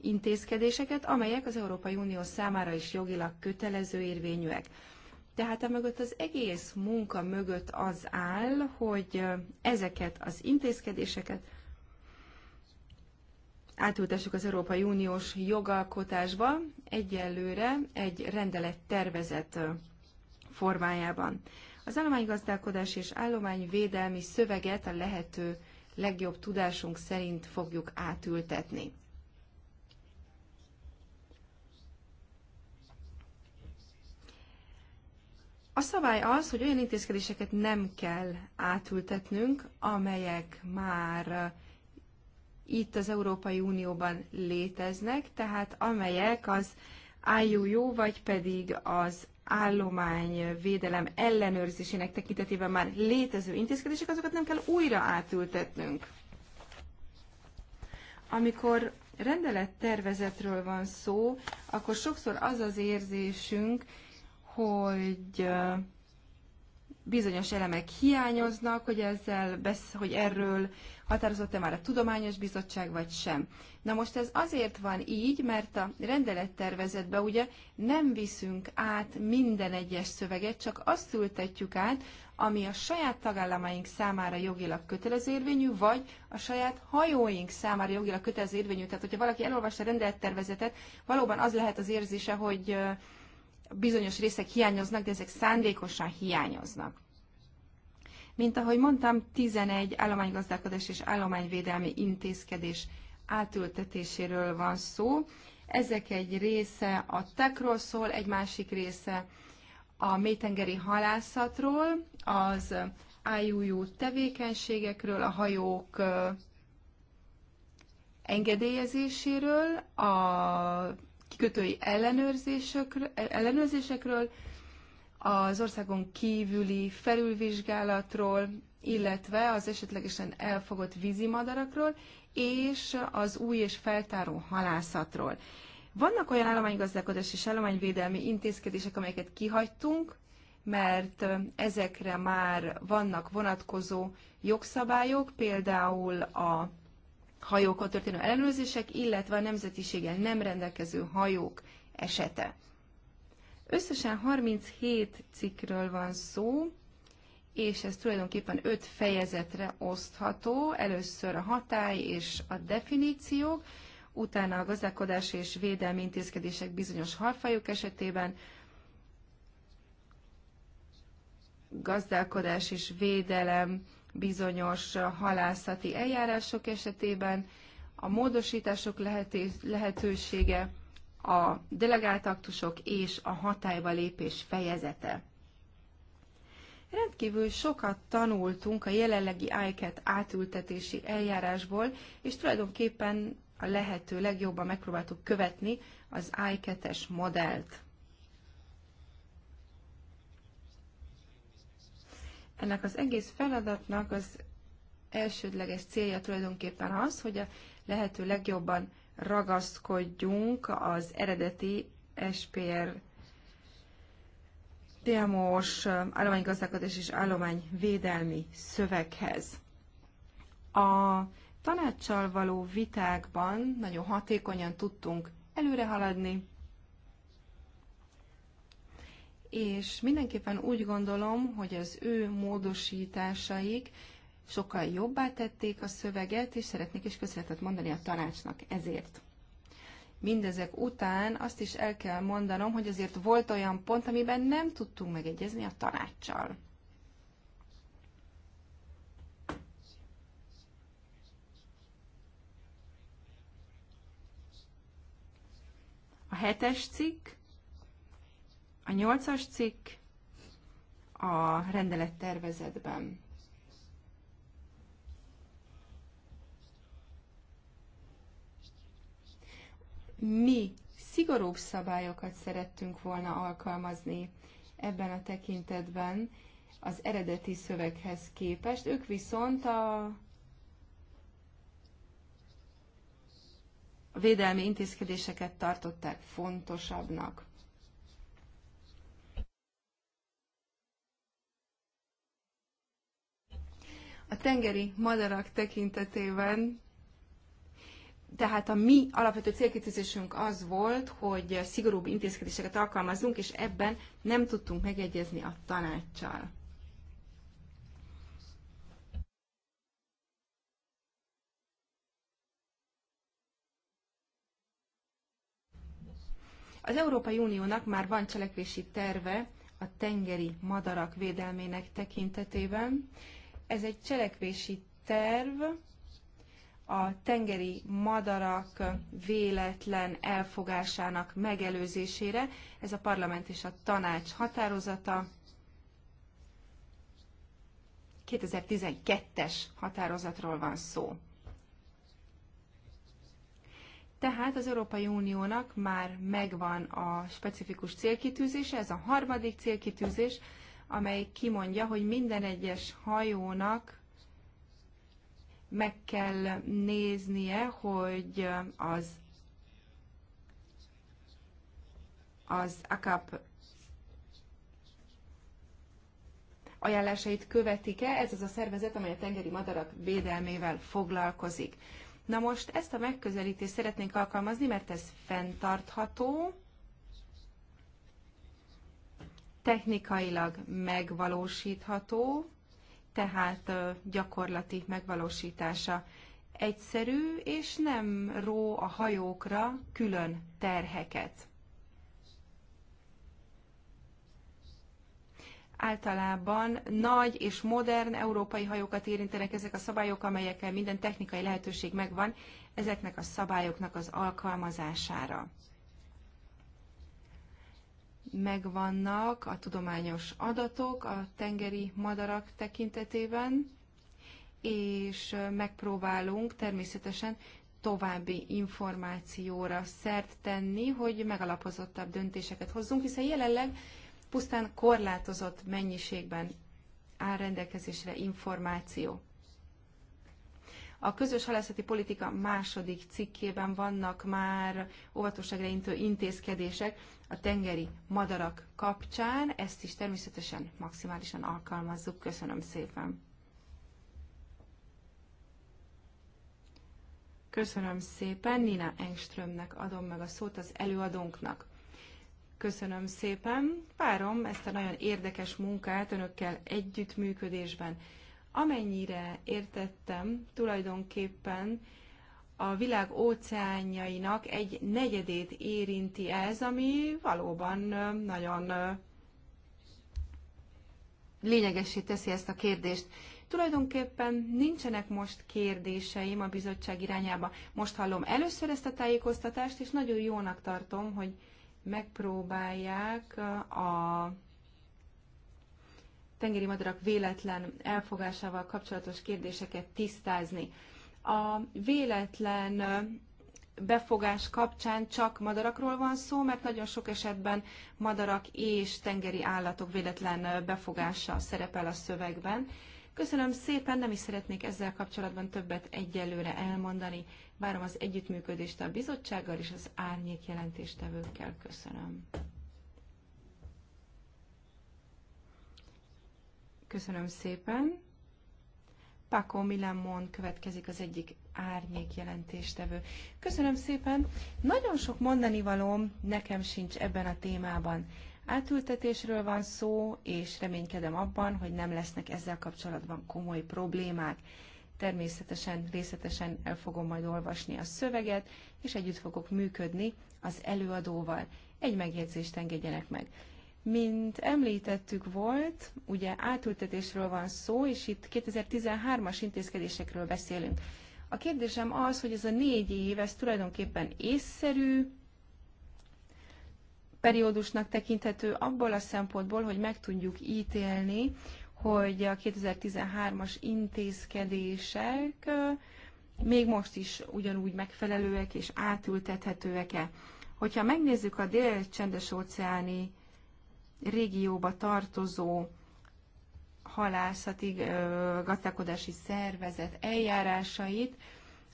intézkedéseket, amelyek az Európai Unió számára is jogilag kötelező érvényűek. Tehát a e mögött az egész munka mögött az áll, hogy ezeket az intézkedéseket átültessük az Európai Uniós jogalkotásba egyelőre egy rendelet tervezet formájában. Az állománygazdálkodás és állományvédelmi szöveget a lehető legjobb tudásunk szerint fogjuk átültetni. A szabály az, hogy olyan intézkedéseket nem kell átültetnünk, amelyek már uh, itt az Európai Unióban léteznek, tehát amelyek az IUU, vagy pedig az állományvédelem ellenőrzésének tekintetében már létező intézkedések, azokat nem kell újra átültetnünk. Amikor rendelettervezetről van szó, akkor sokszor az az érzésünk, hogy bizonyos elemek hiányoznak, hogy, ezzel besz- hogy erről határozott-e már a tudományos bizottság, vagy sem. Na most ez azért van így, mert a rendelettervezetbe ugye nem viszünk át minden egyes szöveget, csak azt ültetjük át, ami a saját tagállamaink számára jogilag kötelező érvényű, vagy a saját hajóink számára jogilag kötelező érvényű. Tehát, hogyha valaki elolvasta a rendelettervezetet, valóban az lehet az érzése, hogy bizonyos részek hiányoznak, de ezek szándékosan hiányoznak. Mint ahogy mondtam, 11 állománygazdálkodás és állományvédelmi intézkedés átültetéséről van szó. Ezek egy része a tekról szól, egy másik része a mélytengeri halászatról, az IUU tevékenységekről, a hajók engedélyezéséről, a kikötői ellenőrzésekről, ellenőrzésekről az országon kívüli felülvizsgálatról, illetve az esetlegesen elfogott vízimadarakról és az új és feltáró halászatról. Vannak olyan állománygazdálkodás és állományvédelmi intézkedések, amelyeket kihagytunk, mert ezekre már vannak vonatkozó jogszabályok, például a hajókon történő ellenőrzések, illetve a nemzetiséggel nem rendelkező hajók esete. Összesen 37 cikkről van szó, és ez tulajdonképpen öt fejezetre osztható. Először a hatály és a definíciók, utána a gazdálkodás és védelmi intézkedések bizonyos halfajok esetében, gazdálkodás és védelem bizonyos halászati eljárások esetében, a módosítások lehetősége, a delegált aktusok és a hatályba lépés fejezete. Rendkívül sokat tanultunk a jelenlegi ICAT átültetési eljárásból, és tulajdonképpen a lehető legjobban megpróbáltuk követni az ICAT-es modellt. Ennek az egész feladatnak az elsődleges célja tulajdonképpen az, hogy a lehető legjobban ragaszkodjunk az eredeti SPR tmo eh, állománygazdálkodás és állományvédelmi szöveghez. A tanácssal való vitákban nagyon hatékonyan tudtunk előre haladni, és mindenképpen úgy gondolom, hogy az ő módosításaik sokkal jobbá tették a szöveget, és szeretnék is köszönetet mondani a tanácsnak ezért. Mindezek után azt is el kell mondanom, hogy azért volt olyan pont, amiben nem tudtunk megegyezni a tanácssal. A hetes cikk a nyolcas cikk a rendelettervezetben. Mi szigorúbb szabályokat szerettünk volna alkalmazni ebben a tekintetben az eredeti szöveghez képest. Ők viszont a védelmi intézkedéseket tartották fontosabbnak. a tengeri madarak tekintetében tehát a mi alapvető célkitűzésünk az volt, hogy szigorúbb intézkedéseket alkalmazunk, és ebben nem tudtunk megegyezni a tanácssal. Az Európai Uniónak már van cselekvési terve a tengeri madarak védelmének tekintetében, ez egy cselekvési terv a tengeri madarak véletlen elfogásának megelőzésére. Ez a parlament és a tanács határozata. 2012-es határozatról van szó. Tehát az Európai Uniónak már megvan a specifikus célkitűzése, ez a harmadik célkitűzés, amely kimondja, hogy minden egyes hajónak meg kell néznie, hogy az az akap ajánlásait követik-e. Ez az a szervezet, amely a tengeri madarak védelmével foglalkozik. Na most ezt a megközelítést szeretnénk alkalmazni, mert ez fenntartható, technikailag megvalósítható, tehát gyakorlati megvalósítása egyszerű, és nem ró a hajókra külön terheket. általában nagy és modern európai hajókat érintenek ezek a szabályok, amelyekkel minden technikai lehetőség megvan ezeknek a szabályoknak az alkalmazására megvannak a tudományos adatok a tengeri madarak tekintetében, és megpróbálunk természetesen további információra szert tenni, hogy megalapozottabb döntéseket hozzunk, hiszen jelenleg pusztán korlátozott mennyiségben áll rendelkezésre információ. A közös halászati politika második cikkében vannak már óvatosságra intő intézkedések, a tengeri madarak kapcsán. Ezt is természetesen maximálisan alkalmazzuk. Köszönöm szépen! Köszönöm szépen, Nina Engströmnek adom meg a szót az előadónknak. Köszönöm szépen, várom ezt a nagyon érdekes munkát önökkel együttműködésben. Amennyire értettem, tulajdonképpen a világ óceánjainak egy negyedét érinti ez, ami valóban nagyon lényegessé teszi ezt a kérdést. Tulajdonképpen nincsenek most kérdéseim a bizottság irányába. Most hallom először ezt a tájékoztatást, és nagyon jónak tartom, hogy megpróbálják a tengeri madarak véletlen elfogásával kapcsolatos kérdéseket tisztázni a véletlen befogás kapcsán csak madarakról van szó, mert nagyon sok esetben madarak és tengeri állatok véletlen befogása szerepel a szövegben. Köszönöm szépen, nem is szeretnék ezzel kapcsolatban többet egyelőre elmondani. Várom az együttműködést a bizottsággal és az árnyék jelentéstevőkkel. Köszönöm. Köszönöm szépen. Paco Milamon következik az egyik árnyék jelentéstevő. Köszönöm szépen! Nagyon sok mondani valóm nekem sincs ebben a témában. Átültetésről van szó, és reménykedem abban, hogy nem lesznek ezzel kapcsolatban komoly problémák. Természetesen részletesen el fogom majd olvasni a szöveget, és együtt fogok működni az előadóval. Egy megjegyzést engedjenek meg. Mint említettük volt, ugye átültetésről van szó, és itt 2013-as intézkedésekről beszélünk. A kérdésem az, hogy ez a négy év, ez tulajdonképpen észszerű periódusnak tekinthető abból a szempontból, hogy meg tudjuk ítélni, hogy a 2013-as intézkedések még most is ugyanúgy megfelelőek és átültethetőek-e. Hogyha megnézzük a dél-csendes óceáni régióba tartozó halászati gazdálkodási szervezet eljárásait,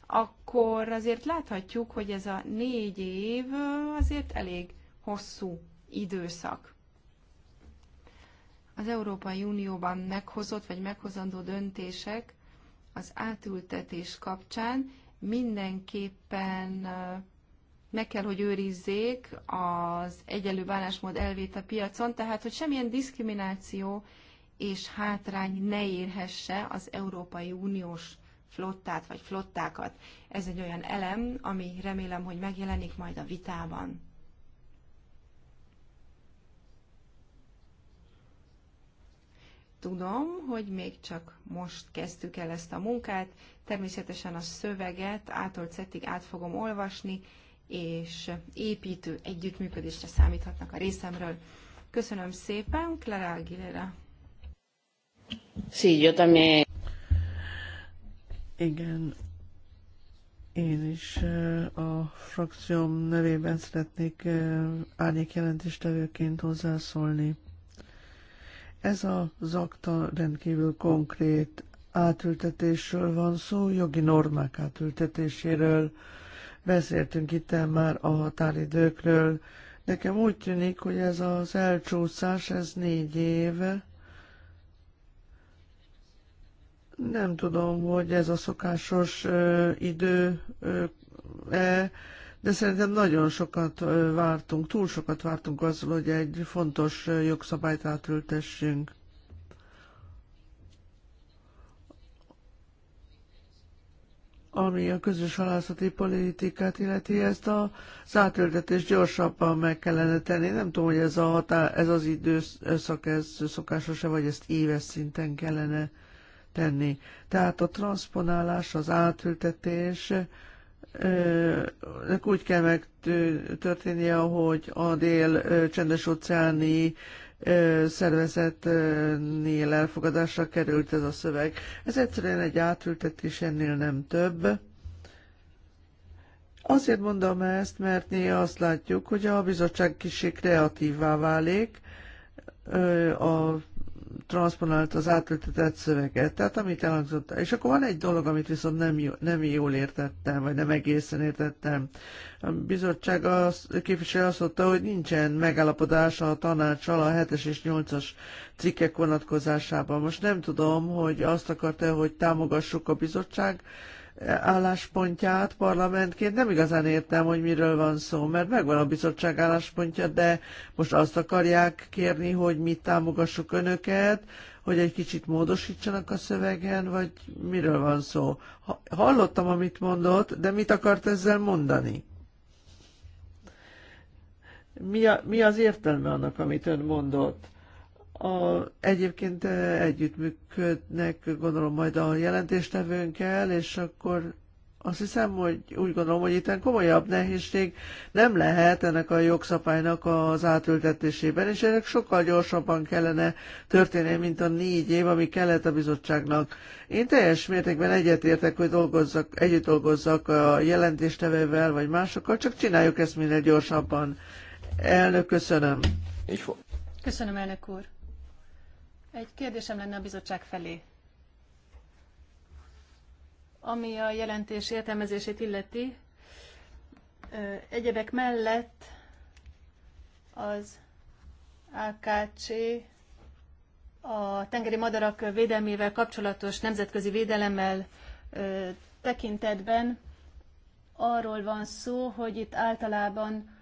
akkor azért láthatjuk, hogy ez a négy év azért elég hosszú időszak. Az Európai Unióban meghozott vagy meghozandó döntések az átültetés kapcsán mindenképpen meg kell, hogy őrizzék az egyenlő bánásmód elvét a piacon, tehát hogy semmilyen diszkrimináció és hátrány ne érhesse az Európai Uniós flottát vagy flottákat. Ez egy olyan elem, ami remélem, hogy megjelenik majd a vitában. Tudom, hogy még csak most kezdtük el ezt a munkát, természetesen a szöveget ától szettig át fogom olvasni, és építő együttműködésre számíthatnak a részemről. Köszönöm szépen, Clara Aguilera. Sí, yo también. Igen, én is a frakcióm nevében szeretnék árnyék jelentéstevőként hozzászólni. Ez a zakta rendkívül konkrét átültetésről van szó, jogi normák átültetéséről Beszéltünk itt már a határidőkről. Nekem úgy tűnik, hogy ez az elcsúszás, ez négy év. Nem tudom, hogy ez a szokásos ö, idő, ö, e, de szerintem nagyon sokat ö, vártunk, túl sokat vártunk azzal, hogy egy fontos jogszabályt átültessünk. ami a közös halászati politikát illeti, ezt a átültetést gyorsabban meg kellene tenni. Nem tudom, hogy ez, a hatá, ez az időszak, ez szokásos -e, vagy ezt éves szinten kellene tenni. Tehát a transponálás, az átültetés, úgy kell megtörténnie, hogy a dél csendes óceáni szervezetnél elfogadásra került ez a szöveg. Ez egyszerűen egy átültetés, ennél nem több. Azért mondom ezt, mert néha azt látjuk, hogy a bizottság kicsi kreatívvá válik, a transponált az átültetett szöveget, tehát amit elhangzott. És akkor van egy dolog, amit viszont nem, jó, nem jól értettem, vagy nem egészen értettem. A bizottság az, a képviselő azt mondta, hogy nincsen megállapodása a tanácssal a 7-es és 8-as cikkek vonatkozásában. Most nem tudom, hogy azt akarta, hogy támogassuk a bizottság, álláspontját parlamentként nem igazán értem, hogy miről van szó, mert megvan a bizottság álláspontja, de most azt akarják kérni, hogy mit támogassuk önöket, hogy egy kicsit módosítsanak a szövegen, vagy miről van szó. Hallottam, amit mondott, de mit akart ezzel mondani? Mi, a, mi az értelme annak, amit ön mondott? A, egyébként együttműködnek, gondolom majd a jelentéstevőnkkel, és akkor azt hiszem, hogy úgy gondolom, hogy itt komolyabb nehézség nem lehet ennek a jogszabálynak az átültetésében, és ennek sokkal gyorsabban kellene történni, mint a négy év, ami kellett a bizottságnak. Én teljes mértékben egyetértek, hogy dolgozzak, együtt dolgozzak a jelentéstevővel vagy másokkal, csak csináljuk ezt minél gyorsabban. Elnök, köszönöm. Köszönöm, elnök úr. Egy kérdésem lenne a bizottság felé. Ami a jelentés értelmezését illeti, egyebek mellett az AKC a tengeri madarak védelmével kapcsolatos nemzetközi védelemmel tekintetben arról van szó, hogy itt általában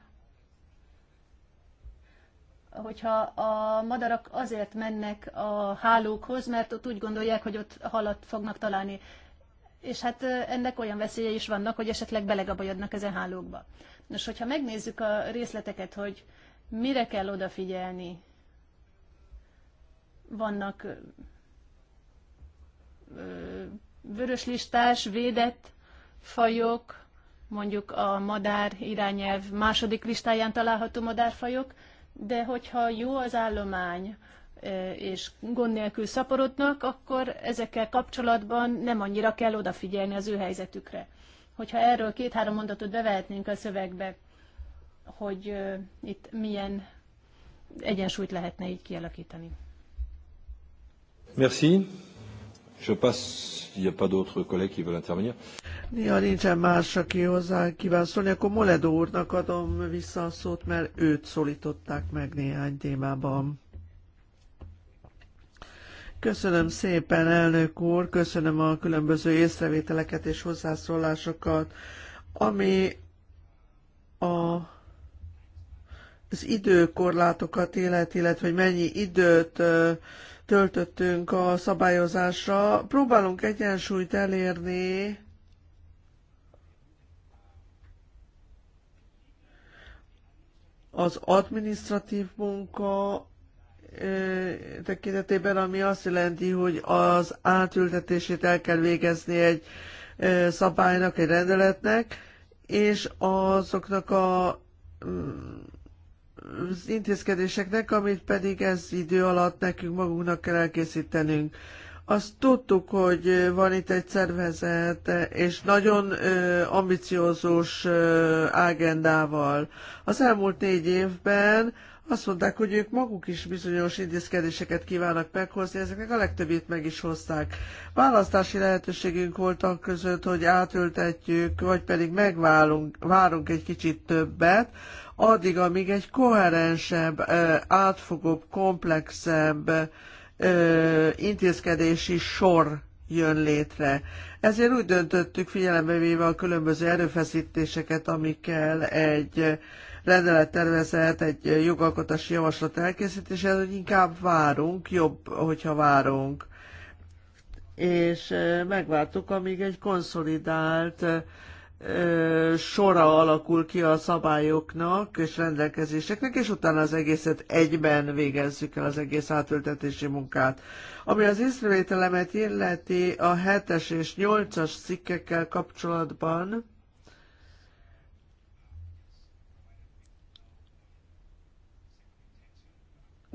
hogyha a madarak azért mennek a hálókhoz, mert ott úgy gondolják, hogy ott halat fognak találni. És hát ennek olyan veszélye is vannak, hogy esetleg belegabajodnak ezen hálókba. Nos, hogyha megnézzük a részleteket, hogy mire kell odafigyelni, vannak vöröslistás, védett fajok, mondjuk a madár irányelv második listáján található madárfajok, de hogyha jó az állomány, és gond nélkül szaporodnak, akkor ezekkel kapcsolatban nem annyira kell odafigyelni az ő helyzetükre. Hogyha erről két-három mondatot bevehetnénk a szövegbe, hogy itt milyen egyensúlyt lehetne így kialakítani. Merci. Je passe, il n'y a pas d'autres collègues qui veulent intervenir. Néha nincsen más, aki hozzá kíván szólni, akkor Moledo úrnak adom vissza a szót, mert őt szólították meg néhány témában. Köszönöm szépen, elnök úr, köszönöm a különböző észrevételeket és hozzászólásokat. Ami a az időkorlátokat illet, illetve hogy mennyi időt töltöttünk a szabályozásra. Próbálunk egyensúlyt elérni az administratív munka tekintetében, ami azt jelenti, hogy az átültetését el kell végezni egy szabálynak, egy rendeletnek, és azoknak a mm, az intézkedéseknek, amit pedig ez idő alatt nekünk magunknak kell elkészítenünk. Azt tudtuk, hogy van itt egy szervezet, és nagyon ambiciózus ágendával. Az elmúlt négy évben azt mondták, hogy ők maguk is bizonyos intézkedéseket kívánnak meghozni, ezeknek a legtöbbét meg is hozták. Választási lehetőségünk voltak között, hogy átültetjük, vagy pedig megvárunk várunk egy kicsit többet, addig, amíg egy koherensebb, átfogóbb, komplexebb intézkedési sor jön létre. Ezért úgy döntöttük, figyelembe véve a különböző erőfeszítéseket, amikkel egy rendelettervezet, egy jogalkotási javaslat elkészítése, hogy inkább várunk, jobb, hogyha várunk. És megvártuk, amíg egy konszolidált sora alakul ki a szabályoknak és rendelkezéseknek, és utána az egészet egyben végezzük el az egész átültetési munkát. Ami az észrevételemet illeti a 7-es és 8-as cikkekkel kapcsolatban,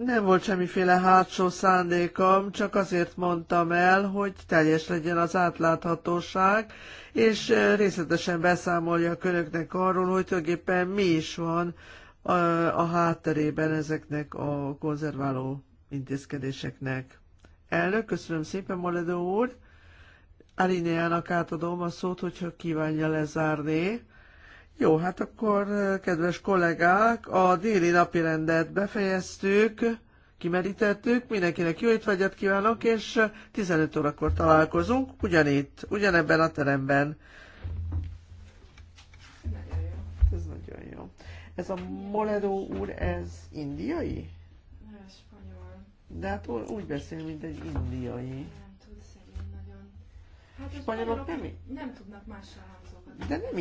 Nem volt semmiféle hátsó szándékom, csak azért mondtam el, hogy teljes legyen az átláthatóság, és részletesen beszámoljak önöknek arról, hogy tulajdonképpen mi is van a, a hátterében ezeknek a konzerváló intézkedéseknek. Elnök, köszönöm szépen, Moledó úr. Alineának átadom a szót, hogyha kívánja lezárni jó, hát akkor, kedves kollégák, a déli napirendet befejeztük, kimerítettük, mindenkinek jó étvágyat kívánok, és 15 órakor találkozunk, ugyanitt, ugyanebben a teremben. Ez nagyon jó. Ez a Moledo úr, ez indiai? Nem, De hát úgy beszél, mint egy indiai. Nem tud szegény nagyon. Hát spanyolok nem, nem tudnak más államzókat. De nem